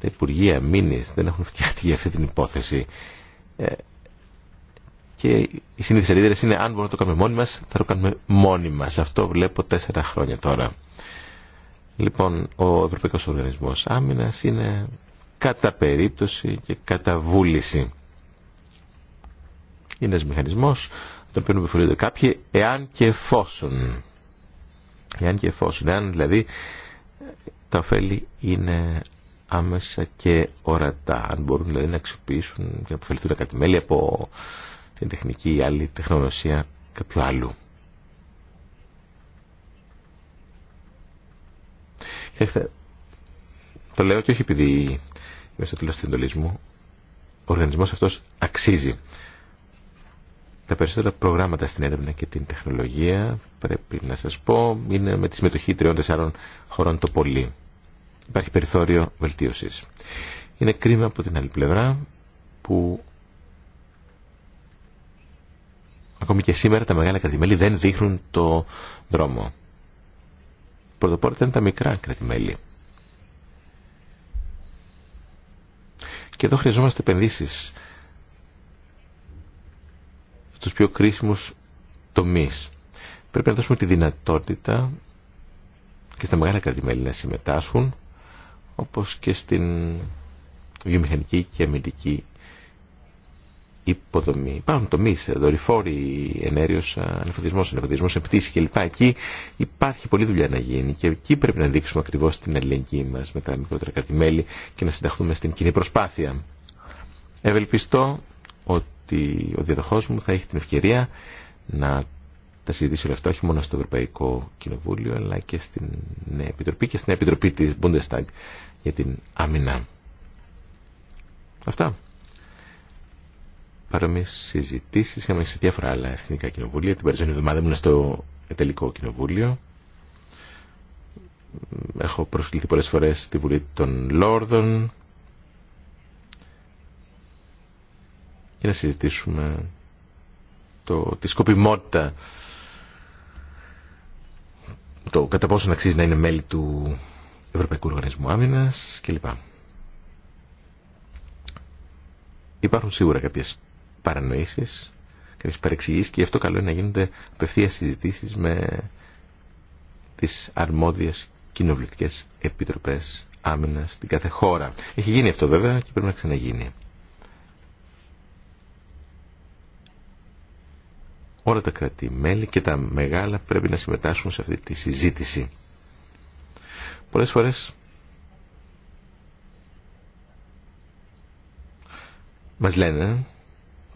Τα Υπουργεία Μήνης δεν έχουν φτιάξει για αυτή την υπόθεση. Ε, και οι συνήθεις ερίδερες είναι αν μπορούμε να το κάνουμε μόνοι μας, θα το κάνουμε μόνοι μας. Αυτό βλέπω τέσσερα χρόνια τώρα. Λοιπόν, ο Ευρωπαϊκός Οργανισμός Άμυνας είναι κατά περίπτωση και κατά βούληση. Είναι ένας μηχανισμός τον οποίο επιφορείται κάποιοι εάν και εφόσον. Εάν και εφόσον. Εάν δηλαδή τα ωφέλη είναι άμεσα και ορατά. Αν μπορούν δηλαδή να αξιοποιήσουν και να αποφελθούν κάτι μέλη από την τεχνική ή άλλη τεχνογνωσία κάποιου άλλου. το λέω και όχι επειδή είμαι στο τέλος της εντολής μου, ο οργανισμός αυτό αξίζει τα περισσότερα προγράμματα στην έρευνα και την τεχνολογία, πρέπει να σας πω, είναι με τη συμμετοχή τριών-τεσσάρων χωρών το πολύ. Υπάρχει περιθώριο βελτίωσης. Είναι κρίμα από την άλλη πλευρά που ακόμη και σήμερα τα μεγάλα κρατημέλη δεν δείχνουν το δρόμο. Πρωτοπόρα είναι τα μικρά κρατημέλη. Και εδώ χρειαζόμαστε επενδύσεις στους πιο κρίσιμους τομείς. Πρέπει να δώσουμε τη δυνατότητα και στα μεγάλα κρατημέλη να συμμετάσχουν όπως και στην βιομηχανική και αμυντική υποδομή. Υπάρχουν τομείς, ε, δορυφόροι, ενέριος, ε, ανεφοδιασμό, ανεφοδισμός, σε κλπ. Εκεί υπάρχει πολλή δουλειά να γίνει και εκεί πρέπει να δείξουμε ακριβώς την αλληλεγγύη μας με τα μικρότερα κρατημέλη και να συνταχθούμε στην κοινή προσπάθεια. Ευελπιστώ ότι ότι ο διαδοχός μου θα έχει την ευκαιρία να τα συζητήσει όλα αυτά όχι μόνο στο Ευρωπαϊκό Κοινοβούλιο αλλά και στην Νέα Επιτροπή και στην Επιτροπή της Bundestag για την άμυνα. Αυτά. Παρόμοιε συζητήσει είχαμε σε διάφορα άλλα εθνικά κοινοβούλια. Την περσμένη εβδομάδα ήμουν στο Ιταλικό Κοινοβούλιο. Έχω προσκληθεί πολλέ φορέ στη Βουλή των Λόρδων, για να συζητήσουμε το, τη σκοπιμότητα το κατά πόσο να αξίζει να είναι μέλη του Ευρωπαϊκού Οργανισμού Άμυνας κλπ. Υπάρχουν σίγουρα κάποιες παρανοήσεις, κάποιες παρεξηγήσεις και γι' αυτό καλό είναι να γίνονται απευθείας συζητήσεις με τις αρμόδιες κοινοβουλευτικές επιτροπές άμυνας στην κάθε χώρα. Έχει γίνει αυτό βέβαια και πρέπει να ξαναγίνει. Όλα τα κρατημέλη και τα μεγάλα πρέπει να συμμετάσχουν σε αυτή τη συζήτηση. Πολλές φορές μας λένε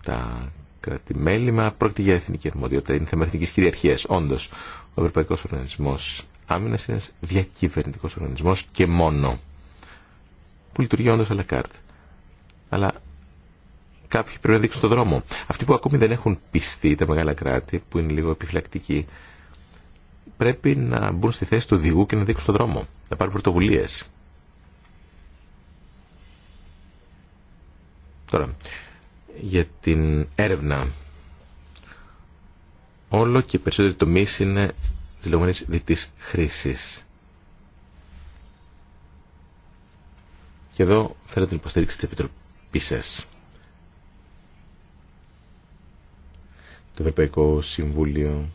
τα κρατημέλη, μα πρόκειται για εθνική αρμοδιότητα, είναι θέμα εθνικής κυριαρχίας. Όντως, ο Ευρωπαϊκός Οργανισμός Άμυνας είναι ένας διακυβερνητικός οργανισμός και μόνο, που λειτουργεί όντως αλλά Αλλά Κάποιοι πρέπει να δείξουν το δρόμο. Αυτοί που ακόμη δεν έχουν πιστεί, τα μεγάλα κράτη, που είναι λίγο επιφυλακτικοί, πρέπει να μπουν στη θέση του οδηγού και να δείξουν το δρόμο. Να πάρουν πρωτοβουλίε. Τώρα, για την έρευνα. Όλο και περισσότεροι τομεί είναι τη λεγόμενη διτή χρήση. Και εδώ θέλω την υποστήριξη τη επιτροπής σας το Ευρωπαϊκό Συμβούλιο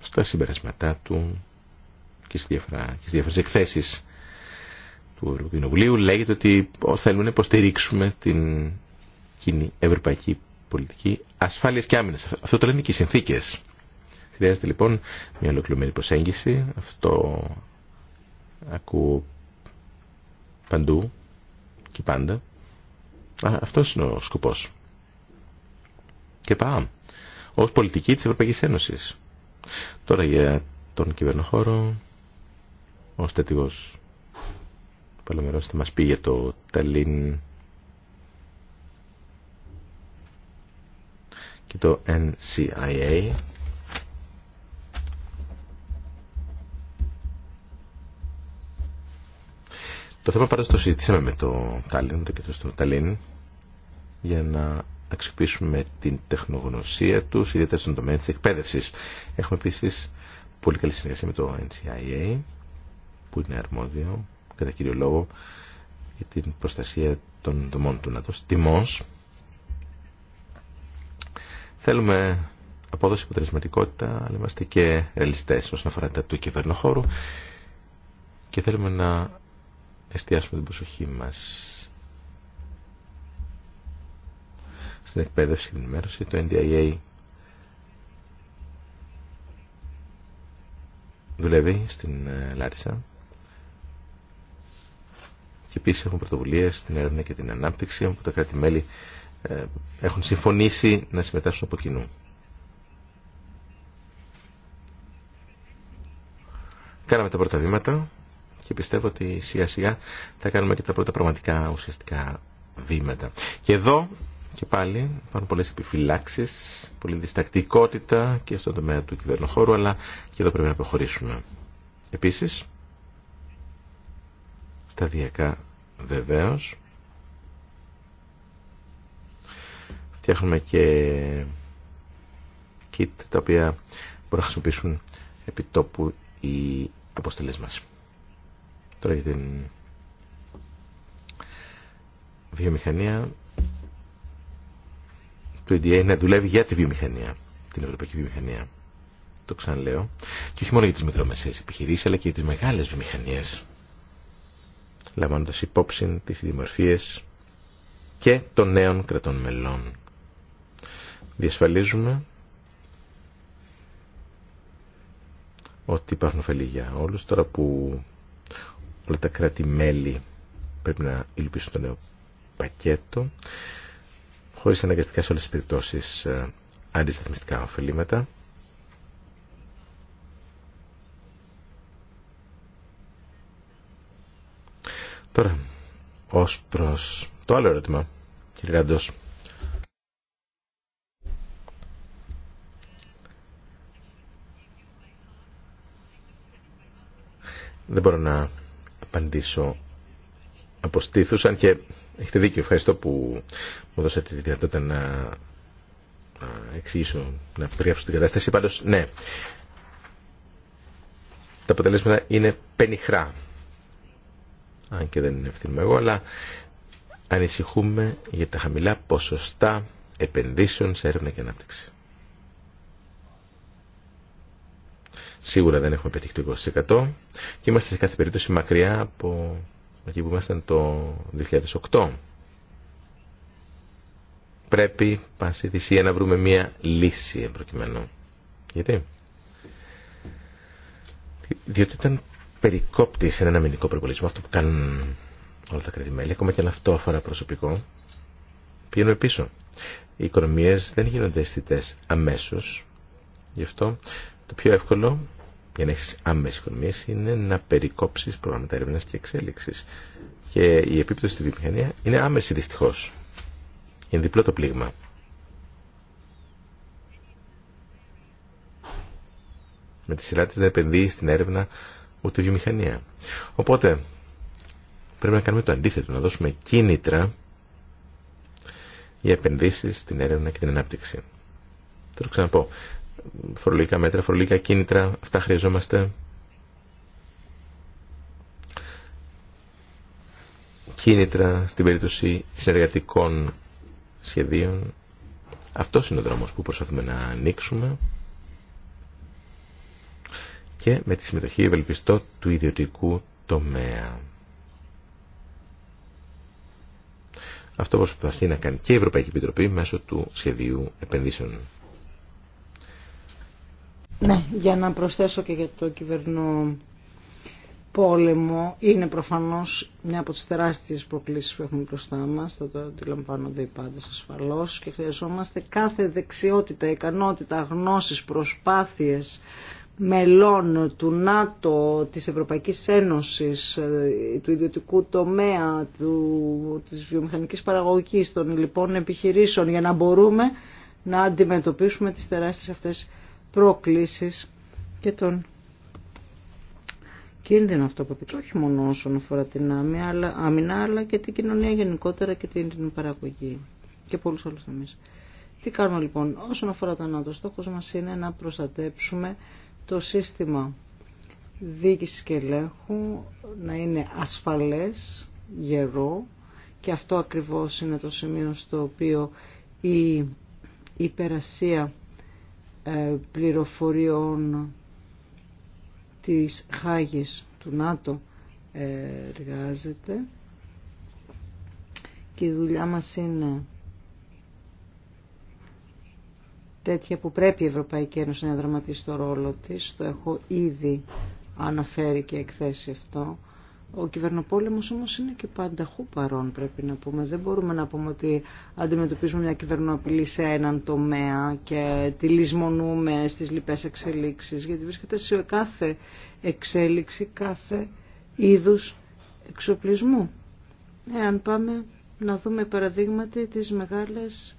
στα συμπερασματά του και στις διάφορες εκθέσεις του Ευρωκοινοβουλίου λέγεται ότι θέλουμε να υποστηρίξουμε την κοινή ευρωπαϊκή πολιτική ασφάλειας και άμυνας. Αυτό το λένε και οι συνθήκες. Χρειάζεται λοιπόν μια ολοκληρωμένη προσέγγιση. Αυτό ακούω παντού και πάντα. αυτός είναι ο σκοπός και πάμε. Ω πολιτική τη Ευρωπαϊκή Ένωση. Τώρα για τον κυβερνοχώρο, ο τέτοιος Παλαιμερό θα μα πει για το Ταλίν και το NCIA. Το θέμα πάντως το συζητήσαμε με το Τάλιν, το και το Ταλίν, για να αξιοποιήσουμε την τεχνογνωσία τους, ιδιαίτερα στον τομέα της εκπαίδευσης. Έχουμε επίσης πολύ καλή συνεργασία με το NCIA, που είναι αρμόδιο, κατά κύριο λόγο, για την προστασία των δομών του νατός. Τιμός. Θέλουμε απόδοση αποτελεσματικότητα, αλλά είμαστε και ρελιστές όσον αφορά τα του κυβερνοχώρου και θέλουμε να εστιάσουμε την προσοχή μας στην εκπαίδευση και την ενημέρωση, το NDIA δουλεύει στην ε, Λάρισα και επίση έχουμε πρωτοβουλίε στην έρευνα και την ανάπτυξη όπου τα κράτη-μέλη ε, έχουν συμφωνήσει να συμμετάσχουν από κοινού. Κάναμε τα πρώτα βήματα και πιστεύω ότι σιγά σιγά θα κάνουμε και τα πρώτα πραγματικά ουσιαστικά βήματα. Και εδώ και πάλι υπάρχουν πολλές επιφυλάξεις, πολλή διστακτικότητα και στον τομέα του κυβερνοχώρου, αλλά και εδώ πρέπει να προχωρήσουμε. Επίσης, σταδιακά βεβαίως, φτιάχνουμε και kit τα οποία μπορούν να χρησιμοποιήσουν επί τόπου οι αποστολές μας. Τώρα για την βιομηχανία του EDA να δουλεύει για τη βιομηχανία, την ευρωπαϊκή βιομηχανία. Το ξαναλέω. Και όχι μόνο για τι μικρομεσαίε επιχειρήσει αλλά και για τις μεγάλες βιομηχανίε. Λαμβάνοντας υπόψη τι δημορφίε και των νέων κρατών μελών. Διασφαλίζουμε ότι υπάρχουν ωφελή για όλου τώρα που όλα τα κράτη-μέλη πρέπει να υλοποιήσουν το νέο πακέτο χωρίς αναγκαστικά σε όλες τις περιπτώσεις ε, αντισταθμιστικά ωφελήματα. Τώρα, ως προς το άλλο ερώτημα, κύριε Δεν μπορώ να απαντήσω αποστήθουσαν και έχετε δίκιο, ευχαριστώ που μου δώσατε τη δυνατότητα να εξηγήσω, να περιγράψω την κατάσταση. Παντώ ναι, τα αποτελέσματα είναι πενιχρά. Αν και δεν ευθύνουμε εγώ, αλλά ανησυχούμε για τα χαμηλά ποσοστά επενδύσεων σε έρευνα και ανάπτυξη. Σίγουρα δεν έχουμε πετύχει το 20% και είμαστε σε κάθε περίπτωση μακριά από εκεί που ήμασταν το 2008. Πρέπει πάση θυσία να βρούμε μία λύση προκειμένου. Γιατί? Διότι ήταν περικόπτη σε έναν αμυντικό προπολισμό αυτό που κάνουν όλα τα κρατημέλη, ακόμα και αν αυτό αφορά προσωπικό, πηγαίνουμε πίσω. Οι οικονομίες δεν γίνονται αισθητέ αμέσως, γι' αυτό το πιο εύκολο για να έχει άμεση οικονομία είναι να περικόψει προγράμματα έρευνα και εξέλιξη. Και η επίπτωση στη βιομηχανία είναι άμεση δυστυχώ. Είναι διπλό το πλήγμα. Με τη σειρά τη δεν επενδύει στην έρευνα ούτε η βιομηχανία. Οπότε πρέπει να κάνουμε το αντίθετο, να δώσουμε κίνητρα για επενδύσει, στην έρευνα και την ανάπτυξη. Θα ξαναπώ φορολογικά μέτρα, φορολογικά κίνητρα, αυτά χρειαζόμαστε. Κίνητρα στην περίπτωση συνεργατικών σχεδίων. Αυτό είναι ο δρόμος που προσπαθούμε να ανοίξουμε και με τη συμμετοχή ευελπιστώ του ιδιωτικού τομέα. Αυτό προσπαθεί να κάνει και η Ευρωπαϊκή Επιτροπή μέσω του σχεδίου επενδύσεων. Ναι, για να προσθέσω και για το κυβερνό πόλεμο, είναι προφανώς μια από τις τεράστιες προκλήσεις που έχουμε μπροστά μας, θα το αντιλαμβάνονται οι πάντες ασφαλώς και χρειαζόμαστε κάθε δεξιότητα, ικανότητα, γνώσεις, προσπάθειες, μελών του ΝΑΤΟ, της Ευρωπαϊκής Ένωσης, ε, του ιδιωτικού τομέα, του, της βιομηχανικής παραγωγής, των λοιπόν επιχειρήσεων για να μπορούμε να αντιμετωπίσουμε τις τεράστιες αυτές προκλήσεις και τον κίνδυνο αυτό που επιτρέπει, όχι μόνο όσον αφορά την άμυνα, αλλά και την κοινωνία γενικότερα και την παραγωγή και πολλούς άλλους τομείς. Τι κάνουμε λοιπόν όσον αφορά το ΝΑΤΟ. Στόχος μας είναι να προστατέψουμε το σύστημα διοίκησης και ελέγχου να είναι ασφαλές, γερό και αυτό ακριβώς είναι το σημείο στο οποίο η υπερασία ε, πληροφοριών της Χάγης του ΝΑΤΟ ε, εργάζεται και η δουλειά μας είναι τέτοια που πρέπει η Ευρωπαϊκή Ένωση να δραματίσει το ρόλο της. Το έχω ήδη αναφέρει και εκθέσει αυτό. Ο κυβερνοπόλεμος όμως είναι και πανταχού παρόν πρέπει να πούμε. Δεν μπορούμε να πούμε ότι αντιμετωπίζουμε μια κυβερνοαπειλή σε έναν τομέα και τη λησμονούμε στις λοιπές εξελίξεις γιατί βρίσκεται σε κάθε εξέλιξη, κάθε είδους εξοπλισμού. Εάν πάμε να δούμε παραδείγματι τις μεγάλες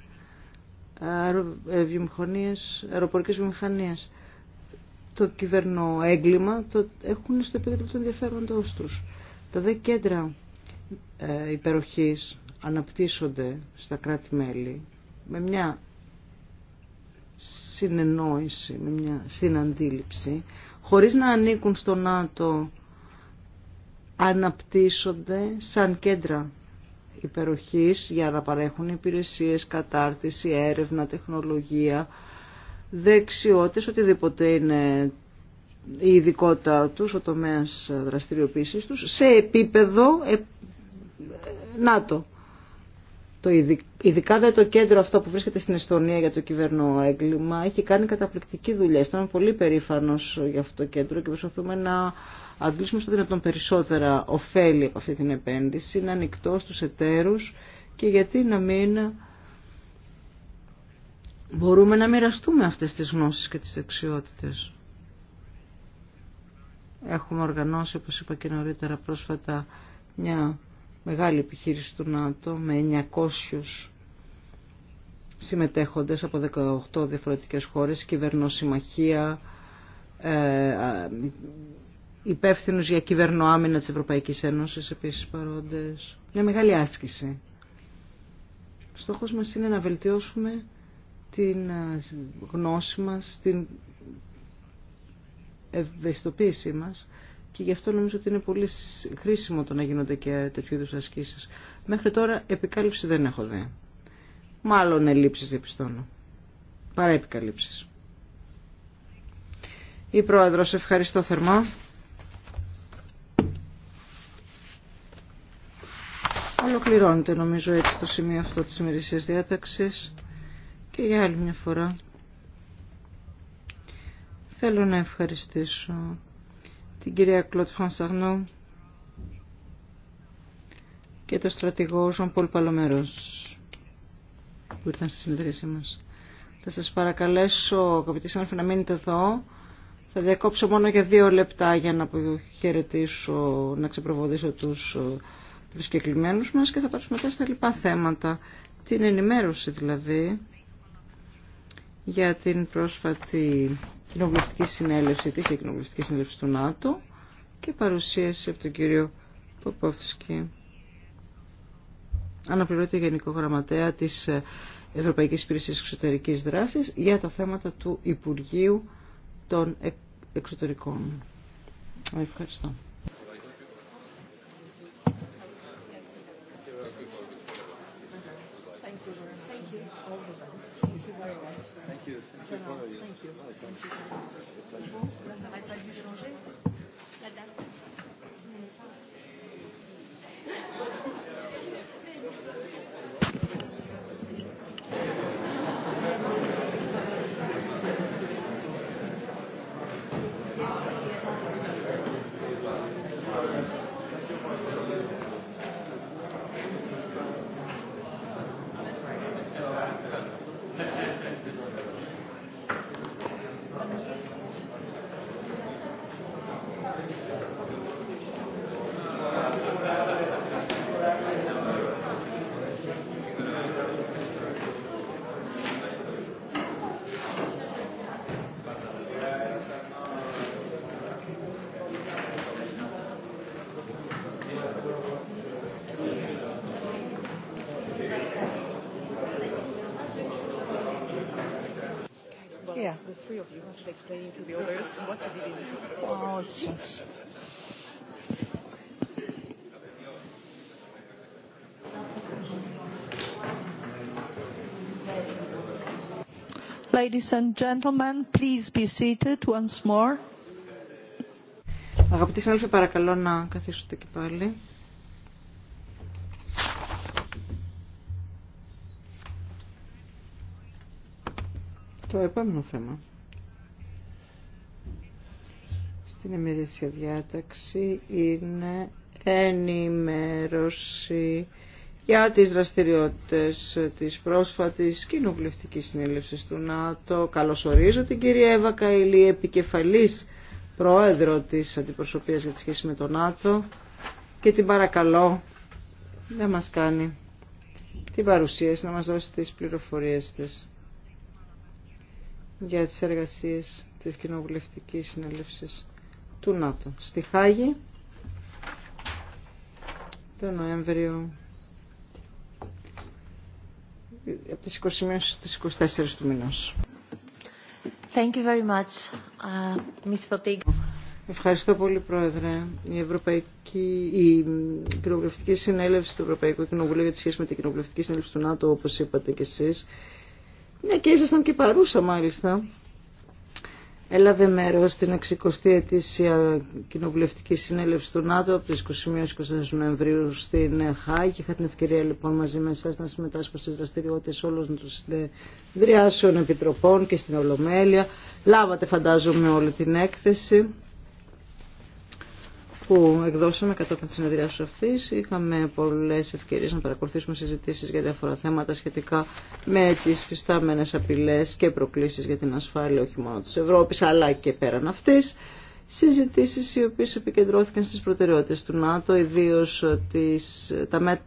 αεροπορικέ ε, αεροπορικές το κυβερνό το έχουν στο επίπεδο των ενδιαφέροντός τους. Τα δε κέντρα ε, υπεροχής αναπτύσσονται στα κράτη-μέλη με μια συνεννόηση, με μια συναντήληψη, χωρίς να ανήκουν στο ΝΑΤΟ, αναπτύσσονται σαν κέντρα υπεροχής για να παρέχουν υπηρεσίες, κατάρτιση, έρευνα, τεχνολογία, δεξιότητες, οτιδήποτε είναι η ειδικότητα τους, ο τομέας δραστηριοποίησης τους, σε επίπεδο ε, ΝΑΤΟ. Το ειδικά δε το κέντρο αυτό που βρίσκεται στην Εστονία για το κυβερνό έγκλημα έχει κάνει καταπληκτική δουλειά. Ήταν πολύ περήφανο για αυτό το κέντρο και προσπαθούμε να αντλήσουμε στο δυνατόν περισσότερα ωφέλη από αυτή την επένδυση, να ανοιχτό στους εταίρους και γιατί να μην μπορούμε να μοιραστούμε αυτές τις γνώσεις και τις δεξιότητες. Έχουμε οργανώσει, όπως είπα και νωρίτερα πρόσφατα, μια μεγάλη επιχείρηση του ΝΑΤΟ με 900 συμμετέχοντες από 18 διαφορετικές χώρες, κυβερνοσυμμαχία, ε, υπεύθυνους για κυβερνοάμυνα της Ευρωπαϊκής Ένωσης επίσης παρόντες. Μια μεγάλη άσκηση. Στόχος μας είναι να βελτιώσουμε την ε, γνώση μας, την ευαισθητοποίησή μα και γι' αυτό νομίζω ότι είναι πολύ χρήσιμο το να γίνονται και τέτοιου είδου ασκήσει. Μέχρι τώρα επικάλυψη δεν έχω δει. Μάλλον ελλείψει διαπιστώνω. Παρά επικαλύψει. Η πρόεδρο ευχαριστώ θερμά. Ολοκληρώνεται νομίζω έτσι το σημείο αυτό της ημερησίας διάταξης και για άλλη μια φορά Θέλω να ευχαριστήσω την κυρία Κλωτ Φανσαγνό και τον στρατηγό Ζων Πολ Παλομερός που ήρθαν στη συνεδρίαση μας. Θα σας παρακαλέσω, αγαπητοί συνάδελφοι, να μείνετε εδώ. Θα διακόψω μόνο για δύο λεπτά για να χαιρετήσω, να ξεπροβοδήσω ε, τους προσκεκλημένους μας και θα πάρουμε μετά στα λοιπά θέματα. Την ενημέρωση δηλαδή για την πρόσφατη κοινοβουλευτική συνέλευση της κοινοβουλευτική συνέλευση του ΝΑΤΟ και παρουσίαση από τον κύριο Ποπόφσκι αναπληρώτη Γενικό Γραμματέα της Ευρωπαϊκής Υπηρεσίας Εξωτερικής Δράσης για τα θέματα του Υπουργείου των Εξωτερικών. Ευχαριστώ. started explaining to the others what you did in Oh, shit. Ladies and gentlemen, please be seated once more. Αγαπητοί συνάδελφοι, παρακαλώ να καθίσετε και πάλι. Το επόμενο θέμα. στην ημερήσια διάταξη είναι ενημέρωση για τις δραστηριότητες της πρόσφατης κοινοβουλευτικής συνέλευσης του ΝΑΤΟ. Καλωσορίζω την κυρία Εύα Καηλή, επικεφαλής πρόεδρο της Αντιπροσωπείας για τη σχέση με το ΝΑΤΟ και την παρακαλώ να μας κάνει την παρουσίαση, να μας δώσει τις πληροφορίες της για τις εργασίες της κοινοβουλευτικής συνέλευσης του ΝΑΤΟ. Στη Χάγη το Νοέμβριο από τις 21 στις 24 του μηνός. Thank you very much, uh, Ms. Ευχαριστώ πολύ, Πρόεδρε. Η, Ευρωπαϊκή, η Κοινοβουλευτική Συνέλευση του Ευρωπαϊκού Κοινοβουλίου για τη σχέση με την Κοινοβουλευτική Συνέλευση του ΝΑΤΟ, όπως είπατε κι εσείς, ναι, και ήσασταν και παρούσα μάλιστα έλαβε μέρος στην 60η ετήσια κοινοβουλευτική συνέλευση του ΝΑΤΟ από τις 21-24 Νοεμβρίου στην ΧΑΚ. Είχα την ευκαιρία λοιπόν μαζί με εσάς να συμμετάσχω στις δραστηριότητες όλων των συνεδριάσεων επιτροπών και στην Ολομέλεια. Λάβατε φαντάζομαι όλη την έκθεση που εκδώσαμε κατόπιν τη συνεδριάσεω αυτή. Είχαμε πολλέ ευκαιρίε να παρακολουθήσουμε συζητήσει για διάφορα θέματα σχετικά με τι φυστάμενε απειλέ και προκλήσει για την ασφάλεια όχι μόνο τη Ευρώπη αλλά και πέραν αυτή συζητήσεις οι οποίες επικεντρώθηκαν στις προτεραιότητες του ΝΑΤΟ, ιδίως τις, τα,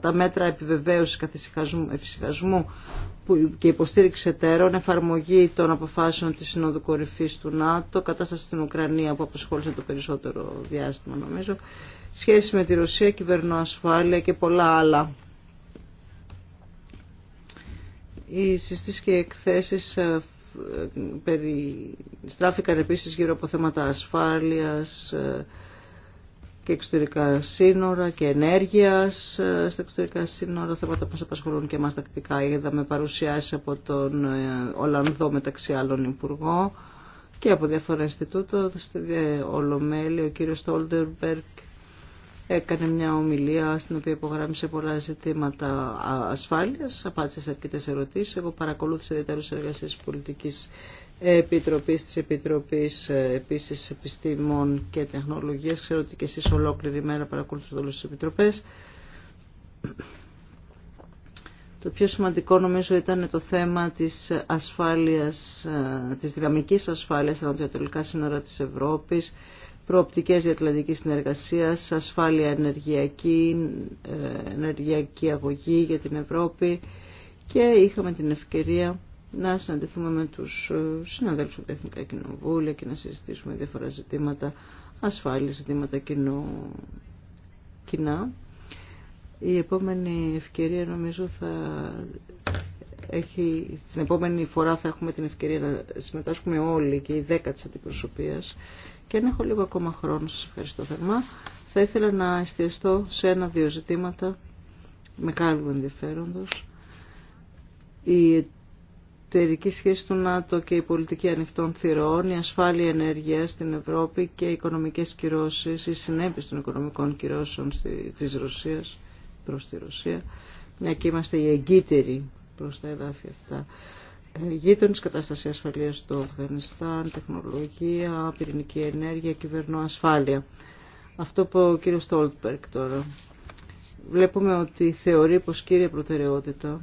τα μέτρα επιβεβαίωσης καθησυχασμού και υποστήριξη εταίρων, εφαρμογή των αποφάσεων της Συνόδου Κορυφής του ΝΑΤΟ, κατάσταση στην Ουκρανία που απασχόλησε το περισσότερο διάστημα νομίζω, σχέση με τη Ρωσία, ασφάλεια και πολλά άλλα. Οι συστήσεις και εκθέσεις ε, Στράφηκαν επίσης γύρω από θέματα ασφάλειας ε, και εξωτερικά σύνορα και ενέργειας ε, στα εξωτερικά σύνορα, θέματα που μας απασχολούν και εμάς τακτικά. Είδαμε παρουσιάσει από τον ε, Ολλανδό μεταξύ άλλων Υπουργό και από διάφορα Ινστιτούτο, Ολομέλη, ο κύριος Στόλτερμπερκ έκανε μια ομιλία στην οποία υπογράμμισε πολλά ζητήματα ασφάλειας, απάντησε σε αρκετές ερωτήσεις. Εγώ παρακολούθησα ιδιαίτερους εργασίες πολιτικής Επιτροπής της Επιτροπής ε, επίσης Επιστήμων και Τεχνολογίας. Ξέρω ότι και εσείς ολόκληρη ημέρα παρακολουθούσατε όλες τις επιτροπές. Το πιο σημαντικό νομίζω ήταν το θέμα της ασφάλειας, ε, της δυναμικής ασφάλειας στα νοτιοτολικά σύνορα της Ευρώπης, προοπτικές διατλαντικής συνεργασία, ασφάλεια ενεργειακή, ε, ενεργειακή αγωγή για την Ευρώπη και είχαμε την ευκαιρία να συναντηθούμε με τους ε, συναδέλφους από τα Εθνικά Κοινοβούλια και να συζητήσουμε διάφορα ζητήματα ασφάλεια, ζητήματα κοινού, κοινά. Η επόμενη ευκαιρία νομίζω θα έχει, την επόμενη φορά θα έχουμε την ευκαιρία να συμμετάσχουμε όλοι και οι δέκα της αντιπροσωπείας και αν έχω λίγο ακόμα χρόνο, σας ευχαριστώ θερμά, θα ήθελα να εστιαστώ σε ένα-δύο ζητήματα με κάλου ενδιαφέροντος. Η εταιρική σχέση του ΝΑΤΟ και η πολιτική ανοιχτών θυρών, η ασφάλεια ενέργειας στην Ευρώπη και οι οικονομικές κυρώσεις, οι συνέπειες των οικονομικών κυρώσεων της Ρωσίας προς τη Ρωσία, μια και είμαστε οι εγκύτεροι προς τα εδάφια αυτά γείτονες, κατάσταση ασφαλείας στο Αφγανιστάν, τεχνολογία, πυρηνική ενέργεια, ασφάλεια. Αυτό που ο κύριος Στόλτπερκ τώρα. Βλέπουμε ότι θεωρεί πως κύρια προτεραιότητα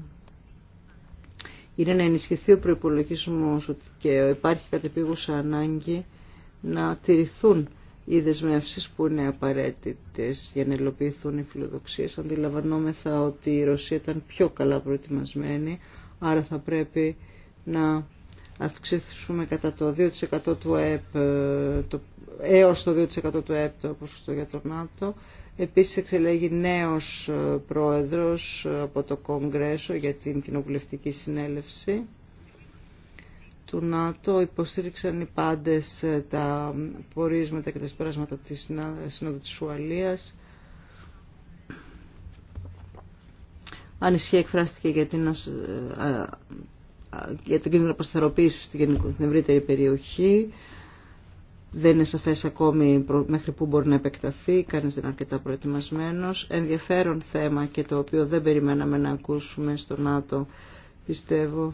είναι να ενισχυθεί ο προπολογισμό και υπάρχει κατεπίγουσα ανάγκη να τηρηθούν οι δεσμεύσει που είναι απαραίτητε για να υλοποιηθούν οι φιλοδοξίε. Αντιλαμβανόμεθα ότι η Ρωσία ήταν πιο καλά προετοιμασμένη, άρα θα πρέπει να αυξήσουμε κατά το 2% του ΕΠ, ε, το, έως το 2% του ΕΠ το ποσοστό για τον ΝΑΤΟ. Επίσης εξελέγει νέος ε, πρόεδρος ε, από το Κογκρέσο για την κοινοβουλευτική συνέλευση του ΝΑΤΟ. Υποστήριξαν οι πάντες τα πορίσματα και τα συμπεράσματα της Συνόδου της Ουαλίας. Ανησυχία εκφράστηκε για την για τον κίνδυνο αποσταθεροποίησης στην ευρύτερη περιοχή. Δεν είναι σαφές ακόμη μέχρι πού μπορεί να επεκταθεί, κανείς δεν είναι αρκετά προετοιμασμένος. Ενδιαφέρον θέμα και το οποίο δεν περιμέναμε να ακούσουμε στο ΝΑΤΟ, πιστεύω.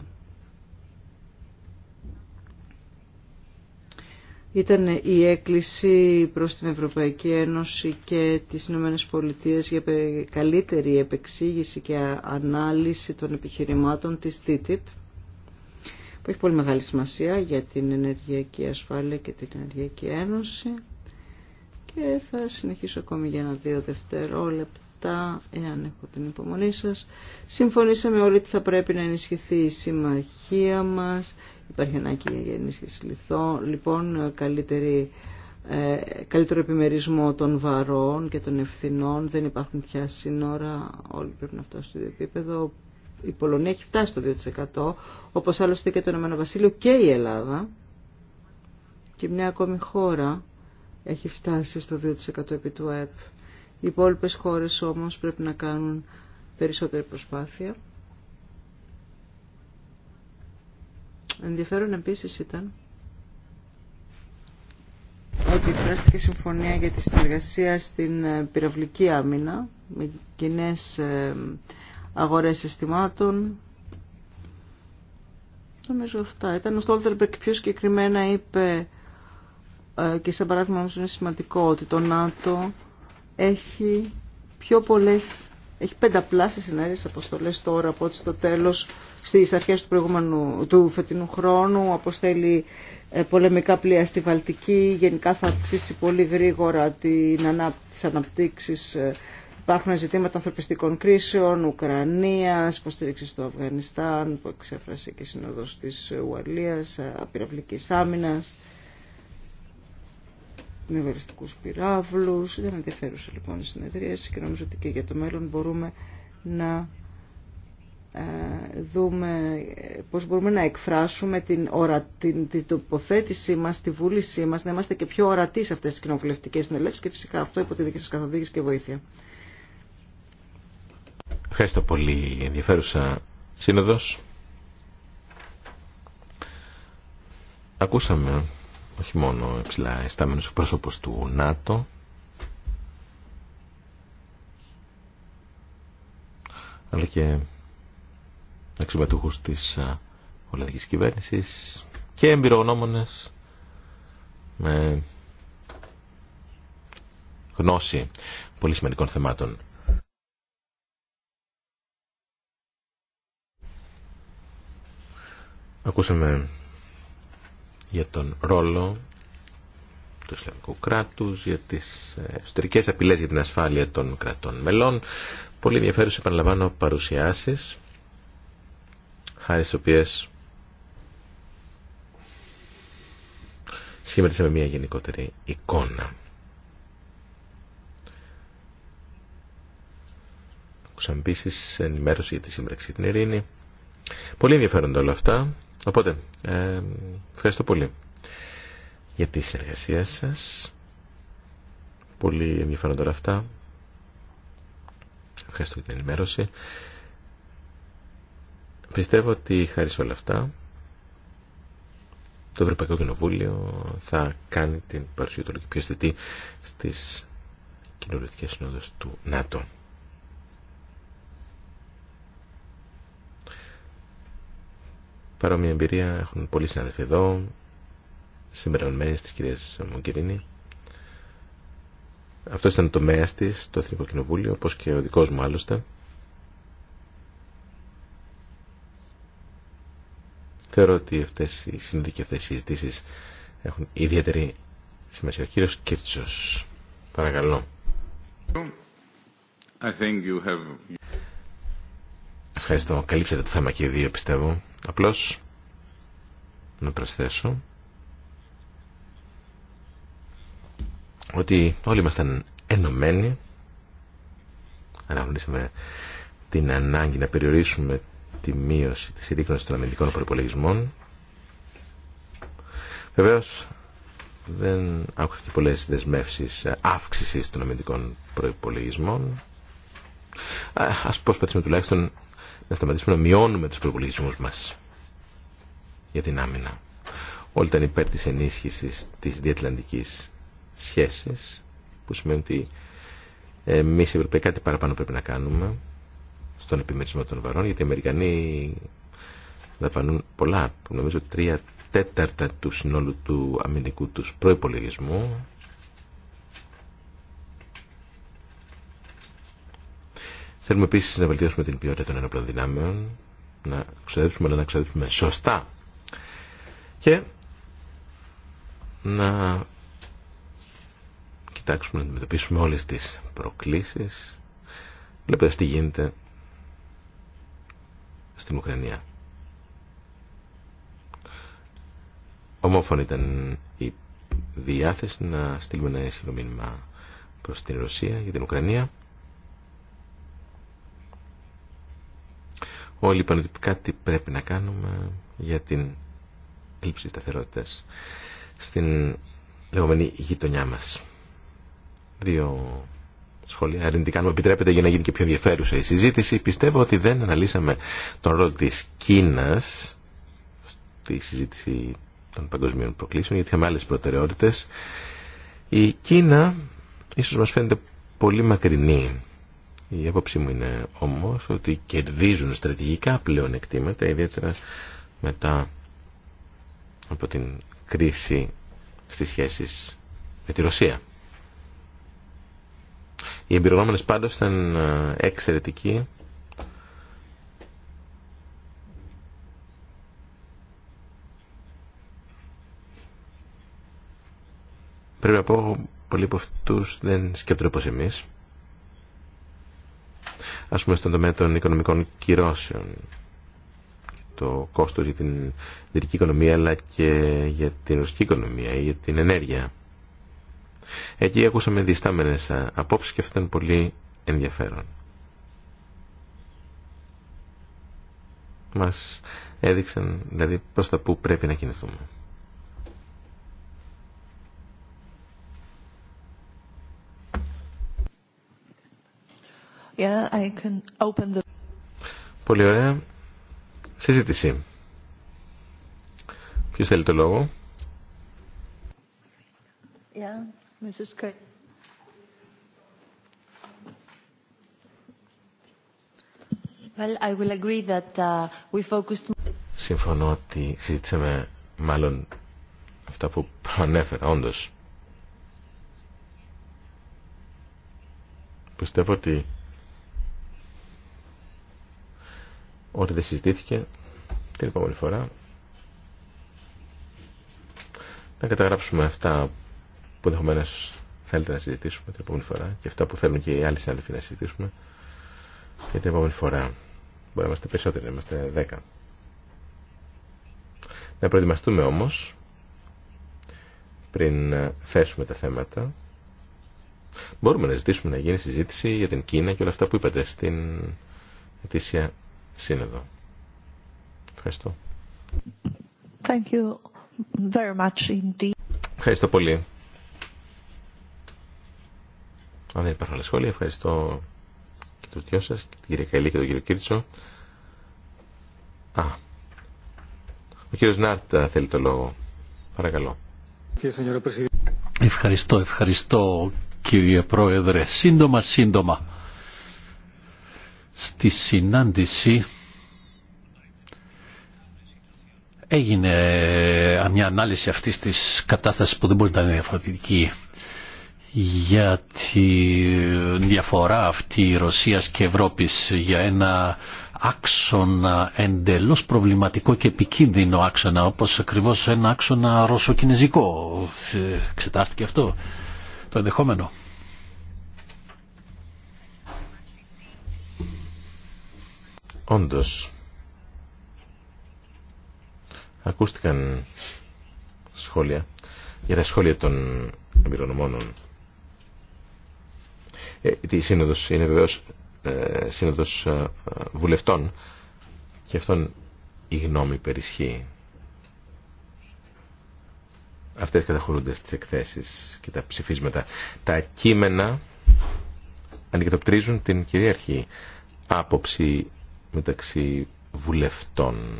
Ήταν η έκκληση προς την Ευρωπαϊκή Ένωση και τις Ηνωμένες Πολιτείες για καλύτερη επεξήγηση και ανάλυση των επιχειρημάτων της TTIP που έχει πολύ μεγάλη σημασία για την ενεργειακή ασφάλεια και την ενεργειακή ένωση και θα συνεχίσω ακόμη για ένα-δύο δευτερόλεπτα εάν έχω την υπομονή σας. Συμφωνήσαμε όλοι ότι θα πρέπει να ενισχυθεί η συμμαχία μας. Υπάρχει ανάγκη για ενίσχυση λιθών. Λοιπόν, καλύτερη ε, καλύτερο επιμερισμό των βαρών και των ευθυνών. Δεν υπάρχουν πια σύνορα, όλοι πρέπει να φτάσουν στο ίδιο επίπεδο η Πολωνία έχει φτάσει στο 2%, όπως άλλωστε και το Ηνωμένο και η Ελλάδα. Και μια ακόμη χώρα έχει φτάσει στο 2% επί του ΑΕΠ. Οι υπόλοιπε χώρες όμως πρέπει να κάνουν περισσότερη προσπάθεια. Ενδιαφέρον επίσης ήταν ότι εκφράστηκε συμφωνία για τη συνεργασία στην ε, πυραυλική άμυνα με ε, αγορές συστημάτων. Νομίζω αυτά. Ήταν ο Στόλτερμπερκ πιο συγκεκριμένα είπε ε, και σαν παράδειγμα όμως είναι σημαντικό ότι το ΝΑΤΟ έχει πιο πολλές έχει πενταπλάσεις ενέργειες αποστολές τώρα από ό,τι στο τέλος στις αρχές του, προηγούμενου, του φετινού χρόνου αποστέλει ε, πολεμικά πλοία στη Βαλτική γενικά θα αυξήσει πολύ γρήγορα την ανά, τις αναπτύξεις ε, Υπάρχουν ζητήματα ανθρωπιστικών κρίσεων, Ουκρανίας, υποστήριξη στο Αφγανιστάν, που εξέφρασε και συνοδός της Ουαλίας, ε, απειραυλικής άμυνας, με βαριστικούς πυράβλους. Ήταν ενδιαφέρουσα λοιπόν η συνεδρίαση και νομίζω ότι και για το μέλλον μπορούμε να ε, δούμε ε, πώς μπορούμε να εκφράσουμε την, ορα, την, την τοποθέτησή μας, τη βούλησή μας, να είμαστε και πιο ορατοί σε αυτές τις κοινοβουλευτικές συνελεύσεις και φυσικά αυτό υπό τη δική σας καθοδήγηση και βοήθεια. Ευχαριστώ πολύ ενδιαφέρουσα σύνοδος. Ακούσαμε όχι μόνο υψηλά εστάμενους πρόσωπος του ΝΑΤΟ αλλά και αξιωματούχους της Ολλανδικής Κυβέρνησης και εμπειρογνώμονες με γνώση πολύ σημαντικών θεμάτων. Ακούσαμε για τον ρόλο του Ισλαμικού κράτους, για τις ε, εσωτερικές απειλές για την ασφάλεια των κρατών μελών. Πολύ ενδιαφέρουσε επαναλαμβάνω παρουσιάσεις, χάρη στι οποίε σήμερα με μια γενικότερη εικόνα. Ακούσαμε επίση ενημέρωση για τη σύμπραξη την ειρήνη. Πολύ ενδιαφέροντα όλα αυτά. Οπότε, ε, ευχαριστώ πολύ για τη συνεργασία σας. Πολύ ενδιαφέροντα όλα αυτά. Ευχαριστώ για την ενημέρωση. Πιστεύω ότι χάρη σε όλα αυτά το Ευρωπαϊκό Κοινοβούλιο θα κάνει την παρουσία του και πιο στις κοινοβουλευτικές συνόδους του ΝΑΤΟ. παρόμοια εμπειρία έχουν πολλοί συνάδελφοι εδώ, στις τη κυρία Μογκερίνη. Αυτό ήταν το μέα τη το Εθνικό Κοινοβούλιο, όπως και ο δικός μου άλλωστε. Θεωρώ ότι αυτές οι συνδίκε και οι έχουν ιδιαίτερη σημασία. Ο κύριος Κίρτσος, παρακαλώ. Ευχαριστώ. Καλύψατε το θέμα και οι δύο πιστεύω. Απλώς να προσθέσω ότι όλοι ήμασταν ενωμένοι αναγνωρίσαμε την ανάγκη να περιορίσουμε τη μείωση της συρρήκνωσης των αμυντικών προπολογισμών. Βεβαίως δεν άκουσα και πολλές δεσμεύσεις αύξησης των αμυντικών προπολογισμών. Ας προσπαθήσουμε τουλάχιστον να σταματήσουμε να μειώνουμε τους προπολογισμού μας για την άμυνα. Όλοι ήταν υπέρ της ενίσχυσης της διατλαντικής σχέσης, που σημαίνει ότι εμείς οι Ευρωπαίοι κάτι παραπάνω πρέπει να κάνουμε στον επιμερισμό των βαρών, γιατί οι Αμερικανοί δαπανούν πολλά, που νομίζω τρία τέταρτα του συνόλου του αμυντικού τους προϋπολογισμού Θέλουμε επίση να βελτιώσουμε την ποιότητα των ενόπλων δυνάμεων, να ξοδέψουμε, αλλά να ξοδέψουμε σωστά. Και να κοιτάξουμε να αντιμετωπίσουμε όλες τις προκλήσεις Βλέπετε τι γίνεται στην Ουκρανία. Ομόφωνη ήταν η διάθεση να στείλουμε ένα ισχυρό μήνυμα προς την Ρωσία για την Ουκρανία Όλοι είπαν ότι κάτι πρέπει να κάνουμε για την έλλειψη σταθερότητας στην λεγόμενη γειτονιά μας. Δύο σχόλια αρνητικά, αν μου επιτρέπετε, για να γίνει και πιο ενδιαφέρουσα η συζήτηση. Πιστεύω ότι δεν αναλύσαμε τον ρόλο της Κίνας στη συζήτηση των παγκοσμίων προκλήσεων, γιατί είχαμε άλλες προτεραιότητες. Η Κίνα ίσως μας φαίνεται πολύ μακρινή η άποψή μου είναι όμως ότι κερδίζουν στρατηγικά πλέον εκτίματα, ιδιαίτερα μετά από την κρίση στις σχέσεις με τη Ρωσία. Οι εμπειρογόμενες πάντως ήταν ε, εξαιρετικοί Πρέπει να πω, πολλοί από αυτούς δεν σκέπτονται όπως εμείς ας πούμε στον τομέα των οικονομικών κυρώσεων το κόστος για την δυτική οικονομία αλλά και για την ρωσική οικονομία ή για την ενέργεια. Εκεί ακούσαμε διστάμενες απόψεις και αυτό ήταν πολύ ενδιαφέρον. Μας έδειξαν δηλαδή προς τα που πρέπει να κινηθούμε. Πολύ ωραία. Συζήτηση. Ποιο θέλει το λόγο. Συμφωνώ ότι συζήτησαμε μάλλον αυτά που προανέφερα, όντως. Πιστεύω ότι ότι δεν συζητήθηκε την επόμενη φορά να καταγράψουμε αυτά που ενδεχομένω θέλετε να συζητήσουμε την επόμενη φορά και αυτά που θέλουν και οι άλλοι συνάδελφοι να συζητήσουμε για την επόμενη φορά. Μπορεί να είμαστε περισσότεροι, να είμαστε δέκα. Να προετοιμαστούμε όμως πριν ε, θέσουμε τα θέματα. Μπορούμε να ζητήσουμε να γίνει συζήτηση για την Κίνα και όλα αυτά που είπατε στην ετήσια σύνοδο. Ευχαριστώ. Thank you very much indeed. Ευχαριστώ πολύ. Αν δεν υπάρχουν άλλα σχόλια, ευχαριστώ και τους δυο σας, και την κυρία Καηλή και τον κύριο Κίρτσο. Α, ο κύριος Νάρτα θέλει το λόγο. Παρακαλώ. Ευχαριστώ, ευχαριστώ κύριε Πρόεδρε. Σύντομα, σύντομα στη συνάντηση έγινε ε, μια ανάλυση αυτής της κατάστασης που δεν μπορεί να είναι διαφορετική για τη διαφορά αυτή Ρωσίας και Ευρώπης για ένα άξονα εντελώς προβληματικό και επικίνδυνο άξονα όπως ακριβώς ένα άξονα ρωσοκινέζικο ε, εξετάστηκε αυτό το ενδεχόμενο Όντως, ακούστηκαν σχόλια για τα σχόλια των εμπειρονομών. Ε, η σύνοδος είναι βεβαίως ε, σύνοδος ε, βουλευτών και αυτόν η γνώμη περισχύει. Αυτές καταχωρούνται στις εκθέσεις και τα ψηφίσματα. Τα κείμενα αντικατοπτρίζουν την κυρίαρχη άποψη μεταξύ βουλευτών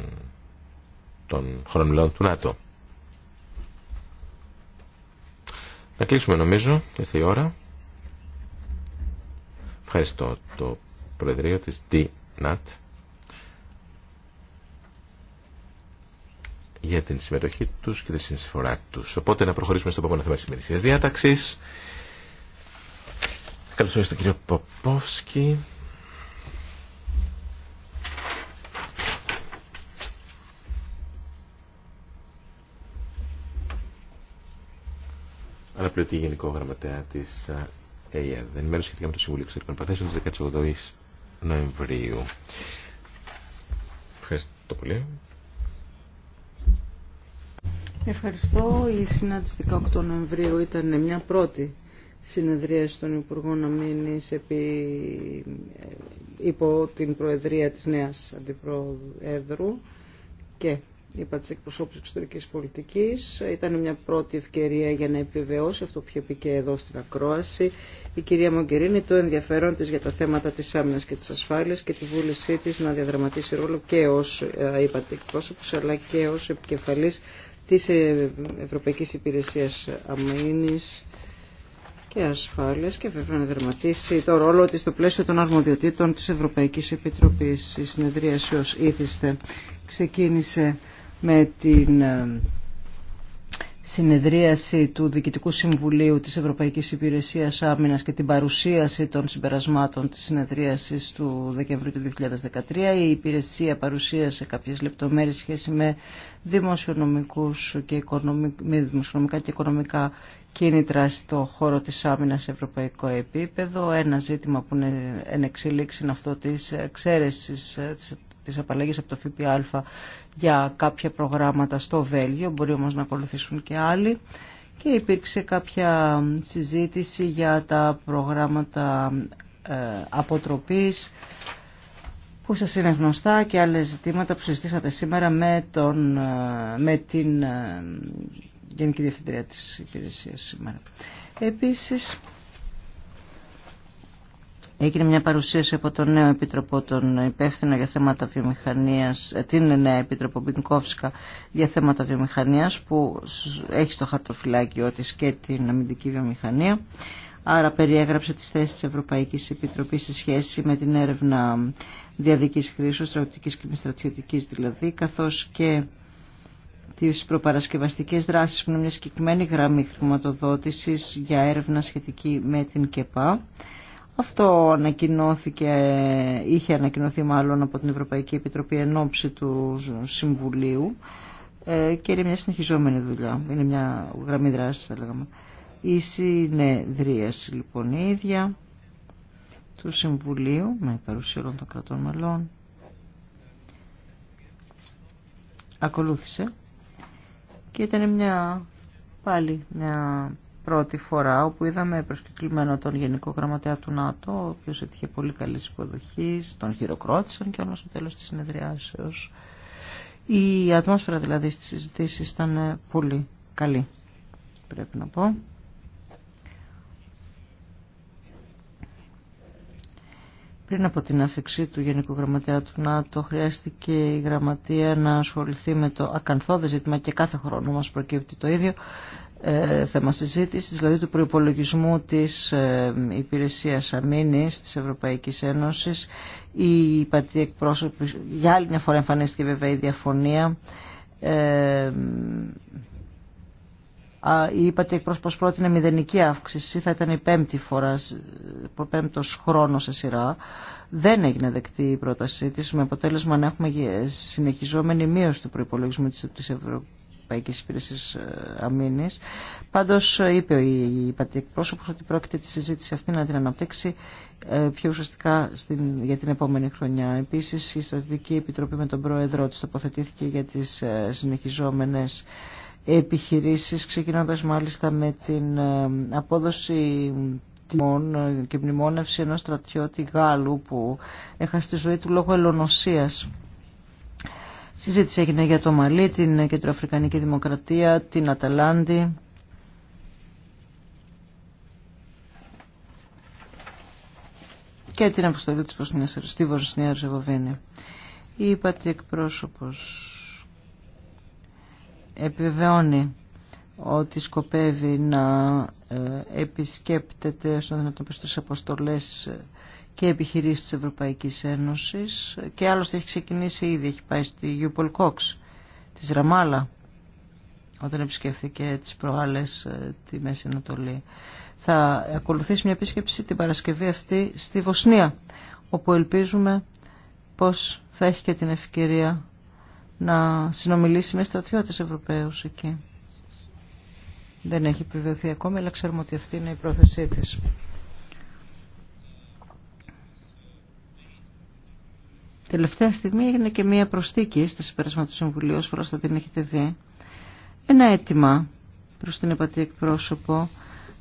των χωρών του ΝΑΤΟ. Να κλείσουμε νομίζω, ήρθε η ώρα. Ευχαριστώ το Προεδρείο της ΔΙΝΑΤ για την συμμετοχή τους και τη συνεισφορά τους. Οπότε να προχωρήσουμε στο επόμενο θέμα της ημερησίας διάταξης. Καλώς ήρθατε κύριο Ποπόφσκι. αναπληρωτή Γενικό Γραμματέα τη ΕΕΔ. Ενημέρωση σχετικά με το Συμβούλιο Εξωτερικών Παθέσεων τη 18η Νοεμβρίου. Ευχαριστώ πολύ. Ευχαριστώ. Η συνάντηση 18 η Νοεμβρίου. Ευχαριστώ πολύ. Ευχαριστώ. Η συνάντηση 18 Νοεμβρίου ήταν μια πρώτη συνεδρίαση των Υπουργών Αμήνη επί, ε, υπό την Προεδρία της Νέας Αντιπροέδρου και είπα τη εκπροσώπους εξωτερική πολιτική. Ήταν μια πρώτη ευκαιρία για να επιβεβαιώσει αυτό που είχε πει και εδώ στην ακρόαση η κυρία Μογκερίνη το ενδιαφέρον τη για τα θέματα τη άμυνα και τη ασφάλεια και τη βούλησή τη να διαδραματίσει ρόλο και ω ε, είπα εκπρόσωπος αλλά και ω επικεφαλή τη ε, Ευρωπαϊκή Υπηρεσία Αμήνη και ασφάλεια και βέβαια να δραματίσει το ρόλο τη στο πλαίσιο των αρμοδιοτήτων τη Ευρωπαϊκή Επιτροπή. Η συνεδρίαση ω ήθιστε ξεκίνησε με την ε, συνεδρίαση του Διοικητικού Συμβουλίου της Ευρωπαϊκής Υπηρεσίας Άμυνας και την παρουσίαση των συμπερασμάτων της συνεδρίασης του Δεκεμβρίου του 2013. Η υπηρεσία παρουσίασε κάποιες λεπτομέρειες σχέση με, δημοσιονομικούς και οικονομικ... δημοσιονομικά και οικονομικά κίνητρα στο χώρο της άμυνας σε ευρωπαϊκό επίπεδο. Ένα ζήτημα που είναι εν είναι αυτό της εξαίρεσης ε, τις απαλλαγές από το ΦΠΑ για κάποια προγράμματα στο Βέλγιο, μπορεί όμως να ακολουθήσουν και άλλοι. Και υπήρξε κάποια συζήτηση για τα προγράμματα ε, αποτροπής που σας είναι γνωστά και άλλες ζητήματα που συζητήσατε σήμερα με, τον, ε, με την ε, Γενική Διευθυντρία της Υπηρεσίας σήμερα. Επίσης, Έγινε μια παρουσίαση από τον νέο Επίτροπο, τον υπεύθυνο για θέματα βιομηχανίας, ε, την νέα Επίτροπο Μπινκόφσκα για θέματα βιομηχανίας που έχει στο χαρτοφυλάκιό της και την αμυντική βιομηχανία. Άρα περιέγραψε τις θέσεις της Ευρωπαϊκής Επιτροπής σε σχέση με την έρευνα διαδικής χρήσης, στρατιωτικής και μη στρατιωτικής δηλαδή, καθώς και τις προπαρασκευαστικές δράσεις που είναι μια συγκεκριμένη γραμμή χρηματοδότησης για έρευνα σχετική με την ΚΕΠΑ. Αυτό ανακοινώθηκε, είχε ανακοινωθεί μάλλον από την Ευρωπαϊκή Επιτροπή εν ώψη του Συμβουλίου ε, και είναι μια συνεχιζόμενη δουλειά, είναι μια γραμμή δράσης θα λέγαμε. Η συνεδρίαση λοιπόν η ίδια του Συμβουλίου με παρουσία όλων των κρατών μελών ακολούθησε και ήταν μια πάλι μια πρώτη φορά όπου είδαμε προσκεκλημένο τον Γενικό Γραμματέα του ΝΑΤΟ, ο οποίος έτυχε πολύ καλή υποδοχή, τον χειροκρότησαν και όλο στο τέλο της συνεδριάσεως. Η ατμόσφαιρα δηλαδή στι συζητήσεις ήταν ε, πολύ καλή, πρέπει να πω. Πριν από την άφηξή του Γενικού Γραμματέα του ΝΑΤΟ χρειάστηκε η Γραμματεία να ασχοληθεί με το ακανθόδε ζήτημα και κάθε χρόνο Μα προκύπτει το ίδιο ε, θέμα συζήτηση, δηλαδή του προπολογισμού της ε, υπηρεσίας αμήνης της Ευρωπαϊκής Ένωσης. Η πατή εκπρόσωπη, για άλλη μια φορά εμφανίστηκε βέβαια η διαφωνία. Ε, η υπατή εκπρόσωπος πρότεινε μηδενική αύξηση, θα ήταν η πέμπτη φορά, πέμπτος χρόνο σε σειρά. Δεν έγινε δεκτή η πρότασή της, με αποτέλεσμα να έχουμε συνεχιζόμενη μείωση του προπολογισμού της Ευρωπαϊκής πάγικες Υπηρεσίας ε, Αμήνης. Πάντως ε, είπε η εκπρόσωπος ότι πρόκειται τη συζήτηση αυτή να την αναπτύξει ε, πιο ουσιαστικά στην, για την επόμενη χρονιά. Επίσης η Στρατηγική Επιτροπή με τον Πρόεδρό της τοποθετήθηκε για τις συνεχιζόμενες επιχειρήσεις ξεκινώντας μάλιστα με την απόδοση τιμών και μνημόνευση ενός στρατιώτη Γάλλου που έχασε τη ζωή του λόγω ελονοσίας. Συζήτηση έγινε για το Μαλί, την Κεντροαφρικανική Δημοκρατία, την Αταλάντη. και την αποστολή της Βοσνίας, στη Βοσνία Ζεβοβίνη. Η υπάτη εκπρόσωπος επιβεβαιώνει ότι σκοπεύει να ε, επισκέπτεται στον δυνατόν τις αποστολές ε, και επιχειρήσει της Ευρωπαϊκής Ένωσης και άλλωστε έχει ξεκινήσει ήδη, έχει πάει στη Γιούπολ Κόξ της Ραμάλα όταν επισκέφθηκε τις προάλλες ε, τη Μέση Ανατολή. Θα ακολουθήσει μια επίσκεψη την Παρασκευή αυτή στη Βοσνία όπου ελπίζουμε πως θα έχει και την ευκαιρία να συνομιλήσει με στρατιώτες Ευρωπαίους εκεί. Δεν έχει επιβεβαιωθεί ακόμη, αλλά ξέρουμε ότι αυτή είναι η πρόθεσή της. Τελευταία στιγμή έγινε και μία προσθήκη στα συμπέρασματα του Συμβουλίου, όσο θα την έχετε δει. Ένα αίτημα προς την επατή εκπρόσωπο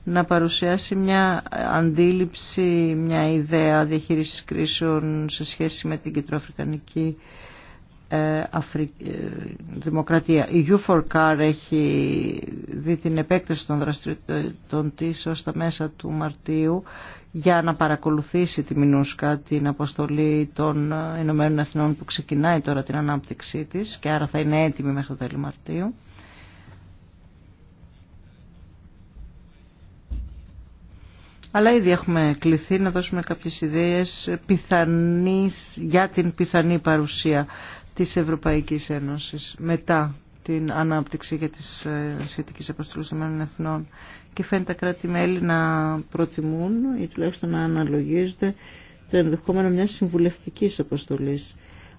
να παρουσιάσει μια αντίληψη, μια ιδέα διαχείρισης κρίσεων σε σχέση με την κεντροαφρικανική ε, ε, δημοκρατία. Η U4CAR έχει δει την επέκταση των δραστηριοτήτων της ως τα μέσα του Μαρτίου για να παρακολουθήσει τη Μινούσκα την αποστολή των Ηνωμένων Εθνών που ξεκινάει τώρα την ανάπτυξή της και άρα θα είναι έτοιμη μέχρι το τέλη Μαρτίου. Αλλά ήδη έχουμε κληθεί να δώσουμε κάποιες ιδέες πιθανής, για την πιθανή παρουσία της Ευρωπαϊκής Ένωσης μετά την ανάπτυξη για τις ε, σχετικές αποστολές των Εθνών και φαίνεται τα κράτη-μέλη να προτιμούν ή τουλάχιστον να αναλογίζονται το ενδεχόμενο μιας συμβουλευτικής αποστολής.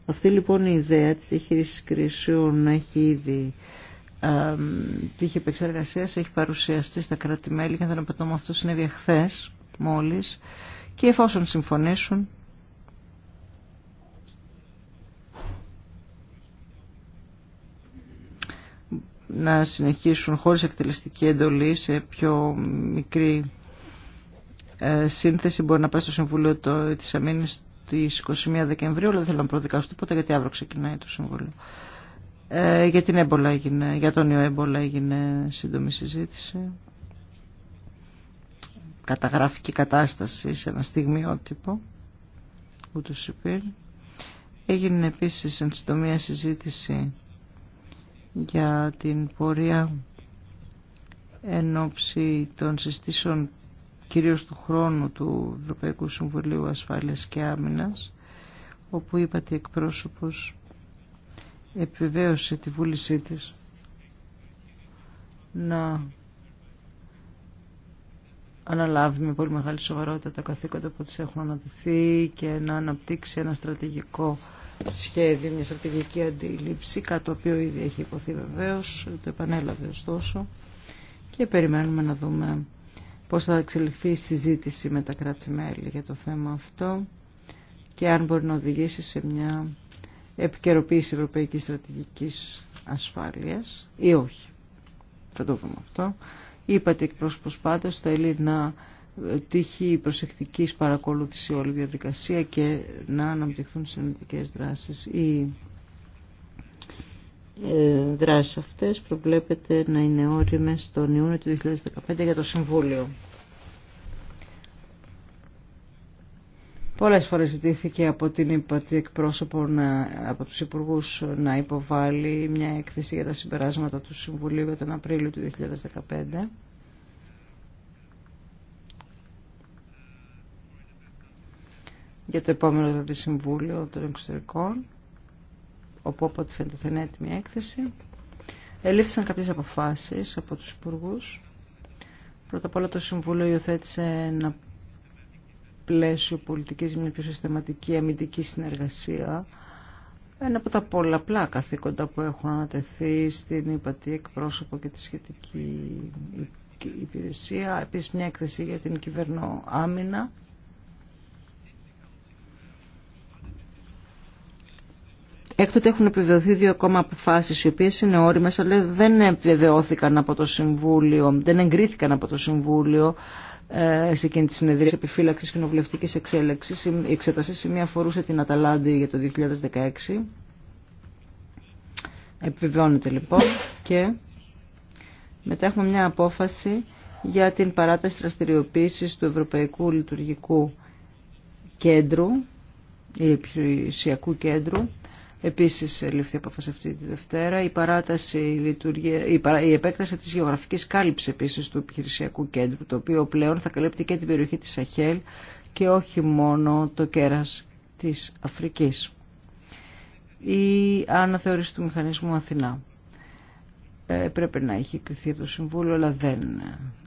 Αυτή λοιπόν η ιδέα της διαχείρισης κρίσεων έχει ήδη ε, τύχη επεξεργασίας, έχει παρουσιαστεί στα κράτη-μέλη και θα αναπατώ με αυτό συνέβη εχθές μόλις και εφόσον συμφωνήσουν να συνεχίσουν χωρίς εκτελεστική εντολή σε πιο μικρή ε, σύνθεση μπορεί να πάει στο Συμβούλιο το, της Αμήνης της 21 Δεκεμβρίου, αλλά δεν θέλω να προδικάσω τίποτα γιατί αύριο ξεκινάει το Συμβούλιο. Ε, για την έμπολα έγινε, για τον ιό έμπολα έγινε σύντομη συζήτηση. Καταγράφηκε κατάσταση σε ένα στιγμιότυπο, ούτως Έγινε επίσης εν συντομία συζήτηση για την πορεία εν ώψη των συστήσεων κυρίως του χρόνου του Ευρωπαϊκού Συμβουλίου Ασφάλειας και Άμυνας όπου είπατε εκπρόσωπος επιβεβαίωσε τη βούλησή της να αναλάβει με πολύ μεγάλη σοβαρότητα τα καθήκοντα που της έχουν αναδοθεί και να αναπτύξει ένα στρατηγικό σχέδιο, μια στρατηγική αντίληψη, κάτι το οποίο ήδη έχει υποθεί βεβαίω, το επανέλαβε ωστόσο και περιμένουμε να δούμε πώς θα εξελιχθεί η συζήτηση με τα κράτη-μέλη για το θέμα αυτό και αν μπορεί να οδηγήσει σε μια επικαιροποίηση ευρωπαϊκής στρατηγικής ασφάλειας ή όχι. Θα το δούμε αυτό. Είπατε εκπρόσωπος πάντως θέλει να τύχει προσεκτικής παρακολούθηση όλη η διαδικασία και να αναπτυχθούν συνεργικές δράσεις. Οι ε, δράσεις αυτές προβλέπεται να είναι όριμες τον Ιούνιο του 2015 για το Συμβούλιο. Πολλές φορές ζητήθηκε από την ΥΠΑΤΗ εκπρόσωπο να, από τους υπουργούς να υποβάλει μια έκθεση για τα συμπεράσματα του Συμβουλίου για τον Απρίλιο του 2015. για το επόμενο δηλαδή Συμβούλιο των Εξωτερικών, όπου όποτε φαίνεται θα είναι έτοιμη έκθεση. Ελήφθησαν κάποιες αποφάσεις από τους υπουργού. Πρώτα απ' όλα το Συμβούλιο υιοθέτησε ένα πλαίσιο πολιτικής με πιο συστηματική αμυντική συνεργασία. Ένα από τα πολλαπλά καθήκοντα που έχουν ανατεθεί στην υπατή εκπρόσωπο και τη σχετική υπηρεσία. Επίσης μια έκθεση για την κυβερνοάμυνα Έκτοτε έχουν επιβεβαιωθεί δύο ακόμα αποφάσεις οι οποίες είναι όριμες αλλά δεν επιβεβαιώθηκαν από το Συμβούλιο, δεν εγκρίθηκαν από το Συμβούλιο ε, σε εκείνη τη συνεδρία επιφύλαξης κοινοβουλευτικής εξέλεξης Η εξέταση σημεία αφορούσε την Αταλάντη για το 2016. Επιβεβαιώνεται λοιπόν και μετά έχουμε μια απόφαση για την παράταση δραστηριοποίησης του Ευρωπαϊκού Λειτουργικού Κέντρου, Υπηρεσιακού Κέντρου, Επίσης ληφθεί απόφαση αυτή τη Δευτέρα. Η, παράταση, η, λειτουργία, η, επέκταση της γεωγραφικής κάλυψης επίσης του επιχειρησιακού κέντρου, το οποίο πλέον θα καλύπτει και την περιοχή της Αχέλ και όχι μόνο το κέρας της Αφρικής. Η αναθεώρηση του μηχανισμού Αθηνά. Ε, πρέπει να έχει κρυθεί από το Συμβούλιο, αλλά δεν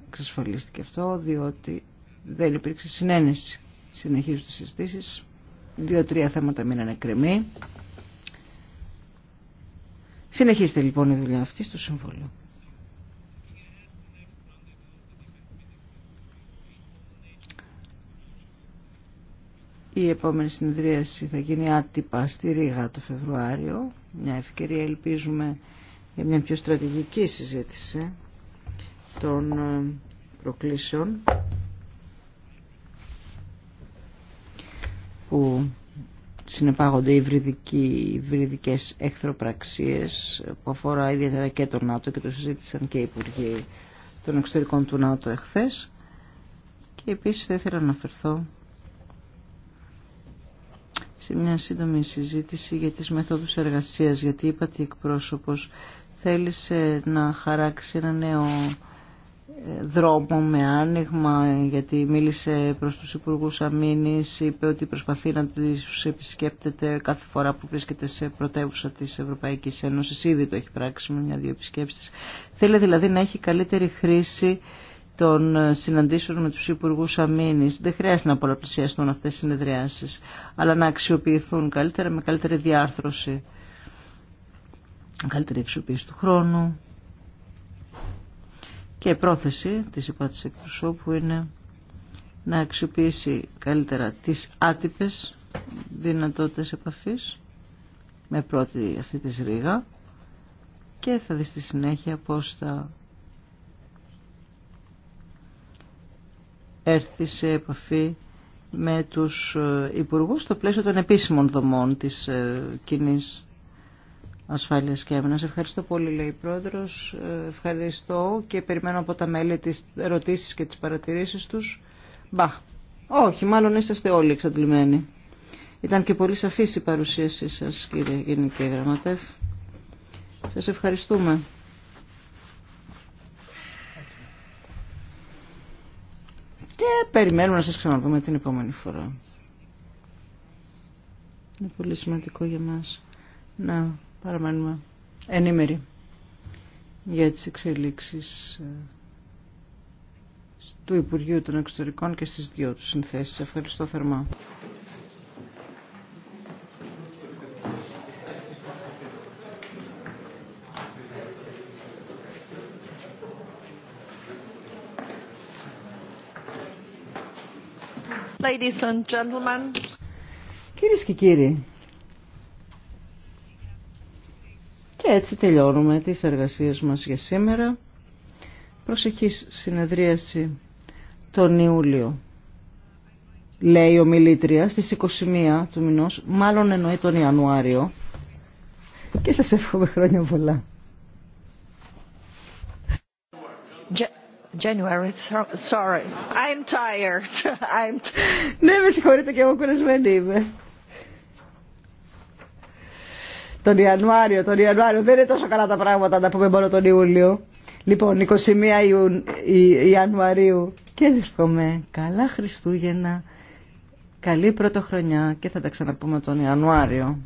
εξασφαλίστηκε αυτό, διότι δεν υπήρξε συνένεση. Συνεχίζουν τις συζητήσεις. Δύο-τρία θέματα μείνανε κρεμή. Συνεχίστε λοιπόν η δουλειά αυτή στο Συμβούλιο. Η επόμενη συνεδρίαση θα γίνει άτυπα στη Ρήγα το Φεβρουάριο. Μια ευκαιρία ελπίζουμε για μια πιο στρατηγική συζήτηση των ε, προκλήσεων που συνεπάγονται οι βρυδικέ εχθροπραξίες που αφορά ιδιαίτερα και τον ΝΑΤΟ και το συζήτησαν και οι Υπουργοί των Εξωτερικών του ΝΑΤΟ εχθές. Και επίσης θα ήθελα να αναφερθώ σε μια σύντομη συζήτηση για τις μεθόδους εργασίας, γιατί είπα ότι εκπρόσωπος θέλησε να χαράξει ένα νέο δρόμο με άνοιγμα γιατί μίλησε προς τους Υπουργούς Αμήνης είπε ότι προσπαθεί να τους επισκέπτεται κάθε φορά που βρίσκεται σε πρωτεύουσα της Ευρωπαϊκής Ένωσης ήδη το έχει πράξει με μια-δύο επισκέψεις θέλει δηλαδή να έχει καλύτερη χρήση των συναντήσεων με τους Υπουργούς Αμήνης δεν χρειάζεται να πολλαπλησιαστούν αυτές οι συνεδριάσεις αλλά να αξιοποιηθούν καλύτερα με καλύτερη διάρθρωση καλύτερη αξιοποίηση του χρόνου και η πρόθεση της υπάτησης εκπροσώπου είναι να αξιοποιήσει καλύτερα τις άτυπες δυνατότητες επαφής με πρώτη αυτή της Ρήγα και θα δει στη συνέχεια πώς θα έρθει σε επαφή με τους ε, υπουργούς στο πλαίσιο των επίσημων δομών της ε, κοινής Ασφάλειας και Σε Ευχαριστώ πολύ, λέει η Πρόεδρος. Ε, ευχαριστώ και περιμένω από τα μέλη τις ερωτήσεις και τις παρατηρήσεις τους. Μπα, όχι, μάλλον είσαστε όλοι εξαντλημένοι. Ήταν και πολύ σαφής η παρουσίασή σας, κύριε Γενική Γραμματεύ. Σας ευχαριστούμε. Και περιμένουμε να σας ξαναδούμε την επόμενη φορά. Είναι πολύ σημαντικό για μας να παραμένουμε ενήμεροι για τις εξελίξεις ε, του Υπουργείου των Εξωτερικών και στις δυο τους συνθέσεις. Ευχαριστώ θερμά. Ladies and gentlemen. Κυρίες και κύριοι, έτσι τελειώνουμε τις εργασίες μας για σήμερα. Προσεχή συνεδρίαση τον Ιούλιο, λέει ο Μιλήτρια, στις 21 του μηνός, μάλλον εννοεί τον Ιανουάριο. Και σας εύχομαι χρόνια πολλά. January, sorry. I'm tired. I'm... ναι, με συγχωρείτε και εγώ κουρασμένη είμαι τον Ιανουάριο. Τον Ιανουάριο δεν είναι τόσο καλά τα πράγματα να πούμε μόνο τον Ιούλιο. Λοιπόν, 21 Ιου... Ιανουαρίου και εύχομαι καλά Χριστούγεννα, καλή πρωτοχρονιά και θα τα ξαναπούμε τον Ιανουάριο.